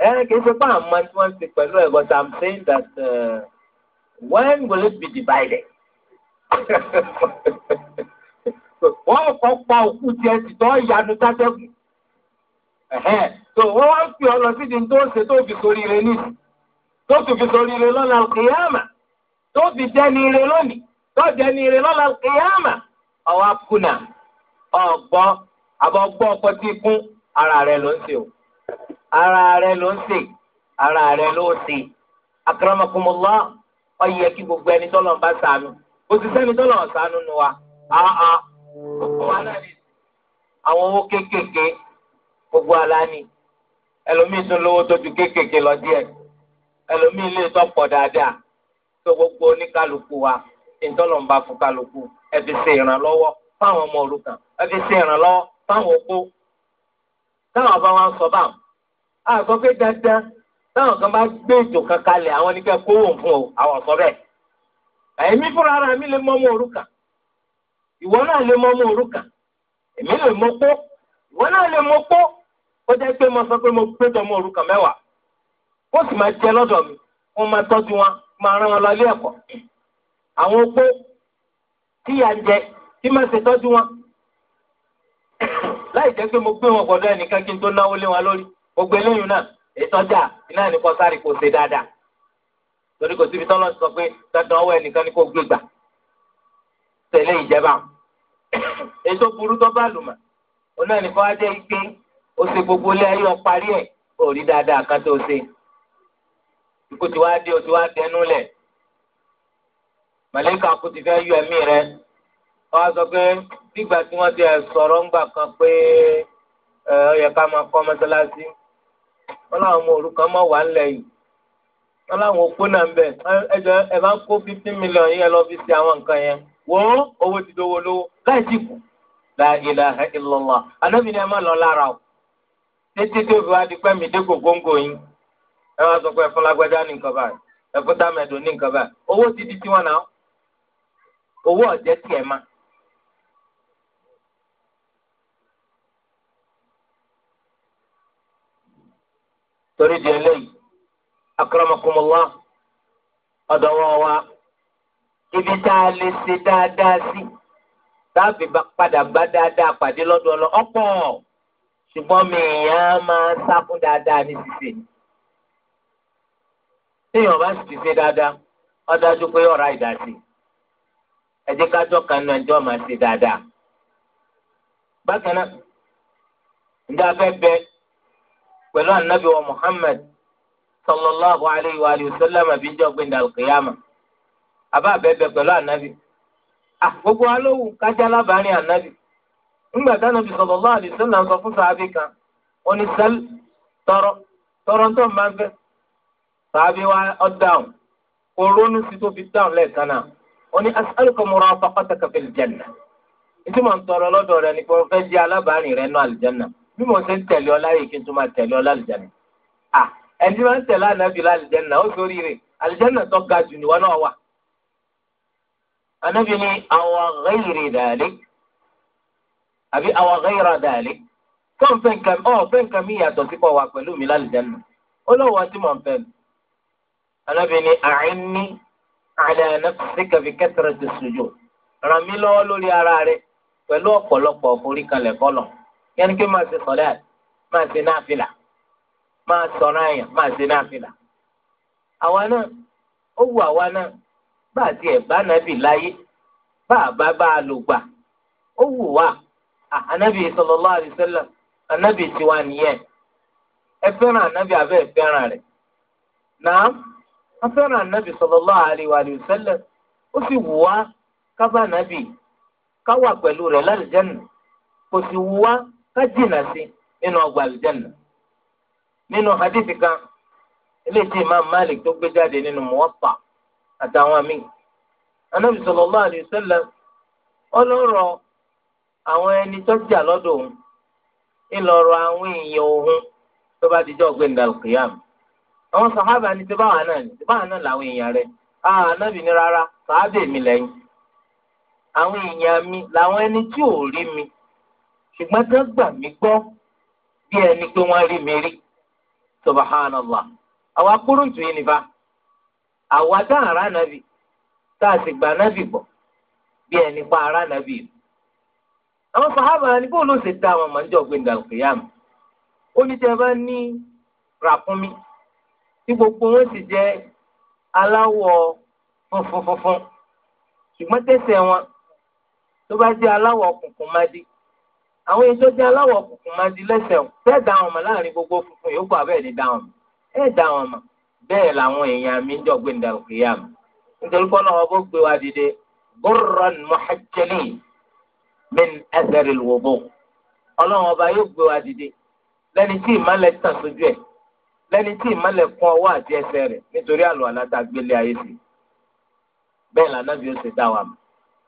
ẹ kì í ṣe pé àwọn máa ń tí wọ́n ti pẹ̀lú ẹ̀ but I'm saying that uh, when will it be divided? wọ́n kọ́ pa òkú tiẹ̀ sì tọ́ ìyanu sátẹ́kù. so wọ́n wá ń fi ọ lọ sídìí tó ń ṣe tó fi sórí rẹ nísìnyí. tó fi fi sọ rire lọ́la kìyàmà tó fi dẹ́ni ire lónìí tó dẹ́ni ire lọ́la kìyàmà ọwọ́ akuna ọgbọ́ ara rẹ ló ń o ara rẹ ló ń ṣe ara rẹ̀ ló ń ṣe ọyẹ kí gbogbo ẹni tọ́lọ̀ ń bá sànù òṣìṣẹ́ ni tọ́lọ̀ ń sànù nu wa àwọn owó kéékèèké gbogbo ẹlòmíín tún lọ díẹ̀. ẹlòmíì lè tọ́pọ̀ dáadáa tó gbogbo oníkálukú wa ìtọ́lọ̀mùbá fún kálukú ṣe ìrànlọ́wọ́ fáwọn ọmọ òrukàn ẹ ṣe ìrànlọ́wọ́ fáwọn opó táwọn ọba wa ń sọ pé dandan táwọn kan bá gbé ètò kan kalẹ̀ àwọn kówó fún o sọ bẹ́ẹ̀ ara mi lè mọ ọmọ ìwọ náà lè mọ ọmọ lè mọ ìwọ náà lè mọ ó jẹ́ pé mo sọ pé mo gbé ó sì máa jẹ lọ́dọ̀ mi wọ́n máa tọ́jú wọn máa rán wọn lọ ilé ẹ̀kọ́ àwọn opó tí ìyà ń jẹ tí máa ṣe tọ́jú wọn láì jẹ́ pé mo gbé wọn gbọ́dọ̀ ẹnìkan kí n tó náwó lé wọn lórí gbogbo eléyìí náà ìtọ́jà iná ní kọ́ sáré kò ṣe dáadáa torí kò síbi tọ́lọ́ sọ pé dandan ọwọ́ ẹnìkan ni kò gbégbà tẹ̀lé ìjẹba ètò burú tó bá lùmọ̀ oná ẹnìkan wá jẹ́ ike ó ṣe gbogbo ilé ayé ọ parí ẹ̀ kò rí dáadáa kan tó ṣe ikú ti wá dé o ti wá dẹnu lẹ̀ màlẹ́kà ti rẹ ọ sọ pé nígbà tí ti ńgbà kan pé ẹ ọ yẹ ká máa kọ́ mọ́sálásí wọ́n láwọn ọmọ òrukàn mọ̀ wá ńlẹ̀ yìí wọ́n láwọn òpó náà ń ẹ bá ń kó fifteen million yẹn lọ fi ṣe àwọn nǹkan yẹn wọ́n owó ti dówó láì sí kù ẹ o títí tó fi wá di pẹ́ mi ẹ wá sọ pé ẹfún lágbájá ní nǹkan báyìí ẹfún ní nǹkan báyìí owó ti di tiwọn náà owó ọ̀jẹ́ tiẹ̀ máa. torí di eléyìí akramakumullah ọdọwọ wa ibi tá a lè ṣe dáadáa sí táàbì padà dáadáa pàdé mi ìyá máa ń sá téèyàn bá sì ti ṣe dáadáa ó dájú pé ọ̀rá ìdásí ẹ jẹ́ kájọ́ kan náà ẹjọ́ máa ṣe dáadáa. bákan náà ǹjẹ́ pẹ̀lú wa sallallahu alayhi wa sallam abijọ́ gbẹ̀ndà alqiyama àbá abẹ́bẹ pẹ̀lú ànábì. gbogbo alówù kájá lábàárín ńgbà sallallahu alayhi wa sallam sọ fún tọrọ tọrọ máa ń sàbí wa ọ̀dáhùn kò ronú sí tó fi dáhùn lẹ́ẹ̀kan náà ó ní as'aluka murafaqataka fil janna ìdí mò ń tọrọ lọ́dọ̀ rẹ ni pé mo fẹ́ jẹ́ alábàárìn rẹ nù àlùjánnà bí mo ṣe ń tẹ̀lé ọlá yìí kí n tún máa tẹ̀lé ọlá àlùjánnà à ẹni máa ń tẹ̀lé ànábì lálùjánnà ó sórí rẹ̀ àlùjánnà tó ga jù níwọ náà wà. ànábì ni àwọn ghayri dhalik àbí àwọn ghayra dhalik tó mi yàtọ̀ sípò wà pẹ̀lú mi lálùjánnà ó lọ́wọ́ tí mò ń fẹ́ mi. anábìíní àìní àlẹ́ ẹ̀nẹ́kọ̀síkà fi kẹ́tẹ̀rẹ̀ ti sùjò ràn mí lórí ara rẹ pẹ̀lú ọ̀pọ̀lọpọ̀ foríkalẹ̀ kọ́lọ̀ yẹn kí máa ṣe sọ̀lẹ́ máa ṣe náfìlà máa sọ̀rọ̀ àyàn máa se náfìlà. àwa náà ó wù àwa náà bá ẹ̀ bá láyé bá bá a lò gbà ó wù wá tiwa nìyẹn ẹ ẹ a fẹ́ràn ànábì sallallahu alaihi wa sallam ó sì wù wá kábà ànábì káwà pẹ̀lú rẹ̀ lálùjánnà kò sì wù wá kájìnà sí nínú ọgbà àlùjánnà. nínú hadithi kan tí Malik tó gbé jáde nínú Muwatta àtàwọn míì ànábì sallallahu alaihi wa ọlọ́rọ̀ àwọn ẹni tó jà lọ́dọ̀ òun ńlọrọ̀ àwọn èèyàn òun tó bá dijọ́ àwọn sàhábà ni ti báwọn náà ni ti báwọn náà làwọn èèyàn rẹ̀ ànábì ni rárá sàhábà mi lẹ́yìn àwọn èèyàn mi làwọn ẹni tí ò rí mi ṣùgbọ́n tó gbà mí gbọ́ bí ẹni pé wọ́n rí mi rí subhanallah àwa kúrò jù yín nípa àwa dá ara nàbì tá a sì gbà nàbì bọ̀ bí ẹni pa ara nàbì yìí. àwọn sàhábà ni bóun ló ṣe dá àwọn màá ń jọ gbẹ̀ngàn kìyàmù ó ní tẹ́ ẹ bá ní ràkúnmí tí gbogbo wọn sì jẹ́ aláwọ̀ funfun funfun ṣùgbọ́n tẹ̀sẹ̀ wọn tó bá jẹ́ aláwọ̀ kùnkùn máa di àwọn èso jẹ́ aláwọ̀ kùnkùn máa di lẹ́sẹ̀ wọn bẹ́ẹ̀ dá wọn mọ̀ láàrin gbogbo funfun yòókù abẹ́ẹ̀ ní dá wọn mọ̀ ẹ̀ dá wọn mọ̀ bẹ́ẹ̀ làwọn èèyàn mi ń jọ̀gbìn dàrúkì yá mi nítorí kọ́ náà gbé wa dìde gurran muhajjali min athari alwudu ọlọ́run ọba yóò gbé wa dìde lẹ́ni tí ìmọ̀lẹ̀ lẹ́ni tí ìmọ̀lẹ̀ kún ọwọ́ àti ẹsẹ̀ rẹ̀ nítorí àlọ́ alátagbélé ayé sí bẹ́ẹ̀ lànàbí ó ṣe dá wa mọ̀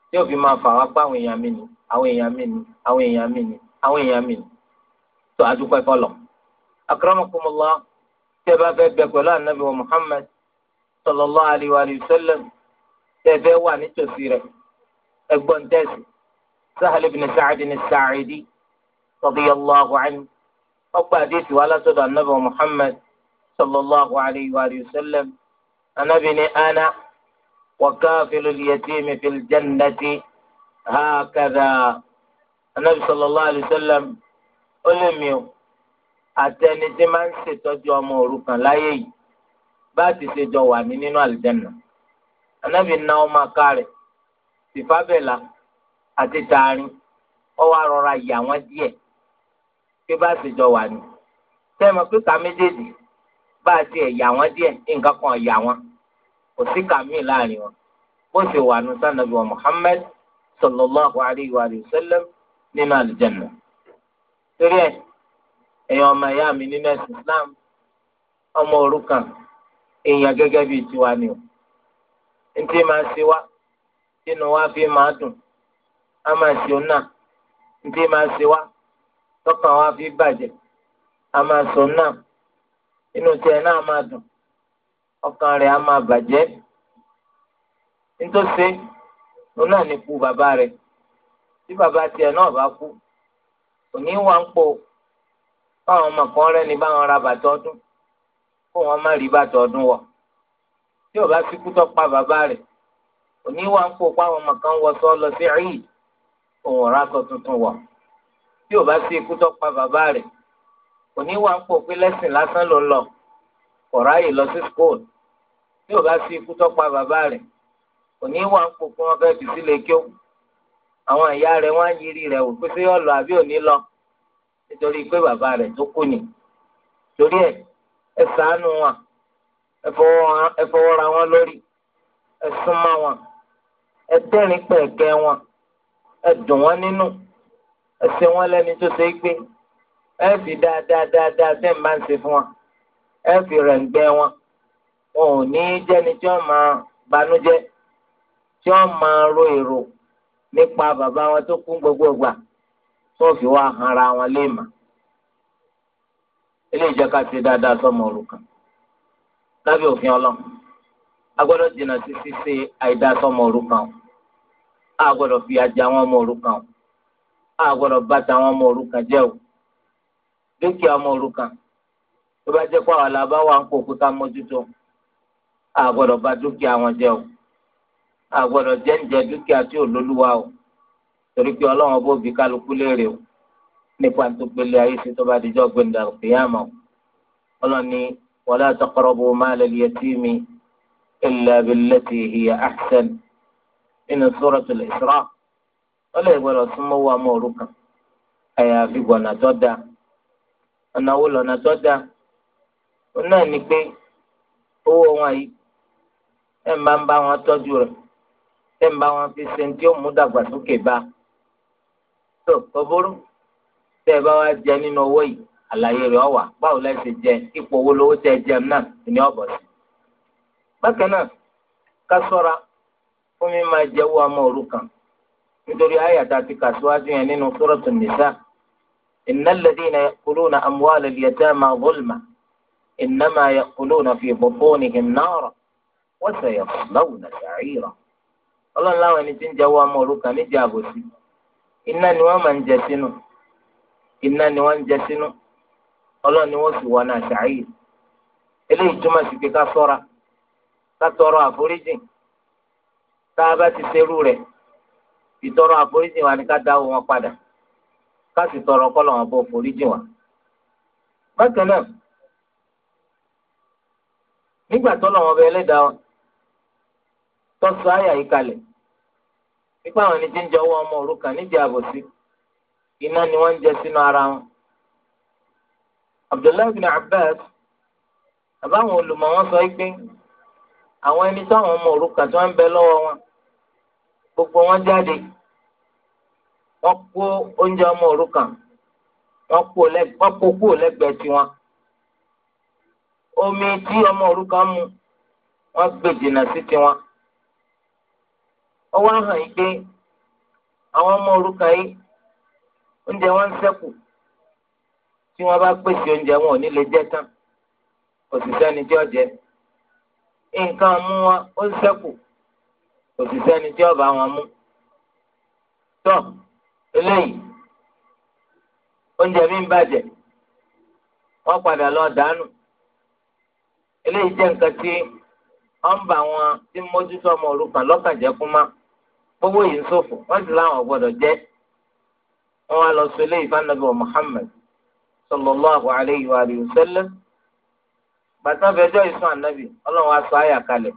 tí ó fi máa fà wá pa àwọn èèyàn mi ni àwọn èèyàn mi ni àwọn èèyàn mi ni àwọn èèyàn mi ni tó àdúpẹ́ fọlọ̀ akramakumullah tí ẹ bá fẹ́ bẹ pẹ̀lú ànábì wa Muhammad sallallahu alayhi wa sallam tí ẹ wà nítòsí rẹ̀ ẹgbọ́n tẹ́sí sahal ibn sa'ad ibn sa'idi radiyallahu anhu ọgbà àdéhùn wa látọ̀dọ̀ ànábì wa Muhammad sallallahu alayhi wa sallam anabi ni ana wa kafilu yatimi fil jannati hakada anabi sallallahu alayhi wa sallam ó lè mi o àtẹni tí máa ń ṣètọ́jú ọmọ òrukàn láyé yìí bá ti ṣe jọ wà ní nínú àlùjánnà anabi na ọmọ aká rẹ̀ tìfábẹ́là àti tààrin ó wá rọra yà wọ́n díẹ̀ pé bá ṣe jọ wà ní. tẹ́ ẹ mọ̀ pé ká méjèèjì bá a tiẹ̀ yà wọ́n díẹ̀ nǹkan kan yà wọ́n kò sí kàmí láàrin wọn bó ṣe wà nù sànàbí wa Muhammad sallallahu alayhi wa sallam nínú torí ẹ ẹ̀yin ọmọ ìyá mi nínú ẹ̀sìn Islam ọmọ oruka èèyàn gẹ́gẹ́ bíi tiwa ni o ntí máa ṣe wá nínú wa fi máa dùn á máa ṣe òun náà ntí máa ṣe wá inú tiẹ̀ náà máa dùn ọkàn rẹ̀ á máa bàjẹ́ nítòsí òun náà ní kú bàbá rẹ̀ tí bàbá tiẹ̀ náà bá kú òní wà ń pò báwọn ọmọ kan rẹ́ni báwọn ra bàtà ọdún kó wọn má rí bàtà ọdún wọ̀ tí ò bá sí tó pa bàbá rẹ̀ òní wà ń pò báwọn ọmọ kan wọ sọ lọ sí ẹ̀yìn òun ọ̀rá sọ tuntun wọ̀ tí ò bá sí tó pa bàbá rẹ̀ òní wà ń pò pé lẹ́sìn lásán ló ń lọ ọ̀rá yìí lọ sí skool tí ò bá sí ikú tọ́pa bàbá rẹ̀ òní wà ń pò pé wọ́n fẹ́ fi sílé kí ó àwọn ìyá rẹ̀ wọ́n á yiri rẹ̀ wò pé ṣé yọ̀ lọ àbí òní lọ nítorí pé bàbá rẹ̀ tó kú ni torí ẹ̀ ẹ ṣàánú wọn ẹ fọwọ́ ra wọn lórí ẹ súnmọ́ wọn ẹ tẹ́rìn pẹ̀kẹ́ wọn ẹ dùn wọn nínú ẹ ṣe wọn lẹ́ni tó ṣe é gbé. ẹ fi dáadáa dáadáa sẹ́yìn máa ń ṣe fún wọn ẹ fi rẹ̀ǹgbẹ́ wọn wọn ò ní jẹ́ni tí wọ́n máa banújẹ́ tí wọ́n máa ro èrò nípa bàbá wọn tó kún gbogbo ìgbà tó fi wá ara wọn léèmà ilé ìjọka ti dáadáa sọmọ òrukàn lábẹ́ òfin ọlọ́run a jìnnà sí ṣíṣe àìdá sọmọ òrukàn a gbọ́dọ̀ fi ajá wọn mọ òrukàn a gbọ́dọ̀ bàtà wọn mọ jẹ́ o. dúkìá ọmọ òrukàn tó bá jẹ́ pé àwọn alábá wà ń kó òkúta mójútó a gbọ́dọ̀ bà dúkìá wọn jẹ́ o a gbọ́dọ̀ jẹńjẹ dúkìá tí ò lólúwa o torí pé Ọlọ́run bó bi kálukú léèrè o nípa tó gbélé ayé sí tó bá dijọ́ gbẹ̀ndà òkèèyàmọ̀ Ọlọ́run ní wala taqrabu malal yatimi illa billati hiya ahsan nínú suratul Isra Ọlọ́run gbọ́dọ̀ súnmọ́ wa mọ́ òrukàn àyàfi gbọ̀nà tó dáa ọ̀nà wo lọ́nà tó dáa òun náà ni pé owó wọn yìí ẹ̀ ń bá ń bá wọn tọ́jú rẹ̀ ẹ̀ ń bá wọn fi ṣe tí ó mú dàgbàsókè bá tó kò burú tẹ́ ẹ bá wá jẹ nínú owó yìí àlàyé rẹ̀ ọ̀wà báwo lẹ́ ṣe jẹ ipò owó lówó tẹ́ ẹ jẹun náà ní ọ̀bọ̀ sí. bákan náà ká sọ́ra fún mi máa jẹ́wọ́ ọmọ òrukàn nítorí àyàtà ti kà síwájú yẹn nínú Suratul Nisa. إن الذين يأكلون أموال اليتامى ظلما إنما يأكلون في بطونهم نارا وسيصلون سعيرا ọlọ́run láwọn ẹni tí ń jẹ́ wọ́n ọmọ òrukàn níjà àbòsí iná ni wọ́n máa ń jẹ sínú iná ni wọ́n ń jẹ sínú ọlọ́run ni wọ́n sì wọ́n náà ṣàyè eléyìí túmọ̀ sí pé ká sọ́ra ká tọrọ àforíjìn tá a bá ti ṣerú rẹ̀ ìtọrọ àforíjìn wa ni ká dáwọ́ wọn padà. ka tọrọ kọ́ lọ́wọ́ bó forí jì wá. bákan náà nígbà tó lọ́wọ́ bẹ ẹlẹ́dàá wa tọ́sọ àyà yìí kalẹ̀ nípa àwọn iná ni wọ́n ń jẹ sínú ara wọn. Abdullahi bin Abbas àbáwọn olùmọ̀ wọn sọ pé àwọn ẹni táwọn ọmọ òrukàn tí wọ́n ń bẹ gbogbo wọn jáde Ọkpọ oúnjẹ ọmọ òrukàn wọ́n kó kúrò lẹ́gbẹ̀ẹ́ tiwọn omi tí ọmọ òrukàn mu wọn gbé jìnnà sí tiwọn ọwọ́ hàn yìí pé àwọn ọmọ òrukàn yìí oúnjẹ wọn ń ṣẹ́kù tí bá pèsè oúnjẹ wọn ò ní lè jẹ tán òṣìṣẹ́ ni tí ó jẹ nǹkan wọn ó òṣìṣẹ́ wọn eléyìí oúnjẹ mi ń bàjẹ́ wọ́n padà lọ dànù eléyìí jẹ́ nǹkan tí wọ́n bá wọn tí mójútó ọmọ òrukàn lọ́kànjẹ́ kú má gbogbo yìí ń ṣòfò wọ́n sì láwọn gbọ́dọ̀ jẹ́ wọ́n wá lọ sọ eléyìí Muhammad sallallahu alayhi wa sallam bàtà fẹjọ́ ìsún ànábì ọlọ́run wa sọ kalẹ̀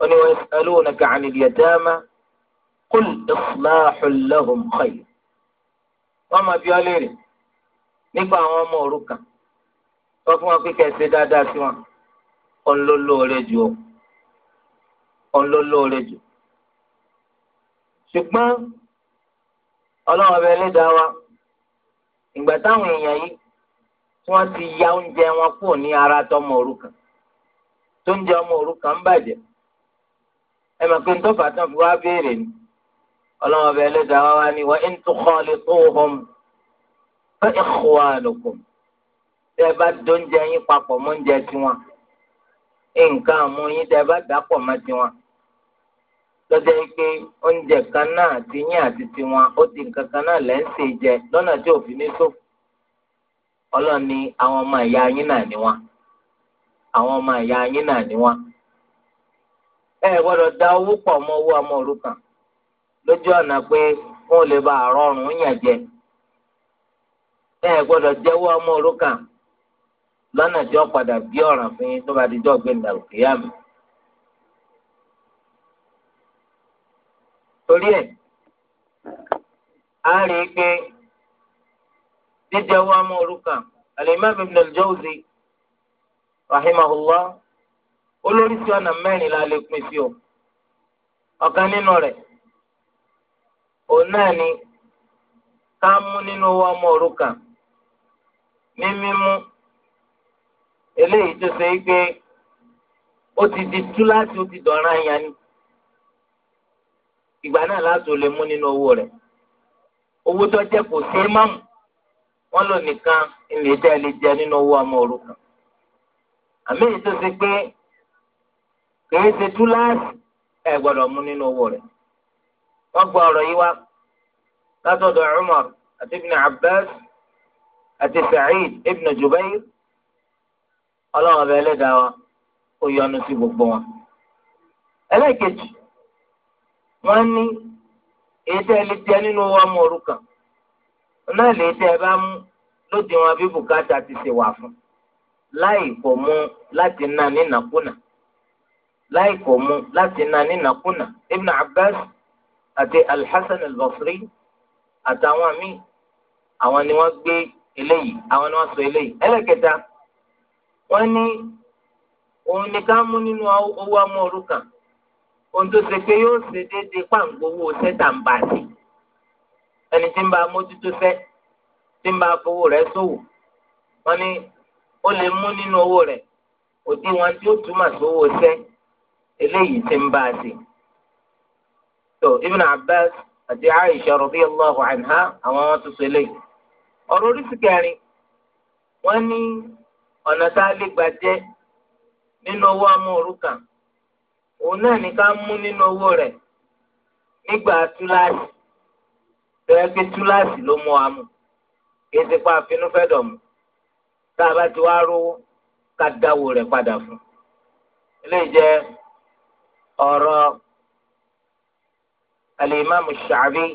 ó ní wọ́n ẹlú قل إصلاح لهم خير وما máa bí ọ léèrè nípa àwọn ọmọ òrukàn sọ fún wọn pé kẹsẹ dáadáa sí wọn ọ̀n ló lóore jù ọ ọ̀n ló lóore jù ṣùgbọ́n ọlọ́run ọbẹ̀ ẹlẹ́dàá wa ìgbà èèyàn yìí tí wọ́n ti ya oúnjẹ wọn kúrò ní ara tọmọ òrukàn tó ń jẹ ọmọ òrukàn ń bàjẹ́ ẹ mọ̀ pé ń tọ́fà tán fi wá béèrè ni ọlọ́wọ́n bẹ ẹlẹ́dàá wá wá ní wa in tukhalituhum fa ikhwanukum tẹ́ ẹ bá dóúnjẹ yín papọ̀ mọ́ oúnjẹ tiwọn nǹkan àmú yín tẹ́ ẹ bá dàpọ̀ mọ́ tiwọn lọ́jọ́ yìí pé oúnjẹ kan náà ti yín àti tiwọn ó di nǹkan kan náà lẹ́ ń sè jẹ lọ́nà tí òfin ní sòfò ọlọ́run ni àwọn ọmọ ìyá yín náà ni wọ́n àwọn ọmọ ìyá yín náà ni wọ́n ẹ gbọ́dọ̀ da owó pọ̀ mọ́ owó ọmọ òrukàn lójú ọ̀nà pé wọn ò lè ba àrọ̀rùn yàn jẹ ẹ gbọ́dọ̀ jẹ́wọ́ ọmọ òrukàn lọ́nà tí ó padà bí ọ̀ràn fún yín tó bá di jọ́ gbẹ̀ndà torí ẹ̀ a rí i pé jíjẹ́wọ́ ọmọ òrukàn Al-Imam olórí ọ̀nà mẹ́rin la lè pín sí òun ka ni ká mú nínú owó ọmọ òrukàn ní mímú eléyìí tó ṣe é pé ó ti di tú láti ó ti dọ̀ràn àyà ni ìgbà náà láti lè mú nínú owó rẹ̀ owó tó jẹ́ kò ṣe é wọ́n lò nìkan ilé tẹ́ nínú owó àmì èyí tó ṣe pé kì í ṣe tú láti wọ́n gba ọ̀rọ̀ yìí wá látọ̀dọ̀ Umar àti ibn Abbas àti Sa'id ibn Jubayr ọlọ́run ọba ẹlẹ́dàá wa ó sí gbogbo wọn. ẹlẹ́ẹ̀kejì wọ́n ní èyí tẹ́ lè nínú owó ọmọ òrukàn náà lè tẹ́ ẹ bá mú lóde wọn bí bùkátà ti ṣe wà fún láì kò mú láti ná nínàkúnà láì kò mú àti alḥasan albasri àtàwọn míì àwọn ni wọ́n gbé eléyìí àwọn ni wọ́n sọ eléyìí ẹlẹ́kẹta wọ́n ní òun ni ká mú nínú owó amóorúkàn ohun tó ṣe pé yóò ṣe déédéé pàǹgbówó sẹ́tà ń bà sí ẹni tí ń bá mójútó sẹ́ tí ń bá fowó rẹ̀ sòwò wọ́n ní ó lè mú nínú owó rẹ̀ òdiwọ̀n tí ó túmọ̀ sówó sẹ́ eléyìí tí ń bá sí. tó Ibn Abbas àti Aisha radiyallahu anha àwọn wọn tó ṣẹlẹ̀ yìí ọ̀rọ̀ oríṣi kẹrin wọ́n ní ọ̀nà tá a lè gbà jẹ́ nínú owó ọmọ òrukàn òun náà ní ká mú nínú owó rẹ̀ nígbà túláàsì tẹ́lẹ̀ pé túláàsì ló mú pa àfinú fẹ́ dọ̀mù tá a bá ti wá rówó ká dáwó rẹ̀ alimami sha'abi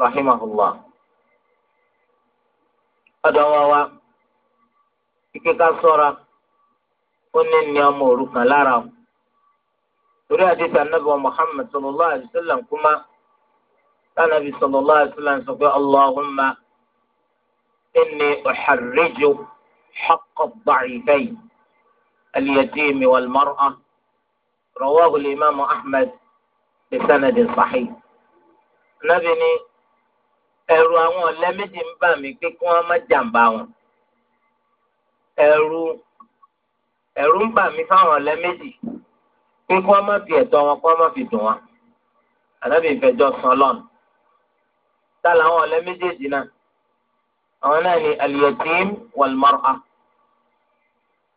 rahimahullah ọ̀dọ̀ wa wa ike ká ṣọ́ra ó ní ní ọmọ òrukàn lára o torí àdìsí anabi wa muhammad sallallahu alayhi wa sallam kuma tánàbí sallallahu alayhi wa sallam sọ pé allahumma inni uharriju haqqa ad-da'ifay al-yatim wal-mar'a rawahu al-imam ahmad bi sanadin sahih. Ànábì ni ẹ̀rù àwọn ọ̀lẹ́ méjì ń bà mí pé kí wọ́n má jàǹbá wọn. Ẹ̀rù ẹ̀rù ń bà mí fáwọn ọ̀lẹ́ méjì pé kí wọ́n má fi ẹ̀tọ́ wọn kí wọ́n má fi dùn wọn. Ànábì ìfẹjọ́ sàn lọ́nà. Ta làwọn ọ̀lẹ́ méjèèjì náà? Àwọn náà ni al-yatim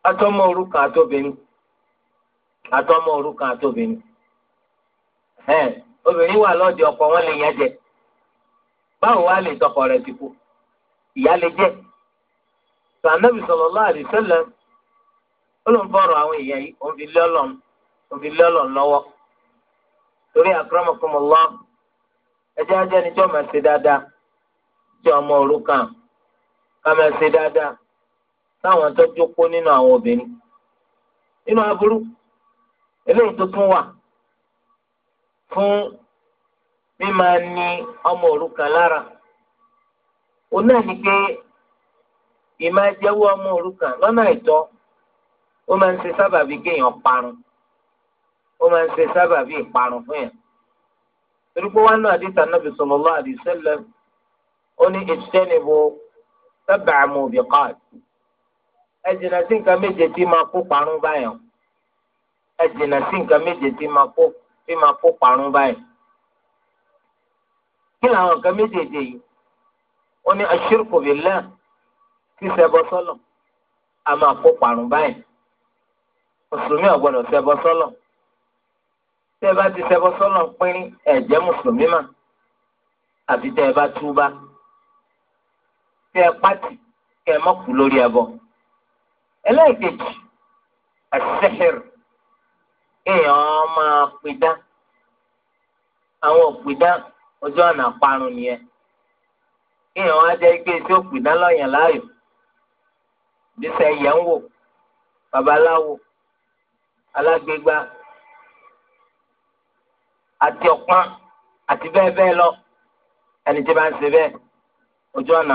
Atọ́mọ òrukàn àtobìnrin. Atọ́mọ òrukàn àtobìnrin. obìnrin wà lọ́ọ̀dì ọkọ wọn lè yẹn jẹ báwo wá lè tọkọ rẹ ti ìyá lè jẹ sànàbì sallallahu alaihi wasallam ó ló ń bọ̀rọ̀ àwọn èèyàn yìí òun fi lé ọlọ́run òun fi lé ọlọ́run lọ́wọ́ torí akramakumullah ẹjẹ́ ọmọ dáadáa ọmọ òrukàn dáadáa táwọn tó jókòó nínú àwọn obìnrin nínú aburú eléyìí fún mímá ní ọmọ òrukàn lára náà ni pé ìmá jẹ́wọ́ ọmọ òrukàn lọ́nà ìtọ́ ó máa ń ṣe sábàbí kéèyàn parun ó máa ń ṣe sábàbí ìparun fún yẹn torí pé wọn náà àdìsá nàbì sallallahu alaihi wasallam ó ní ijtanibu sab'a mubiqat ẹ jìnnà sí nǹkan méje tí máa kó parun báyọ̀ sí nǹkan méje tí máa fi máa kó parun báyìí. kí làwọn nǹkan méjèèjì yìí wọ́n ní aṣírkù billah kí ṣẹbọ sọ́lọ̀ a máa kó parun báyìí. mùsùlùmí ò gbọ́dọ̀ ṣẹbọ sọ́lọ̀ tẹ́ ẹ bá ti ṣẹbọ sọ́lọ̀ pín ẹ̀jẹ̀ mùsùlùmí mà àfi tẹ́ ẹ bá túbá tẹ́ ẹ pátì kẹ́ ẹ mọ̀kù lórí ẹbọ. ẹlẹ́ẹ̀kejì àṣẹ́hẹ̀rù. kéèyàn máa pidá àwọn òpìdá ojú ọ̀nà parun nìyẹn kéèyàn wá jẹ́ pé tí òpìdá lọ́yàn láàyò bísẹ̀ yẹ̀ ń wò babaláwo alágbègbà àti ọ̀pá àti bẹ́ẹ̀ bẹ́ẹ̀ lọ ẹni tí bá ń ṣe bẹ́ẹ̀ ojú ọ̀nà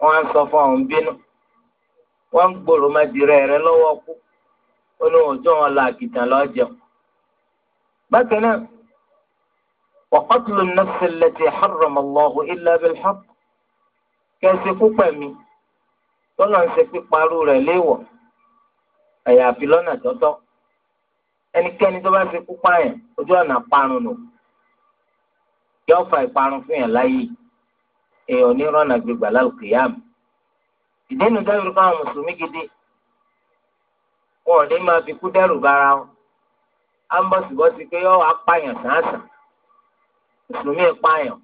wọn á sọ fún àwọn bínú wọn gbòòrò má lọ́wọ́ kú. olóhùn ọjọ́ wọn la àgìtàn lọ́ọ́ jẹun. bákan náà وقتل النفس التي حرم الله إلا بالحق kẹsì púpọ̀ mi tọ́lá ń ṣe píparú rẹ̀ léèwọ̀ àyàfi lọ́nà tọ́tọ́ ẹnikẹ́ni tó bá ṣe púpọ̀ yẹn ojú ọ̀nà parun nù yóò fa ìparun fún yàn láyé èèyàn onírànà gbégbà lálùkìyàmù ìdí nu dábìrì káwọn mùsùlùmí gidi wọn ò ní máa fi kú dẹrù bara wọn á ń bọ̀ síbọ̀ sí pé yọ wá sàǹsàn mùsùlùmí pààyàn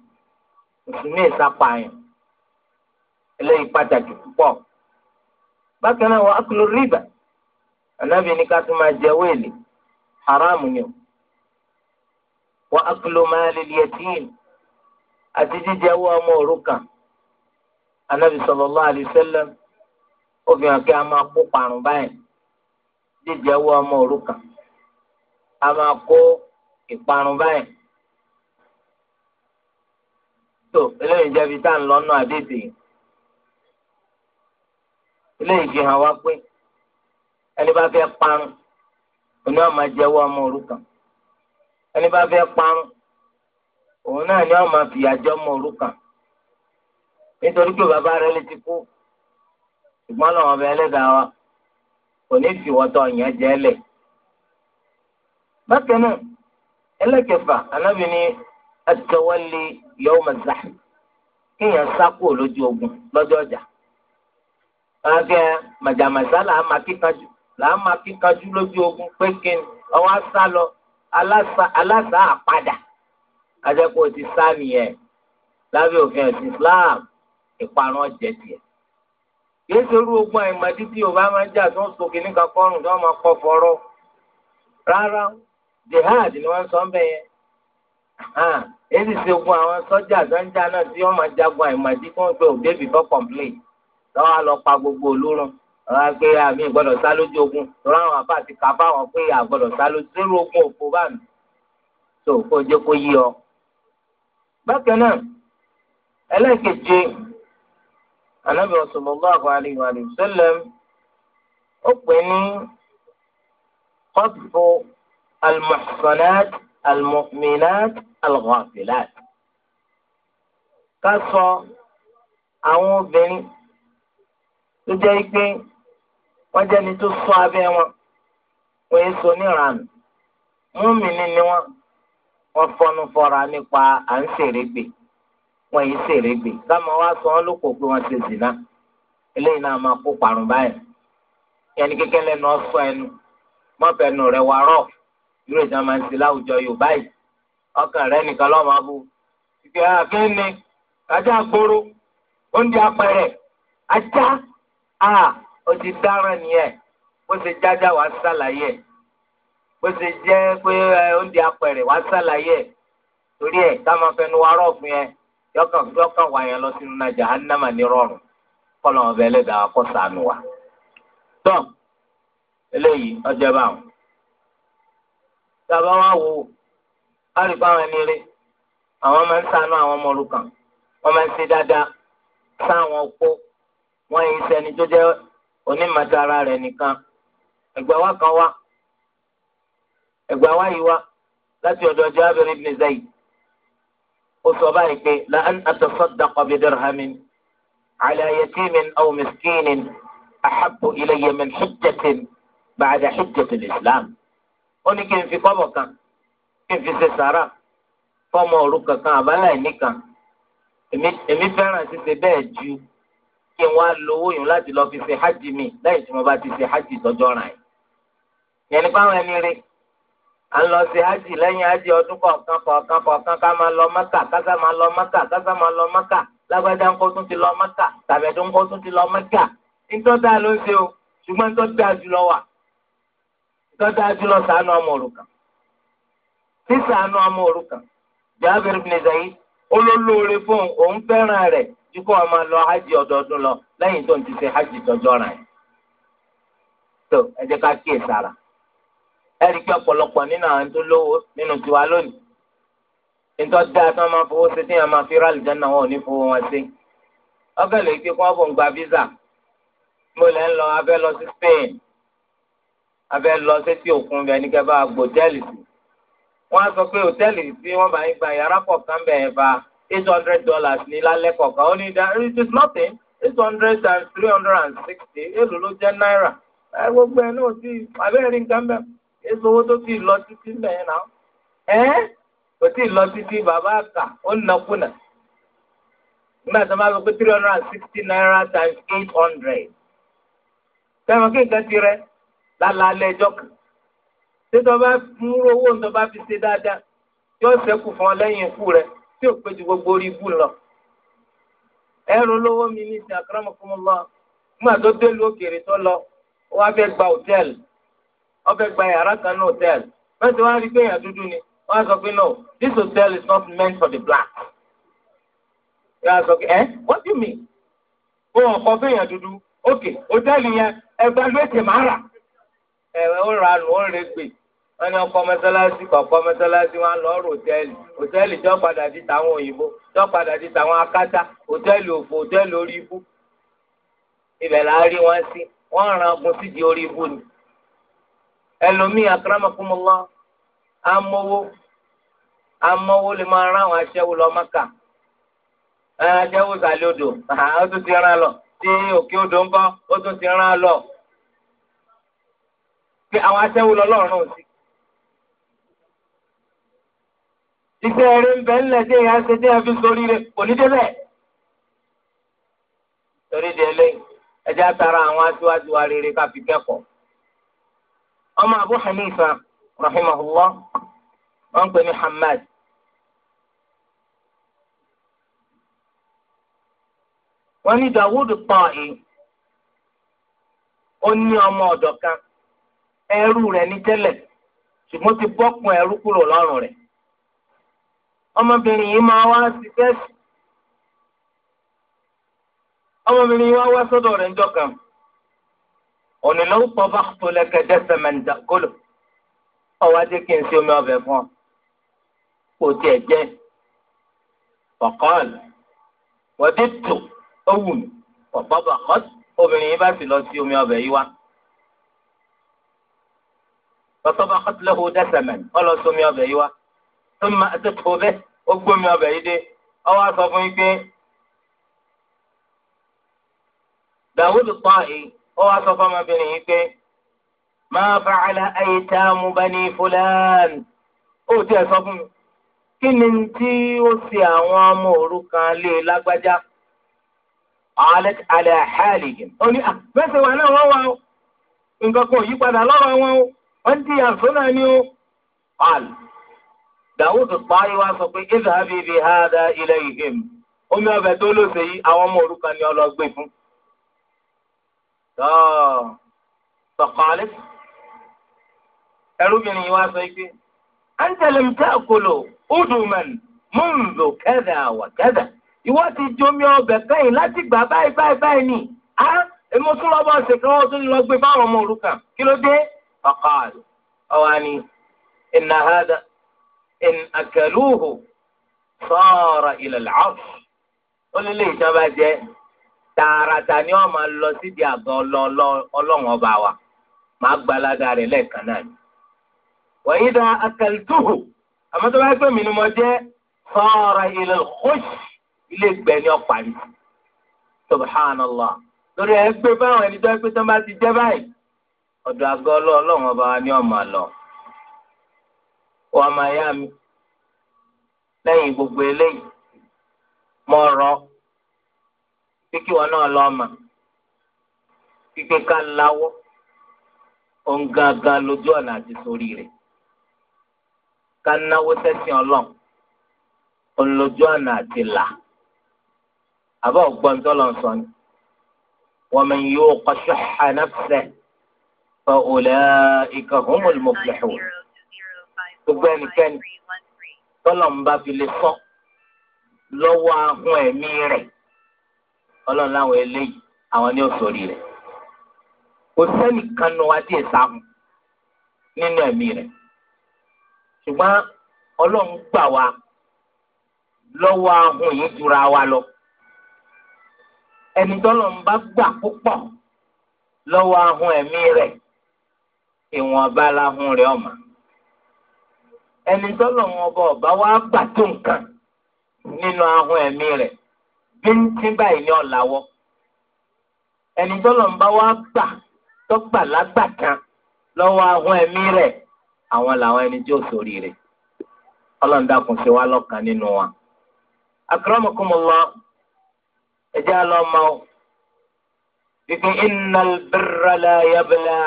mùsùlùmí ìsapààyàn eléyìí pàtàkì púpọ̀ bákan náà wọn á kúló rìbà ànábì ní ká tún máa jẹ wéèlì haramu ni o wọn á sallallahu jíjẹ owó ọmọ òrukàn a máa kó ìparun báyìí tó eléyìí jẹ́ ibi tá à ń lọ́nà àdéhìí eléyìí fi hàn wá pé ẹni bá fẹ́ parun òní ọ̀ máa jẹ owó ọmọ òrukàn ẹni bá fẹ́ parun òun náà ni ọ̀ fìyà jẹ ọmọ òrukàn nítorí pé bàbá rẹ̀ ti kú ìgbọ́n lọ́wọ́ ẹlẹ́dàá wa kò ní fi wọ́tọ̀ yẹn jẹ́ lẹ̀. bákan náà ẹlẹ́kẹfà anábì ní atawalli yawm az-zahm kéèyàn sá kúrò lójú ogun lọ́jọ́ ọjà. àgẹ́ màjàmásá làá máa kíkanjú làá máa kíkanjú lójú ogun pé ọwọ́ sá lọ aláṣà àpadà àjẹkù ti sá nìyẹn lábẹ́ òfin ẹ̀sìn Islam ìparun ọ̀jẹ̀ tiẹ̀ kìí sorú ogun àìmọ̀dí tí yorùbá máa ń jà tó ń sòkè ní kakọ́rùn tó máa kọ́ fọ́rọ́ rárá jihad ni wọ́n sọ bẹ́ẹ̀ yẹn ah, èyí sì ogun àwọn sọ́jà sọ́jà náà tí wọ́n máa jagun àìmọ̀dí tí wọ́n pe òde before complain lọ́wọ́ á lọ pa gbogbo olórun lọ́wọ́ á pé àmì ah, ìgbọ́dọ̀ sá lójú ogun lọ́wọ́ àwọn àbá àti kàbá wọn pé àgbọ́dọ̀ ah, sá lójú sórú ogun òfò bá mi tó kó jẹ́ kó anabi sallallahu alayhi wa sallam ó pè ní qadfu almuhsanat almu'minat alghafilat ká sọ àwọn obìnrin tó jẹ́ pé wọ́n jẹ́ ni tó sọ abẹ́ wọn wọ́n yé so níranù múmi ni wọ́n wọ́n fọnú fọra nípa à ń ṣèrègbè. wọn yìí ṣèrè gbè káma wá sọ wọn lóko pé wọn ṣe zìnà eléyìí náà máa kó parun báyìí yẹn ní kékeré lẹnu ọsọ ẹnu rẹ̀ wà rọ̀ ìjà máa ń láwùjọ Yorùbá ọkàn rẹ nìkan lọ́ọ́ máa bu ìgbé a ó ti dáràn nìyẹn bó ṣe jájá wàá bó ṣe jẹ́ pé oúnjẹ apẹ̀rẹ̀ wàá torí fẹnu yọkàn yọkàn wáyà lọ sínú náà jahannama ní rọrùn kọlọ ọbẹ ẹlẹdàá kọ sànù wa. tọ eléyìí ọjọ bá wọn. tàbá wa wò ó àlùkò àwọn ẹni rí àwọn máa ń sànù àwọn ọmọ òrukàn wọn máa ń ṣe dáadáa sáwọn opó wọn yìí sẹni tó jẹ onímọ̀tara rẹ̀ nìkan ẹgbà wa kan wa ẹgbà yìí wa láti ọ̀dọ̀ Jabir ibn Zayd ó sọ báyìí pé la an atasaddaqa bi dirhamin ala yatimin aw miskinin ahabbu ilayya min hujjatin ba'da hujjatil islam ó ní kí n fi kọ́bọ̀ kan kí n fi ṣe sàrà fọ́mọ òrukàn kan àbáláì nìkan èmi fẹ́ràn ṣíṣe bẹ́ẹ̀ ju kí n wá lówó yìí láti lọ fi ṣe hajj mi lẹ́yìn tí mo bá ti ṣe hajj tọjọ́ ràn yẹn. yẹn ní ẹni rí à ń lọ sí hajj lẹ́yìn hajj ọdún kọ̀ọ̀kan kọ̀ọ̀kan kọ̀ọ̀kan ká máa lọ maka kásá máa lọ kásá máa lọ maka lágbájá ńkọ́ tún ti lọ maka tàbẹ̀dún ńkọ́ tún ti lọ mẹ́kà ńtọ́ta ló ń ṣe o ṣùgbọ́n ńtọ́ta wà sànù ọmọ tí sànù ọmọ olólóore fún òun fẹ́ràn rẹ̀ ẹ̀rí pé ọ̀pọ̀lọpọ̀ nínú àwọn tó lówó nínú tiwa lónìí nítorí dáa a wọ́n máa fowó ṣe tí wọ́n máa fi ra àlùjáná wọn ò ní fowó wọn ṣe ọbẹ̀ lè pé kí wọ́n bọ̀ ń gba visa mo lẹ́ ń lọ abẹ́ lọ sí Spain abẹ́ lọ sétí òkun bẹ́ẹ̀ ní kẹfà gbòtẹ́ẹ̀lì sí wọ́n á sọ pé òtẹ́ẹ̀lì tí wọ́n bá ń gba yàrá kọ̀ọ̀kan bẹ̀ẹ̀ bá eight hundred dollars ní lálẹ́ kọ̀ọ̀kan ó ní dá it is nothing eight hundred and three hundred and sixty èlò ló jẹ́ náírà ẹ gbogbo ẹ náà sí abẹ́rẹ́ nǹkan bẹ́ẹ̀ èso owó tó ti lọ títí mẹ́rin náà ẹ́ kò tí ì lọ títí bàbá àkà ó nàkúnà nígbà tó máa lọ pé three hundred and sixty naira times eight hundred sẹ́wọ̀n kí nǹkan ti rẹ lálẹ́ ẹjọ́ kan ṣé tó bá mú owó tó bá fi ṣe dáadáa yóò ṣẹ́kù fún ọ lẹ́yìn ikú rẹ tí ò pé gbogbo orí ibú lọ ẹrù olówó mi ní ti àkàràmọ̀kúnmọ́ lọ nígbà tó dé òkèèrè tó lọ ó wá fẹ́ gba hòtẹ́ẹ̀lì ọfẹ́ gba yàrá kan ní hòtẹ́ẹ̀lì bẹ́ẹ̀ tí wọ́n á rí pé èèyàn dúdú ni wọ́n á sọ pé no this hotel is not meant for the black. yóò á sọ pé ẹ eh, what do you mean? bó wọn kọ fún èèyàn dúdú ok hòtẹ́ẹ̀lì yẹn ẹgbẹ́ ló ti máa rà. ẹ̀rẹ̀ ó ra nù ó rè gbè wọ́n ní ọkọ̀ mẹ́sálásí kọ̀ọ̀kan mẹ́sálásí wọn lọ rò hòtẹ́ẹ̀lì hòtẹ́ẹ̀lì jọ́ padà di tàwọn òyìnbó jọ́ padà di tàwọn akátá hòtẹ́ẹ̀lì òfò hòtẹ́ẹ̀lì orí ibú ibẹ̀ là á rí wọn sí wọ́n ràn án sídìí orí ibú ni ẹlòmíì akramakumullah amówó amówó lè máa rán àwọn aṣẹ́wó lọ mọ́kà aṣẹ́wó sàlẹ̀ odò ó tún ti rán lọ tí òkè odò ń bọ́ ó tún ti rán lọ pé àwọn aṣẹ́wó lọ́lọ́run sí. iṣẹ́ eré ń bẹ ńlẹ̀ tí èèyàn ṣe tí a fi sórí rẹ̀ kò ní débẹ̀. torí di ẹlẹ́yìn ẹjẹ́ àtàrà àwọn aṣíwájú wa rere ká fi kẹ́kọ̀ọ́. ọmọ abu hanifa rahimahullah wọ́n pè ní hamad. wọ́n ní dawud ta'i ó ní ọmọ ọ̀dọ̀ kan ẹrú rẹ̀ ní tẹ́lẹ̀ ṣùgbọ́n ti bọ́kùn ẹrú kúrò lọ́rùn rẹ̀ ọmọbìnrin yìí máa wá sí ọmọbìnrin yìí wá wá sọ́dọ̀ rẹ̀ òní ló ń pọfà tó lẹkẹ dẹsẹ mẹta kólò ọwọ adé kí n sí omi ọbẹ̀ fún ọ kò tiẹ̀ jẹ ọkọọlù wọdí tù ó wù mí ọ̀pọ̀bọ̀ àkọ́t obìnrin yìí bá sì lọ sí omi ọbẹ̀ yìí wá. ọ̀pọ̀bọ̀ àkọ́t lẹ́hu dẹ́sẹ̀ mẹ́rin ọ lọ sí omi ọbẹ̀ yìí wá. tó máa tó tó bẹ́ẹ̀ ó gbé omi ọbẹ̀ yìí dé ọ sọ fún yín pé dàwúdù pọ́ọ̀ì ó wá sọ fọmọbìnrin yìí pé máa fa'ala aytamu bani fulan ó tiẹ̀ sọ fún mi kí ni tí ó ṣe àwọn ọmọ òrukàn lé e lágbájá alẹ́ alẹ́ àhálì yìí ó ní àbẹ́sẹ̀ wà náà o nǹkan kan wọn ti náà ni o. qal dawud báyìí wá sọ pé ìdá bíbí hada omi ọbẹ̀ tó tọ́ sọ̀kọ́lẹ́ ẹrúbìnrin yìí wá sọ pé antalem takolo uduman mundu kẹdà wà kẹdà ìwọ ti jomi ọbẹ̀ kẹ́yìn láti gbà báyìí báyìí báyìí ni a èmi tún lọ bá ọ̀sẹ̀ kan wọn tún lọ gbé báwọn ọmọ òrukàn kí ló dé ọkọọlù ọwọ ni ìnà ìn àkẹlùhù sọọrọ ilẹ̀ làásù ó lé lè ìjọba tààràtà ni wọ́n máa lọ síbi àgọ́ ọlọ́run ọba wa máa gbalada rẹ̀ lẹ́ẹ̀kan náà ni. wàyí da akẹ́lẹ́tùhù àmọ́ tó bá pè mí ni mo jẹ́ fọ́ọ̀rọ̀ ilẹ̀ kọ́ṣì ilé ìgbẹ́ ni ọ̀pá rí subhanallah lórí ẹ̀ gbé báwọn ẹni tó ẹ pé tó bá ti jẹ́ báyìí ọ̀dọ̀ àgọ́ ọlọ́run ọba wa ni wọ́n máa lọ. wọ́n máa yá mi lẹ́yìn gbogbo eléyìí mọ̀ ọ̀rọ̀ kíkí wọn náà lọ mà kíkí ká láwọ́ òun gangan lójú ọ̀nà àti sórí rẹ̀ ká náwó sẹ́sìn ọlọ́run òun lójú ọ̀nà àti là àbá ògbọ́n tó lọ sọ ni wọ́n mi yóò kọ́ ṣùhà nafsẹ̀ fa ulaika humul muflihun gbogbo ẹnikẹ́ni tọ́lọ̀ ń bá fi lè sọ lọ́wọ́ ahọ́n ẹ̀mí rẹ̀ ọlọ́run láwọn eléyìí àwọn ní òsòrí rẹ̀ kò sẹ́nìkan nu wa díẹ̀ sáhùn nínú ẹ̀mí rẹ̀ ṣùgbọ́n ọlọ́run gbà wá lọ́wọ́ ahùn yìí jura wa lọ ẹni tọ́lọ̀ ń bá gbà púpọ̀ lọ́wọ́ ahùn ẹ̀mí rẹ̀ ìwọ̀nba lahùn rẹ̀ ọ̀mà ẹni tọ́lọ̀ ń ọba ọba wa gbà tó nǹkan nínú ahùn ẹ̀mí rẹ̀. pínpín báyìí ní ọ̀làwọ́ ẹni tó lọ ń bá wa gbà tó gbà lágbà kan lọ́wọ́ àwọn ẹ̀mí rẹ̀ àwọn làwọn ẹni tí ó sórí rẹ̀ ọlọ́run ṣe wá lọ́kàn nínú wa. akramakumullah ẹjẹ́ alọ́mọ o wípé innal birra la yabla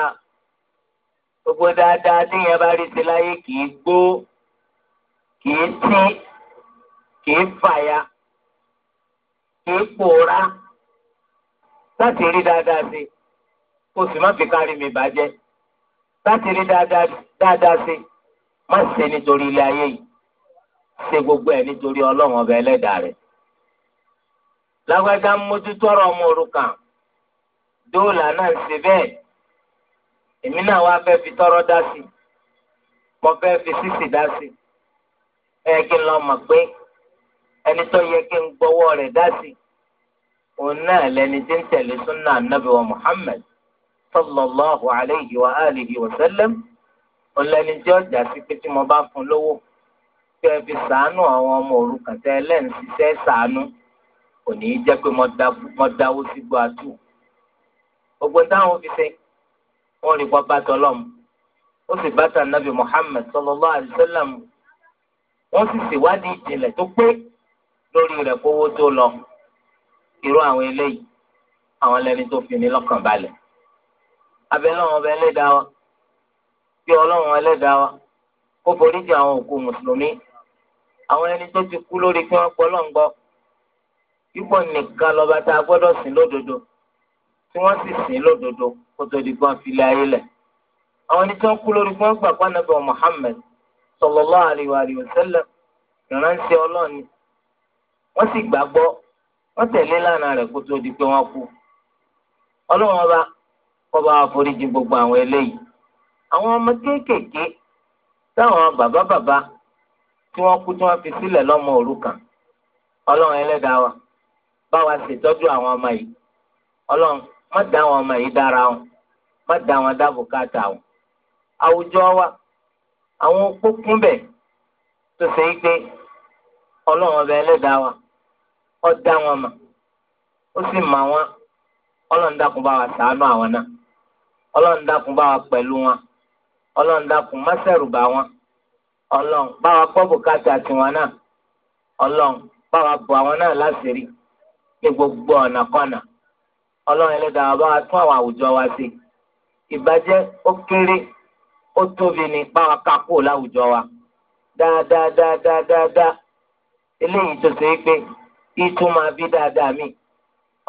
gbogbo dáadáa bá rí sí láyé kì í gbó kì í tí kì í kì í pòórá láti rí dáadáa sí kó sì má fi kárí mi bàjẹ́ láti rí dáadáa sí má ṣe nítorí ilé ayé gbogbo ẹ̀ nítorí ọlọ́run ọba ẹlẹ́dàá rẹ̀. lágbájá mójútó ọ̀rọ̀ ọmọ òrukàn dóòlà náà ṣe wá fẹ́ fi tọrọ dá sí mo fẹ́ fi sísì dá sí ẹ kí n lọ mọ̀ pé ẹni tó yẹ òun náà lẹni tí ń tẹ̀lé súnà nàbì wa muhammad sallallahu alayhi wa alihi wa sallam òun lẹni tí ọjà sí pé tí mo bá fún lówó tí ẹ fi sàánú àwọn ọmọ òrukàn tẹ ẹlẹ́ǹsìṣẹ́ sàánú kò ní í jẹ́ pé mo dáwó sí gbọ́ àtú gbogbo táwọn fi ṣe wọn rí wọn bá tọlọ́mù ó sì bá tà nàbì muhammad sallallahu alayhi wa sallam wọn sì ṣèwádìí ìjìnlẹ̀ tó pé lórí rẹ̀ kówó tó lọ irú àwọn eléyìí àwọn lẹni tó fi ní lọ́kàn balẹ̀ abẹ́lẹ́ wọn bẹ lẹ́dàá wa bí ọlọ́run ẹlẹ́dàá wa kó foríjì àwọn òkú mùsùlùmí àwọn ẹni tó ti kú lórí kí wọ́n pọ́ lọ́ngbọ́ ipò nìkan lọ́ba tá a gbọ́dọ̀ sìn lódodo tí wọ́n sì sìn lódodo kó tó di gbọ́n filẹ̀ ayé lẹ̀ àwọn ẹni tó ń kú lórí kí wọ́n gbà pa nàbẹ̀ Muhammad sallallahu alaihi wa sallam ìránṣẹ́ ọlọ́run wọ́n sì gbàgbọ́ wọ́n tẹ̀lé lánàá rẹ̀ kó tó di pé wọ́n kú ọlọ́run ọba kọba àforíjì gbogbo àwọn eléyìí àwọn ọmọ kéékèèké táwọn bàbá bàbá tí wọ́n kú tí wọ́n fi sílẹ̀ lọ́mọ òrukàn ọlọ́run ẹlẹ́dàá wa bá wa ṣètọ́jú àwọn ọmọ yìí ọlọ́run má dá àwọn ọmọ yìí dára wọn má dá wọn dáàbò káàtà wọn. àwùjọ wa àwọn opó kún bẹ̀ tó ṣe é gbé ọlọ́run ọba ẹlẹ́dàá wa ọdá wọn mà ó sì mà wọn ọlọ́ọ̀dàkùn bá wa ṣàánú àwọn náà ọlọ́ọ̀dàkùn bá wa pẹ̀lú wọn ọlọ́ọ̀dàkùn má ṣẹ̀rù bà wọn ọlọ́ọ̀n bá wa gbọ́ bùkátà tiwọn náà ọlọ́ọ̀n bá wa bọ̀ àwọn náà láṣìírí ní gbogbo ọ̀nà kọ́nà ọlọ́run ẹlẹ́dàá bá wa tún àwọn àwùjọ wa sí. ìbàjẹ́ ó kéré ó tóbi ní báwa ká kúrò láwùjọ wa dáadáa dáadáa dáadáa eléyìí tó ṣe é pé kí tún máa bí dáadáa mi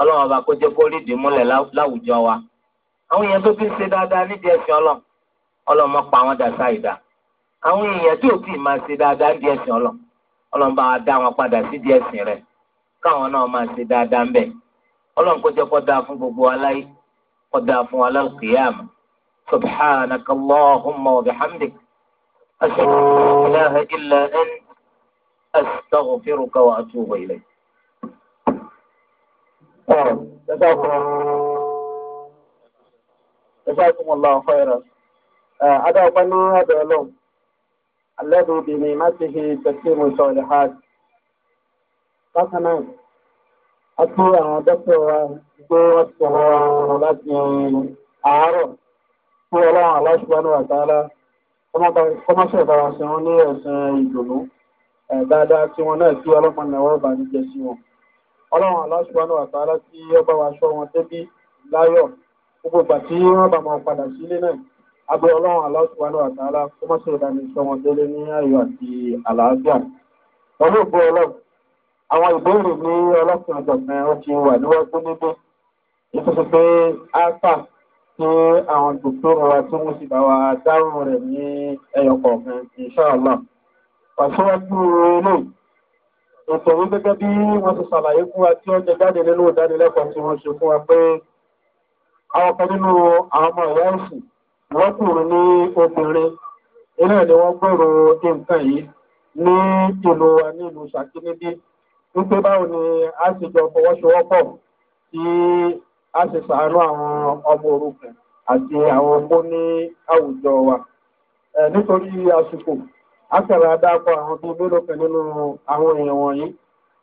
ọlọ́run ọba kó jẹ́ kó rí ìdí múlẹ̀ láwùjọ wa àwọn èèyàn tó fi ń ṣe dáadáa nídìí ẹ̀sìn ọlọ́run ọlọ́run mọ́ pa wọn dàsá ìdá àwọn èèyàn tí ò tí ì máa ṣe dáadáa nídìí ẹ̀sìn ọlọ́run ọlọ́run bá wa dá wọn padà sídìí ẹ̀sìn rẹ̀ káwọn náà máa ṣe dáadáa ńbẹ̀ ọlọ́run kó jẹ́ kó dáa fún gbogbo aláyé kó dáa fún aláàkìyàmù subhanaka allahumma wa Jazakumullahu khairan. Adá ọpẹ́ ní ọ̀dọ̀ Ọlọ́run. Alẹ́bùn obìnrin má ti ṣe tẹ̀síìmù sọ̀rọ̀ hajj. Bákan náà, a tún àwọn dọ́kítọ̀ wa gbé wọ́n ti sọ̀rọ̀ ọ̀rọ̀ láti àárọ̀ tí Ọlọ́run Allah subhanahu wa ta'ala kọ́mọ́sẹ̀ bára ṣe wọ́n ní ẹ̀sìn ìdùnnú. Dáadáa tí wọn náà sí ọlọ́pàá náà wọ́n bá ní jẹ́ sí wọn ọlọ́run aláṣùgbọ́nù àtàrà tí ọba wa aṣọ wọn débí láyọ̀ gbogbo ìgbà tí wọ́n bá máa padà sílé náà abẹ́ ọlọ́run aláṣùgbọ́nù àtàrà kó mọ́ sí ìdáni iṣẹ́ wọn délé ní ayọ̀ àti àlàáfíà pẹ̀lú ìgbó ọlọ́run àwọn ìbéèrè ní ọlọ́sìn ọ̀jọ̀gbìn ó ti wà níwájú níbí ìtúsí pé ápà tí àwọn dòkítọ́rọ̀ wa tí wọ́n sì bá wa dáhùn rẹ̀ ní ẹyọ kọ̀ọ̀kan ìṣọ́ àlọ́ pàṣẹwájú eléyìí ètò yìí gẹ́gẹ́ bí wọ́n ti sàlàyé fún wa tí wọ́n jẹ jáde nínú ìdánilẹ́kọ̀ọ́ tí wọ́n ṣe fún wa pé àwọn kan nínú àwọn ọmọ ìyá ẹ̀sìn wọ́n kùnrin ní obìnrin ilé ni wọ́n gbòòrò nǹkan yìí ní ìlú wa ní ìlú wípé báwo ni a sì jọ fọwọ́sowọ́pọ̀ tí a sì àwọn ọmọ àti àwọn ọmọ àṣàrà adáàpọ̀ àwọn bíi mélòó kan nínú àwọn èèyàn wọ̀nyí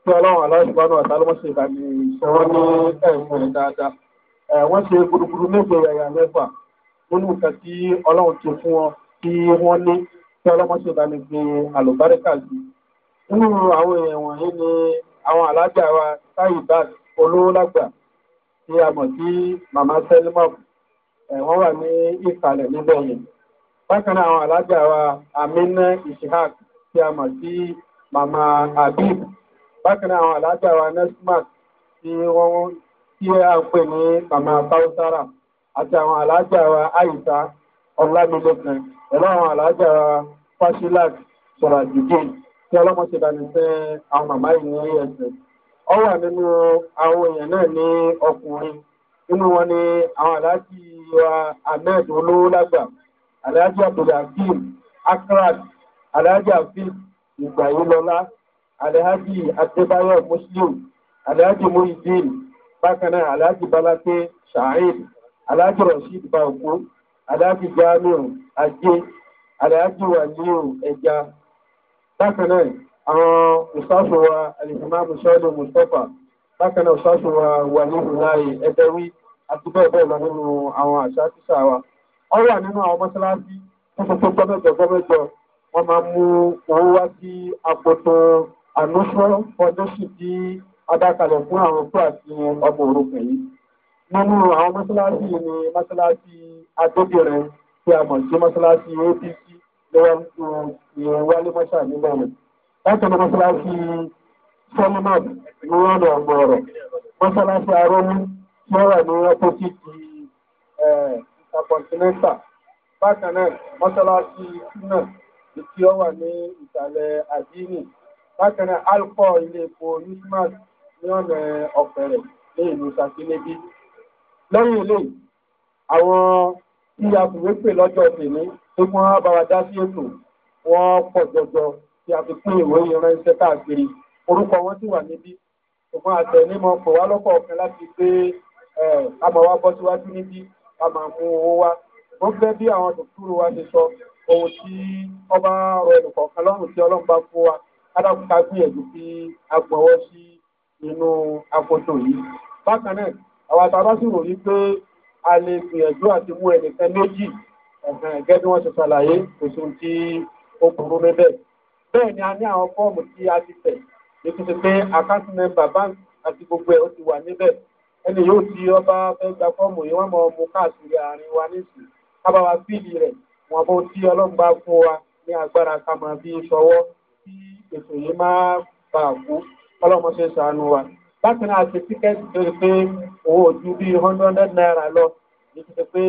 tí ọlọ́run aláṣùbánu àtàlọ́mọṣe ìbàdí ìṣọwọ́ ní ẹ̀mú rẹ̀ dáadáa wọ́n ṣe gbùdùgbùdù méje yàyà mẹ́fà nínú nǹkan tí ọlọ́run ti fún wọn tí wọ́n ní tí ọlọ́mọṣe ìbàdí gbé àlùbáríkà sí nínú àwọn èèyàn wọ̀nyí ni àwọn alájà wa táyìbáàd olówó lágbà tí a mọ̀ sí màmá sẹ́límọ̀pù wọ́n wà ní ìkàlẹ̀ níbẹ̀ yìí bákan náà àwọn alájà wa amina ishaq tí a mọ̀ sí mama habib bákan náà àwọn alájà wa nesmat tí wọ́n tí a ń pè ní mama bausara àti àwọn alájà wa aisha ọlámilẹ́kan pẹ̀lú àwọn alájà wa fashilat sọ̀ràjìdín tí ọlọ́mọ ṣe bá ní sẹ́ àwọn màmá yìí ní ẹ̀sẹ̀ ọ wà nínú àwọn èèyàn náà ní ọkùnrin nínú wọn ni àwọn aláàjì wa ahmed olówó aláàjì abdulhakeem akrat aláàjì afif ìgbàyínlọlá aláàjì adébáyọ muslim aláàjì muhideen bákan náà aláàjì balate shaheed aláàjì rasheed banko aláàjì jamiu ajé aláàjì waliu ẹja bákan náà àwọn ìsáṣọ wa alìsímáàmù sọọdọ mustapha bákan náà ìsáṣọ wa waliu láàyè ẹdẹwí àti bẹ́ẹ̀ bẹ́ẹ̀ lọ nínú àwọn àṣà tíṣà wa wọ́n wà nínú àwọn mọ́ṣáláṣí tó tó tó gbọ́mẹ́jọ gbọ́mẹ́jọ wọ́n máa mú owó wá sí àpòtò ànúṣọ́ fọdọ́ṣì tí adákalẹ̀ fún àwọn òkú àti ọmọ òrukàn yìí nínú àwọn mọ́ṣáláṣí ni mọ́ṣáláṣí adébìrin tí a mọ̀ sí mọ́ṣáláṣí apc lọ́wọ́ ìyẹn wálé mọ́ṣá níbẹ̀rẹ̀ látọ̀nà mọ́ṣáláṣí solomon ní ọ̀nà ọ̀gbọ̀rọ̀ mọ́ṣáláṣí arọ́mú tí wọ́n wà ní ọpọ́sìtì ta kọ̀ǹtínẹ́ńtà bákan náà mọ́ṣáláṣí kúnà tí ó wà ní ìsàlẹ̀ àdínì bákan náà alkọ ilé epo nismas ní ọ̀nà ọ̀fẹ̀rẹ̀ ní ìlú sàkínébí lẹ́yìn ilé àwọn tí a kùwé pè lọ́jọ́ tèmi tó kún wá bá wa dá sí ètò wọ́n pọ̀ jọjọ tí a fi pín ìwé ìránṣẹ́ káàkiri orúkọ wọn sì wà níbí ṣùgbọ́n àtẹ̀ ní mo wá lọ́kọ̀ọ̀kan láti gbé àmọ́ wa bọ́ síwájú níbí ká máa mú owó wá wọ́n fẹ́ bí àwọn dòkúrò wa ṣe sọ ohun tí ọba rọ ẹnìkọ̀ọ̀kan lọ́rùn tí ọlọ́run bá fún wa kádàkùn ká gbìyànjú bí a gbọ́wọ́ sí inú akoto yìí bákan náà àwọn àtàwọn sì wòye pé a lè gbìyànjú àti mú ẹnìkan méjì gẹ́gẹ́ bí wọ́n ṣe ṣàlàyé kò sí ohun tí ó burú níbẹ̀ bẹ́ẹ̀ ni a ní àwọn fọ́ọ̀mù tí a ti tẹ̀ ní tuntun pé àkáǹtì mẹ́mbà báńkì àti gbogbo ẹ̀ ó ti wà níbẹ̀ ẹni yóò ti ọba fẹ́ gba fọ́ọ̀mù yìí wọ́n mọ ọmọ káàkiri àárín wa nísìn kábà wa fíìlì rẹ̀ wọn bó tí ọlọ́run bá fún wa ní agbára ká máa bí sọwọ́ tí ètò yìí má bà kú ọlọ́run ṣe sànù wa láti náà ṣe tíkẹ́ẹ̀tì tó ṣe pé owó ojú bíi hundred naira lọ ní ti ṣe pé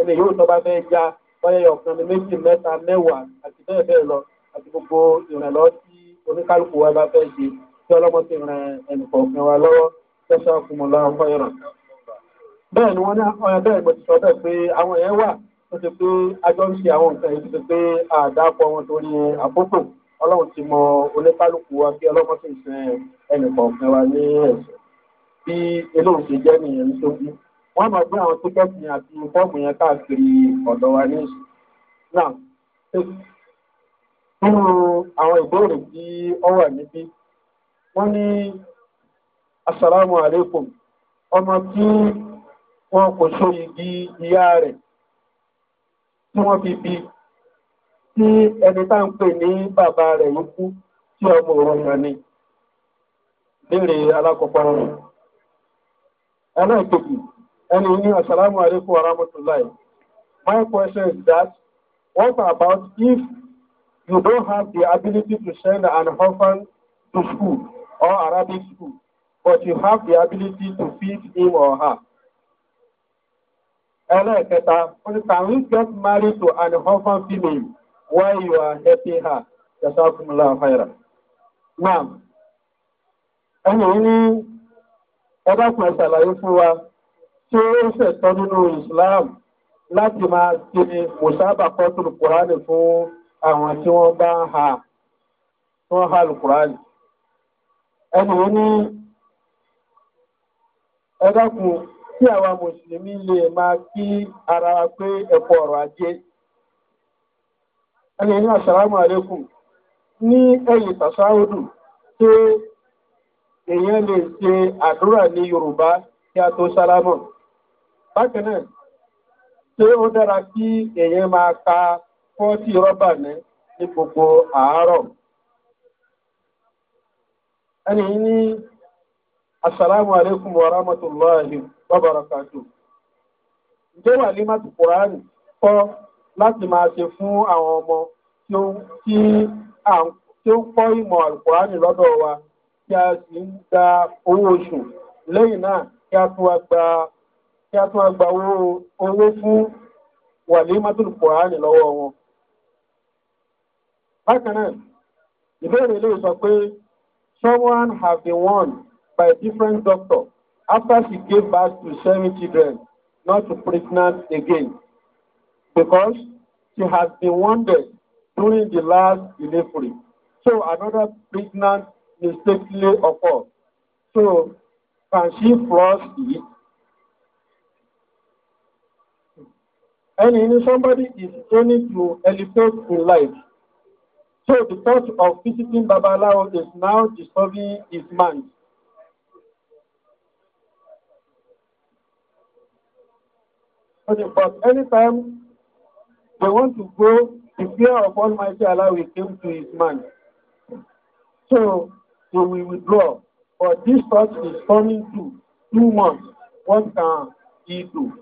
ẹni yóò tọ́ba fẹ́ ja bọ́yẹ̀ ọ̀kan ní méjì mẹ́ta mẹ́wàá àti bẹ́ẹ̀ bẹ́ẹ̀ lọ àti gbogbo ìrànlọ́ tí oníkálukú wa bá fẹ́ ṣe tí ọlọ́mọ ti ràn ẹnì wa lọ́wọ́ jẹ́sàkùnmọ̀lá fọ́yẹ̀rọ̀. bẹ́ẹ̀ ni wọ́n ní ọ̀yà bẹ́ẹ̀ gbọ́ ti sọ bẹ́ẹ̀ pé àwọn èèyàn wà tó ti pé ajọ́ ń ṣe àwọn nǹkan èyí tó pé àdápọ̀ wọn torí àkókò ọlọ́run ti mọ oníkálukú wa bí ọlọ́pàá sì ń sin ẹnì kọ̀ọ̀kan wa ní ẹ̀sẹ̀ bí eléyìí ṣe jẹ́ nìyẹn ní tóbi wọ́n máa gbé àwọn tíkẹ́ẹ̀tì yẹn àti fọ́ọ̀mù yẹn káàkiri ọ̀dọ̀ wa ní ìsìn náà nínú àwọn ìbéèrè tí ó wà níbí wọ́n ní assalamu alaikum ọmọ tí wọ́n kò ṣó igi ìyá rẹ̀ tí wọ́n fi bí tí ẹni tá ń pè ní bàbá rẹ̀ yìí kú tí ọmọ òun ni léèrè alákọ̀ọ́kọ́ rẹ̀ ẹlẹ́ẹ̀kejì ẹni ní assalamu alaikum wa my question is that what about if you don't have the ability to send an orphan to school or Arabic school but you have the ability to feed him or her. Ẹlẹ́ẹ̀kẹta, can we get married to an orphan female while you are helping her? Jazakumullah khairan. Now, ẹni ní ẹgbẹ́ kan ṣàlàyé fún wa tí ó ṣẹ̀tọ́ nínú Islam láti máa ṣe mùsáàbà kọ́tùlù Kùránì fún àwọn tí wọ́n bá ń ha, tí wọ́n ha lù Kùránì. Ẹni ní ẹ dákun tí àwa mùsùlùmí lè máa kí ara wa pé ẹ̀kọ ọ̀rọ̀ ajé ẹni ní àṣàlámù àlékùn ní ẹ̀yìn tàṣáhùdù tí èyàn lè ṣe àdúrà ní Yorùbá kí a tó sálámọ̀ bákanáà tí ó dára kí èyàn máa ka fọ́tí rọ́bà ní ní gbogbo àárọ̀ ẹni ní Assalamu alaikum wa rahmatullahi wa barakatuh. Ǹjẹ́ wà ní Mátì Kùránì kọ́ láti máa ṣe fún àwọn ọmọ tí ó ń kọ́ ìmọ̀ Alkùránì lọ́dọ̀ wa kí a sì ń gba owó oṣù lẹ́yìn náà kí a tún wá gba owó fún wà ní Mátì Kùránì lọ́wọ́ wọn. Bákan náà, ìbéèrè lè sọ pé someone has been warned by a different doctor after she gave birth to seven children not to pregnant again because she has been wounded during the last delivery. So another pregnant mistakenly occurred. So can she floss it? And you somebody is turning to elephant in life. So the thought of visiting Babalawo is now disturbing his mind. But anytime they want to go, the fear of Almighty Allah will come to his mind. So so we withdraw. But this thought is coming to two months. What can he do?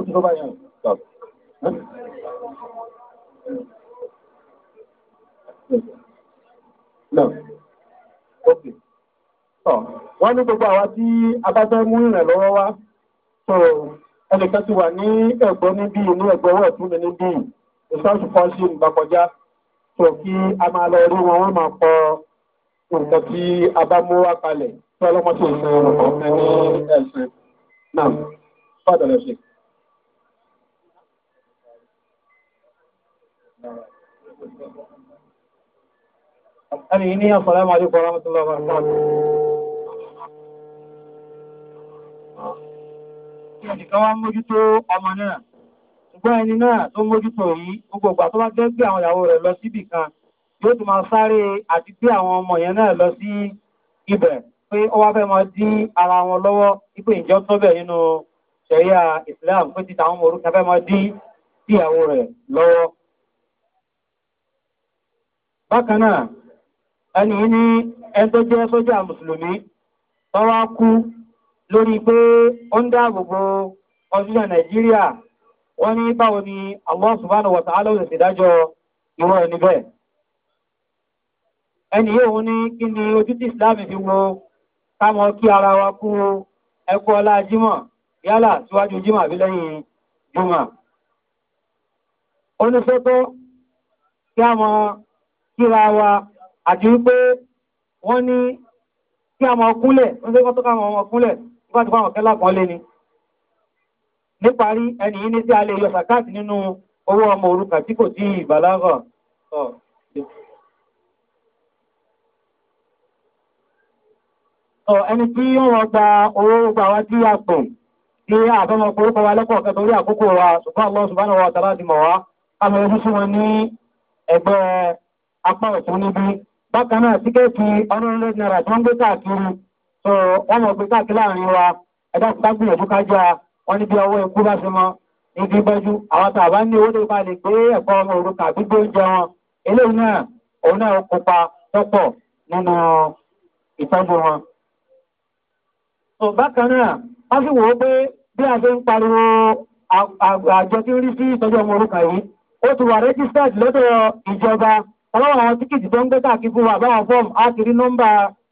Stop. No. Okay. So, wọ́n ní gbogbo àwa tí a bá fẹ́ mú ìrànlọ́wọ́ wá ẹnìkan ti wà ní ẹ̀gbọ́ níbí inú ẹ̀gbọ́ ọwọ́ ẹ̀tún mi níbí ìṣọ́ọ̀ṣù fọ́ọ̀ṣì ń bá kọjá tó kí a máa lọ rí wọn wọ́n máa kọ nǹkan tí a bá mú wá kalẹ̀ tí ọlọ́mọ sì ń ọ̀fẹ́ ní ẹ̀sìn náà fọ́dọ̀ lọ sí. Ẹni ní àfọ̀lẹ́mọ̀ àdúgbò ọ̀rọ̀ mọ́tò lọ́wọ́ kí ẹnìkan wá mójútó ọmọ náà ṣùgbọ́n ẹni náà tó mójútó yìí gbogbo ìgbà tó bá fẹ́ gbé àwọn ìyàwó rẹ̀ lọ síbì kan yóò tún máa sáré àti gbé àwọn ọmọ yẹn náà lọ sí ibẹ̀ pé ó wá fẹ́ máa dí ara wọn lọ́wọ́ ipò ìjọ tó bẹ̀ nínú ṣẹ̀ríà Islam pé ti tàwọn orúkọ fẹ́ máa dí ìyàwó rẹ̀ lọ́wọ́ bákan náà ẹni ní ẹjọ́ jẹ́ sójà mùsùlùmí tọ́wá kú lórí pé ó ń dáàbòbò ọdúnlẹ̀ nàìjíríà wọ́n ní báwo ni Allah subhanahu wa ta'ala òsì dájọ́ ìwọ ẹni bẹ́ẹ̀ ẹni yóò ní kí ni ojú tí ìsìláàmì fi wo kámọ kí ara wa kú ẹkú ọlá jímọ̀ yálà síwájú jímọ̀ àbí lẹ́yìn jùmọ̀ ó ní sọ́tọ́ kí a mọ kíra wa àti wípé wọ́n ní kí a mọ kúnlẹ̀ ó ní sọ́tọ́ ká mọ kúnlẹ̀ bá ti fáwọn ni níparí ẹni yìí ní sí alẹ́ yọ sàkáàtì nínú owó ọmọ òrùka tí kò tí ìbàlágà ẹni tí yóò wọ́n gba owó ọgbà wa tí a pọ̀ ní àfẹ́mọ̀ orúkọ wa lọ́pọ̀ ọ̀kẹ́ torí àkókò wa ṣùgbọ́n Allah so wọ́n mọ̀ pé káàkiri láàrin wa ẹ̀dá kúkà gbìyànjú kájá wọ́n níbi ọwọ́ ẹkú bá ṣe mọ́ níbi bẹ́jú àwọn tàbá ní owó tó bá lè gbé ẹ̀kọ́ ọmọ òrùka gbígbé oúnjẹ wọn eléyìí náà òun náà kópa tọ́pọ̀ nínú ìtọ́jú wọn. bákan náà wọ́n sì wò ó pé a ṣe ń pariwo àjọ tí ó rí sí ìtọ́jú ọmọ òrùka yìí ó ti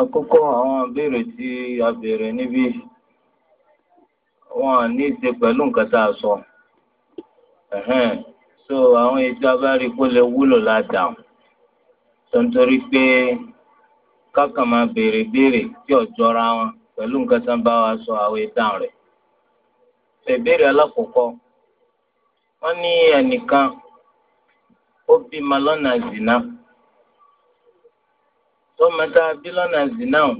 àkọ́kọ́ àwọn ìbéèrè tí a béèrè níbí wọn ní í ṣe pẹ̀lú nǹkan tá a sọ so àwọn ètò abárí kó lè wúlò ládàá tó ń torí pé kákan máa béèrè béèrè tí ò jọra wọn pẹ̀lú nǹkan tá a bá wa sọ àwọn ètò rẹ̀ ìbéèrè alákọ̀ọ́kọ́ wọ́n ní ẹnìkan ó bímọ lọ́nà zina. tó mẹ́ta bí lọ́nà zina o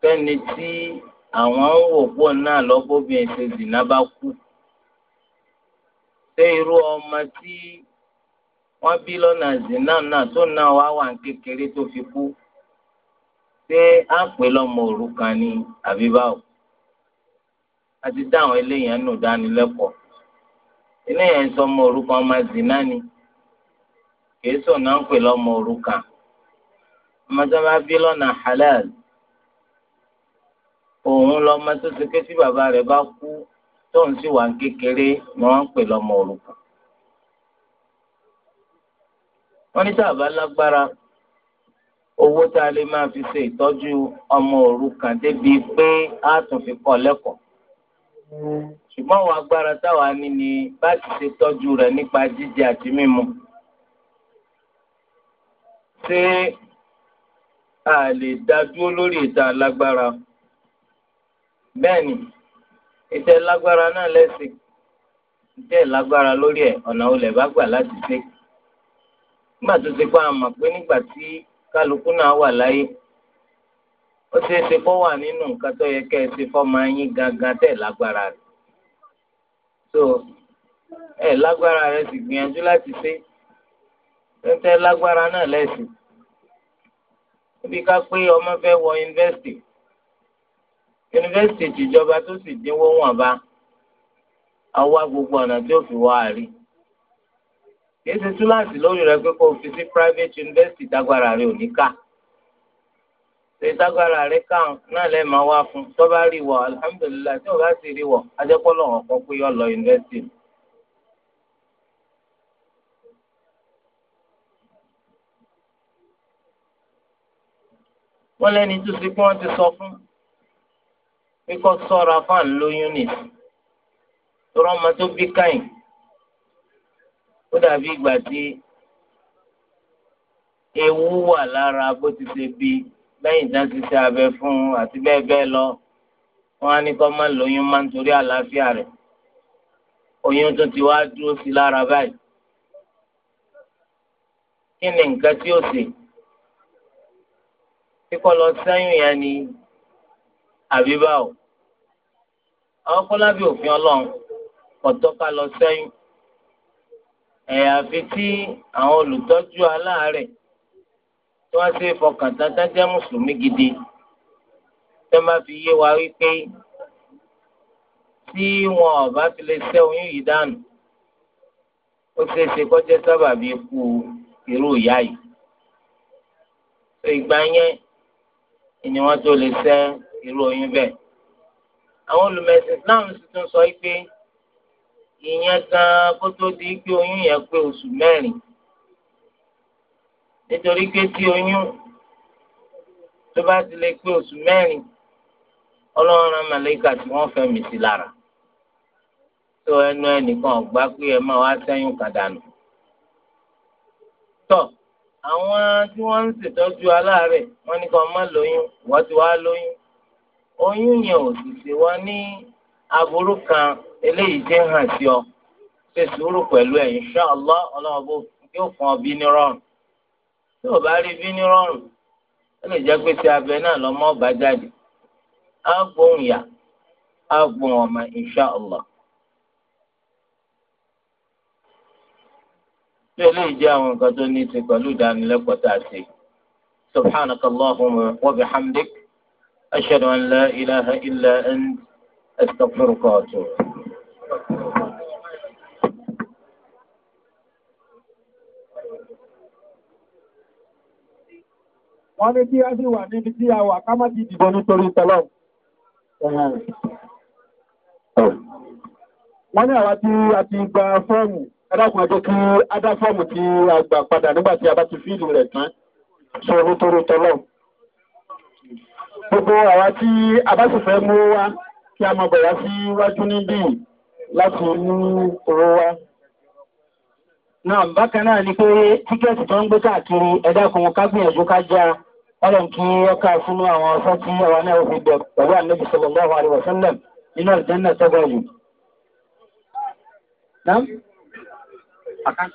fẹ́ni tí àwọn ń náà lọ́bọ̀bìnrin ṣe zina bá kú ṣé irú ọmọ tí wọ́n bí lọ́nà náà tó náà wá wà ní kékeré tó fi kú a ọmọ òrukàn ọmọ zina ni kìí sọ náà pè lọ́mọ ọmọ tó bá halal òun lọmọ tó ti ké tí bàbá rẹ̀ bá kú tóun sì wà ń kékeré ni wọ́n ń pè lọ́mọ òrukàn. wọ́n ní sábà lágbára owó tá a lè máa fi ṣe ìtọ́jú ọmọ òrukàn débi pé a tún fi kọ́ lẹ́kọ̀ọ́. ṣùgbọ́n àwọn agbára táwa ní ni bá ti ṣe tọ́jú rẹ̀ nípa jíjẹ àti mímu. ṣé a lè dá dúró lórí ìta lágbára bẹ́ẹ̀ ni ìtẹ́ lágbára náà lẹ́sìn ìtẹ́ lágbára lórí ẹ̀ ọ̀nà olè bá gbà láti ṣe nígbà tó ti pa àmọ̀ pé nígbà tí kálukú náà wà láyé ó ṣeé ṣe fọ́ wà nínú nǹkan tó yẹ kẹ́ ẹ ṣe máa yín gangan tẹ̀ lágbára rẹ̀ so ẹ̀ lágbára rẹ̀ sì gbìyànjú láti ṣe tẹ́tẹ́ lágbára náà lẹ́sìn. níbi ká pé ọmọ fẹ́ wọ yunifásitì yunifásitì tìjọba tó sì dínwó wọn bá àwa gbogbo ọ̀nà tí ó fi wá rí kìí ṣe túláàsì lórí rẹ pé kó o fi sí private university dágbára rẹ ò ní ká ṣe dágbára rẹ kàn náà lẹ́ẹ̀ máa wá fún tó bá rí wọ alhamdulilayi tí o bá sì rí wọ ajẹ́pọ̀ lọ́wọ́ kọ́ pé yọ lọ yunifásitì. wọ́n lẹ́ni tó ṣe pé wọ́n ti sọ fún kíkọ́ sọ́ra fáàn lóyún nì tọrọ ọmọ tó bí káyìn ó dàbí ìgbà tí ewu wà lára bó ti ṣe bí lẹ́yìn tá a ti ṣe abẹ fún un àti bẹ́ẹ̀ bẹ́ẹ̀ lọ wọ́n á ní kó má lóyún má nítorí àlàáfíà rẹ̀ oyún tó ti wá dúró sí lára báyìí kí ni nǹkan tí ó ṣe? kíkọ́ lọ sẹ́yìn yẹn ni àbí báwo àwọn kọ́lábí òfin ọlọ́run ọ̀tọ́ ká lọ sẹ́yìn ẹ̀yàfi tí àwọn olùtọ́jú aláàárẹ̀ tí wọ́n ṣe fọkàn tán jẹ́ mùsùlùmí gidi tẹ́ máa fi yé wa wípé tí wọn ò bá fi lè ṣẹ́ oyún yìí dànù ó ṣeé ṣe kó sábàbí ikú irú ìyá yìí ìgbà yẹn ni wọ́n tó lè ṣẹ́ irú oyún bẹ́ẹ̀. àwọn olùmẹ̀sìn Islam tuntun sọ pé ìyẹn gan kó tó di pé oyún yẹn pé oṣù mẹ́rin nítorí pé tí oyún tó bá ti lè pé oṣù mẹ́rin ọlọ́run rán màlẹ́kà tí wọ́n fẹ́ mì sí lára tó ẹnu ẹnìkan ọ̀gbá pé ẹ máa wá sẹ́yìn kàdánù. tọ́ àwọn tí wọ́n ń ṣètọ́jú aláàárẹ̀ wọn ní kó má lóyún wọ́n ti wá lóyún oyún yẹn ò sì ṣe wọ́n ní aburú kan eléyìí tí hàn sí ọ ṣe sùúrù pẹ̀lú ẹ̀ inṣàlá ọlọ́ọ̀bù yóò fún ọ bí ní rọrùn tí ò bá rí bí ní rọrùn ó lè jẹ́ pé ti abẹ náà lọ́mọ ọba jáde á gbóhùn yá á gbóhùn ọmọ inṣàlá. tí eléyìí jẹ́ àwọn nǹkan tó ní í ṣe pẹ̀lú ìdánilẹ́kọ̀ọ́ tá a ṣe. subhanaka allahumma wa bihamdik ashhadu an la ilaha illa ant astaghfiruka wa atubu. wọ́n ní kí á sì wà níbi tí a wà ká má ti dìbò nítorí tọ́lọ́ wọ́n ní àwa tí a ti gba fọ́ọ̀mù ẹ̀dàkùn ẹ̀jẹ̀ kí ádáfọ́ọ̀mù ti àgbà padà nígbà tí a bá ti fíìlì rẹ̀ tán sọ nítorí tọ́lọ̀ gbogbo àwa tí a bá sì fẹ́ mú wá kí a mọ̀ bẹ̀rẹ̀ sí wájú níbí láti mú owó wá náà bákan náà ni pé tíkẹ́ẹ̀tì tó ń gbé káàkiri ẹ̀dàkùn kágbìyànjú ká já ọlọ́run kí ọkà fún àwọn ọ̀sán tí àwa náà fi bẹ̀ pẹ̀lú ànábì sallallahu alaihi wasallam nínú àlùjànnà tọ́gbà yìí 好看。